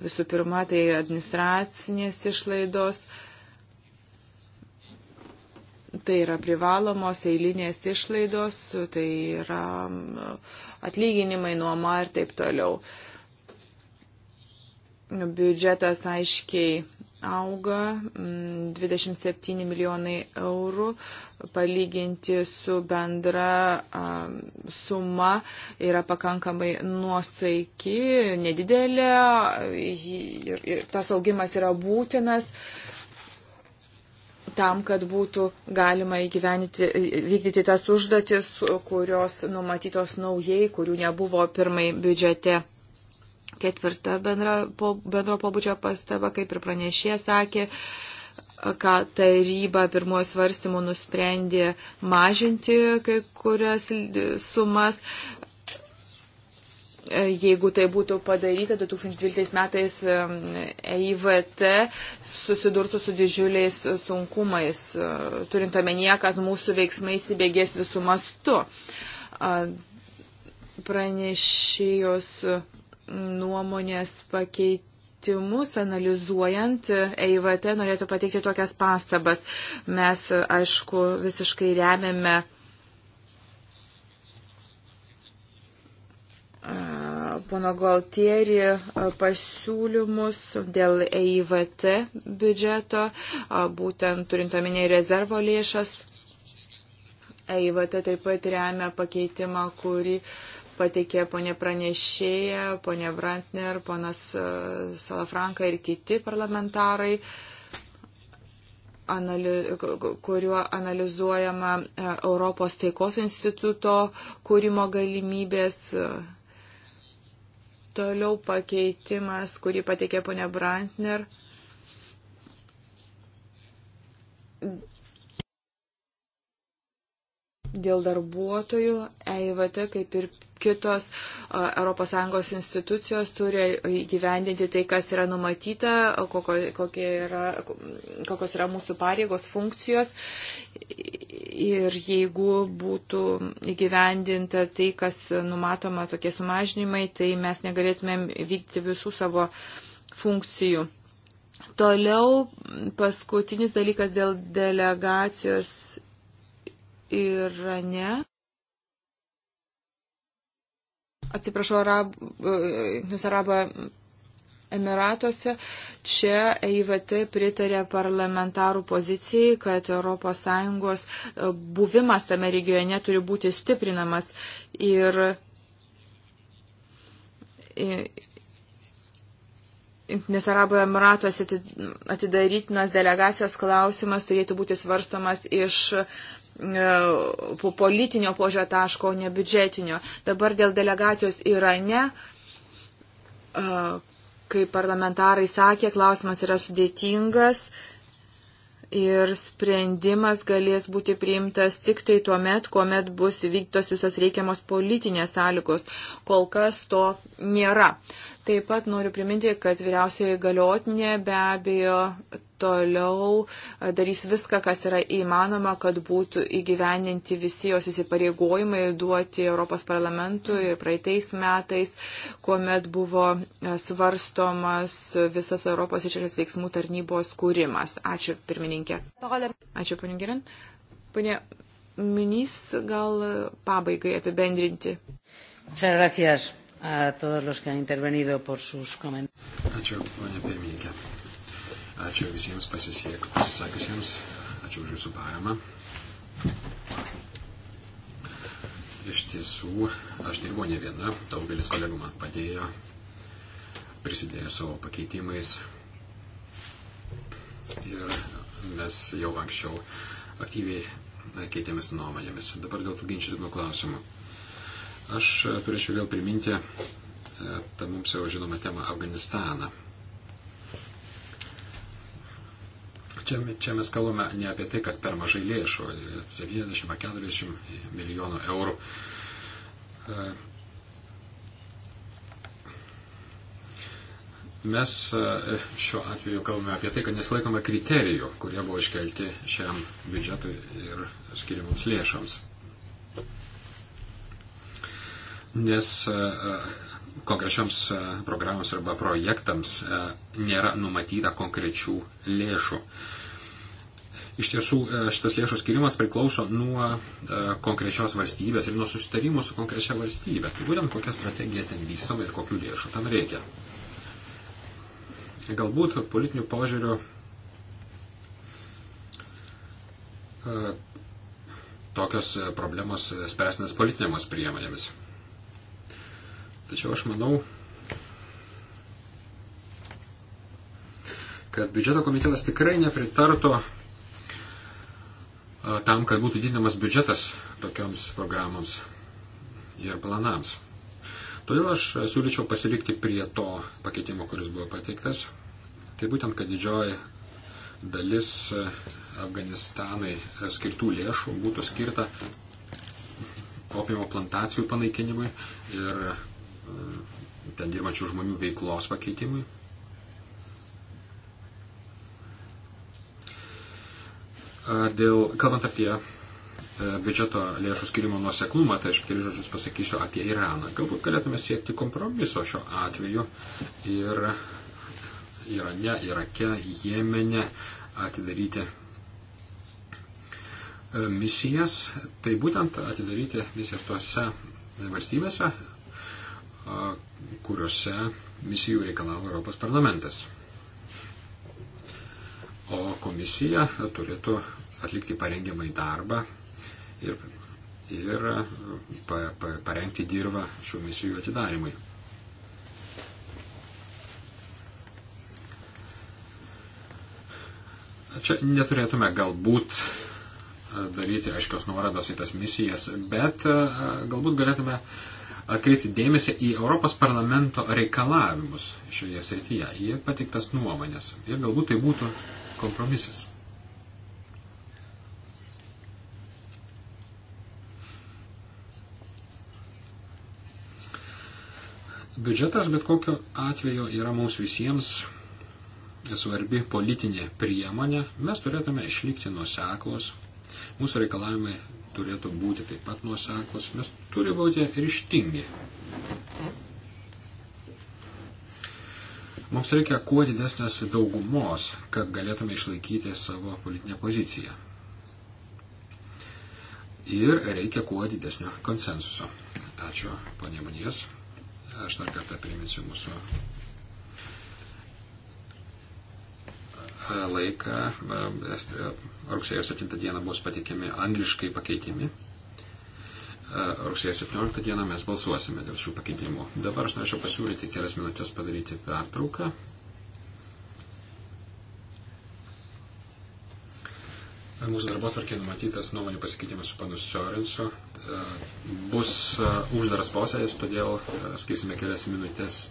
Visų pirma, tai administracinės išlaidos. Tai yra privalomos eilinės išlaidos, tai yra atlyginimai, nuoma ir taip toliau. Biudžetas aiškiai auga 27 mm, milijonai eurų palyginti su bendra suma yra pakankamai nuosaiki, nedidelė ir, ir tas augimas yra būtinas tam, kad būtų galima įgyvenyti, vykdyti tas užduotis, kurios numatytos naujai, kurių nebuvo pirmai biudžete. Ketvirta bendra, po, bendro pobūdžio pastaba, kaip ir pranešė, sakė, ką taryba pirmojo svarstymu nusprendė mažinti kai kurias sumas. Jeigu tai būtų padaryta 2012 metais EIVT e susidurtų su didžiuliais sunkumais, e, turint omenyje, kad mūsų veiksmai įsibėgės visų mastu. Pranešėjos nuomonės pakeitimus analizuojant, EIVT norėtų pateikti tokias pastabas. Mes, aišku, visiškai remiame pono Galtieri pasiūlymus dėl EIVT biudžeto, būtent turint omenyje rezervo lėšas. EIVT taip pat remia pakeitimą, kurį uh, pateikė ponė pranešėja, ponė Brantner, ponas e, Salafranka ir kiti parlamentarai, anali, kuriuo analizuojama e, Europos taikos instituto kūrimo galimybės. Toliau pakeitimas, kurį pateikė ponė Brantner dėl darbuotojų EIVT kaip ir kitos ES institucijos turi įgyvendinti tai, kas yra numatyta, kokie yra, kokios yra mūsų pareigos, funkcijos. Ir jeigu būtų įgyvendinta tai, kas numatoma tokie sumažinimai, tai mes negalėtumėm vykti visų savo funkcijų. Toliau paskutinis dalykas dėl delegacijos Irane atsiprašau, Arab, e, nes Arabo Emiratuose. Čia EIVT pritarė parlamentarų pozicijai, kad ES e, buvimas tame regione turi būti stiprinamas. Ir e, Nes Arabų Emiratos atidarytinos delegacijos klausimas turėtų būti svarstomas iš uh, E, politinio požio taško, o ne biudžetinio. Dabar dėl delegacijos Irane, e, kaip parlamentarai sakė, klausimas yra sudėtingas ir sprendimas galės būti priimtas tik tai tuo met, kuomet bus vyktos visos reikiamos politinės sąlygos. Kol kas to nėra. Taip pat noriu priminti, kad vyriausioji galiotinė be abejo toliau e, darys viską, kas yra įmanoma, kad būtų įgyveninti visi jos įsipareigojimai duoti Europos parlamentui praeitais metais, kuomet buvo e, svarstomas visas Europos išorės veiksmų tarnybos kūrimas. Ačiū, pirmininkė. Ačiū, ponė Gerin. Pane Minys, gal pabaigai apibendrinti. Muchas gracias a todos los que han intervenido por sus comentarios. Ačiū, ponė pirmininkė. Ačiū visiems pasisiek, pasisakiusiems. Ačiū už jūsų paramą. Iš tiesų, aš dirbu ne viena, daugelis kolegų man padėjo, prisidėjo savo pakeitimais. Ir mes jau anksčiau aktyviai keitėmės nuomonėmis. Dabar dėl tų ginčytinų klausimų. Aš turėčiau vėl priminti e, tą mums jau žinomą temą Afganistaną. Čia, čia mes kalbame ne apie tai, kad per mažai lėšų, 70 ar 40 milijonų eurų. Mes e, šiuo atveju kalbame apie tai, kad nesilaikome kriterijų, kurie buvo iškelti šiam biudžetui ir skiriamams lėšams. Nes e, e, konkrečiams programams arba projektams nėra numatyta konkrečių lėšų. Iš tiesų, e, šitas lėšų skirimas priklauso nuo e, konkrečios valstybės ir nuo susitarimų su konkrečia valstybė. Tai būtent kokia strategija ten vystoma ir kokiu lėšų tam reikia. Galbūt politinių požiūrių e, tokios problemos spręstinės politinėmis priemonėmis. Tačiau aš manau, kad biudžeto komitetas tikrai nepritarto E, tam, kad būtų didinamas biudžetas tokiams programams ir planams. Todėl aš siūlyčiau pasilikti prie to pakeitimo, kuris buvo pateiktas. Tai būtent, kad didžioji dalis e, Afganistanai e, skirtų lėšų būtų skirta opimo plantacijų panaikinimui ir ten dirbančių žmonių veiklos pakeitimui, Dėl, kalbant apie e, biudžeto lėšų skirimo nuoseklumą, tai aš keli žodžius pasakysiu apie Iraną. Galbūt galėtume siekti kompromiso šiuo atveju ir Irane, Irake, Jemene atidaryti e, misijas. Tai būtent atidaryti misijas tuose valstybėse, kuriuose misijų reikalavo Europos parlamentas o komisija turėtų atlikti parengiamai darbą ir, ir pa, pa, parengti dirbą šių misijų atidarimui. Čia neturėtume galbūt daryti aiškios nuorodos į tas misijas, bet galbūt galėtume atkreipti dėmesį į Europos parlamento reikalavimus šioje srityje, į patiktas nuomonės. Ir galbūt tai būtų kompromisas. Biudžetas bet kokio atveju yra mums visiems svarbi politinė priemonė. Mes turėtume išlikti nuoseklus. Mūsų reikalavimai turėtų būti taip pat nuoseklus. Mes turime būti ryštingi. Mums reikia kuo didesnės daugumos, kad galėtume išlaikyti savo politinę poziciją. Ir reikia kuo didesnio konsensuso. Ačiū, ponė Manijas. Aš dar kartą priminsiu mūsų e, laiką. E, e, rugsėjo 7 dieną bus pateikiami angliškai pakeitimi rugsėjo 17 dieną mes balsuosime dėl šių pakeitimų. Dabar aš norėčiau pasiūlyti kelias minutės padaryti pertrauką. Mūsų darbo tvarkė numatytas nuomonių pasikeitimas su panu Sorensu. E, bus e, uždaras posėdis, todėl e, skirsime kelias minutės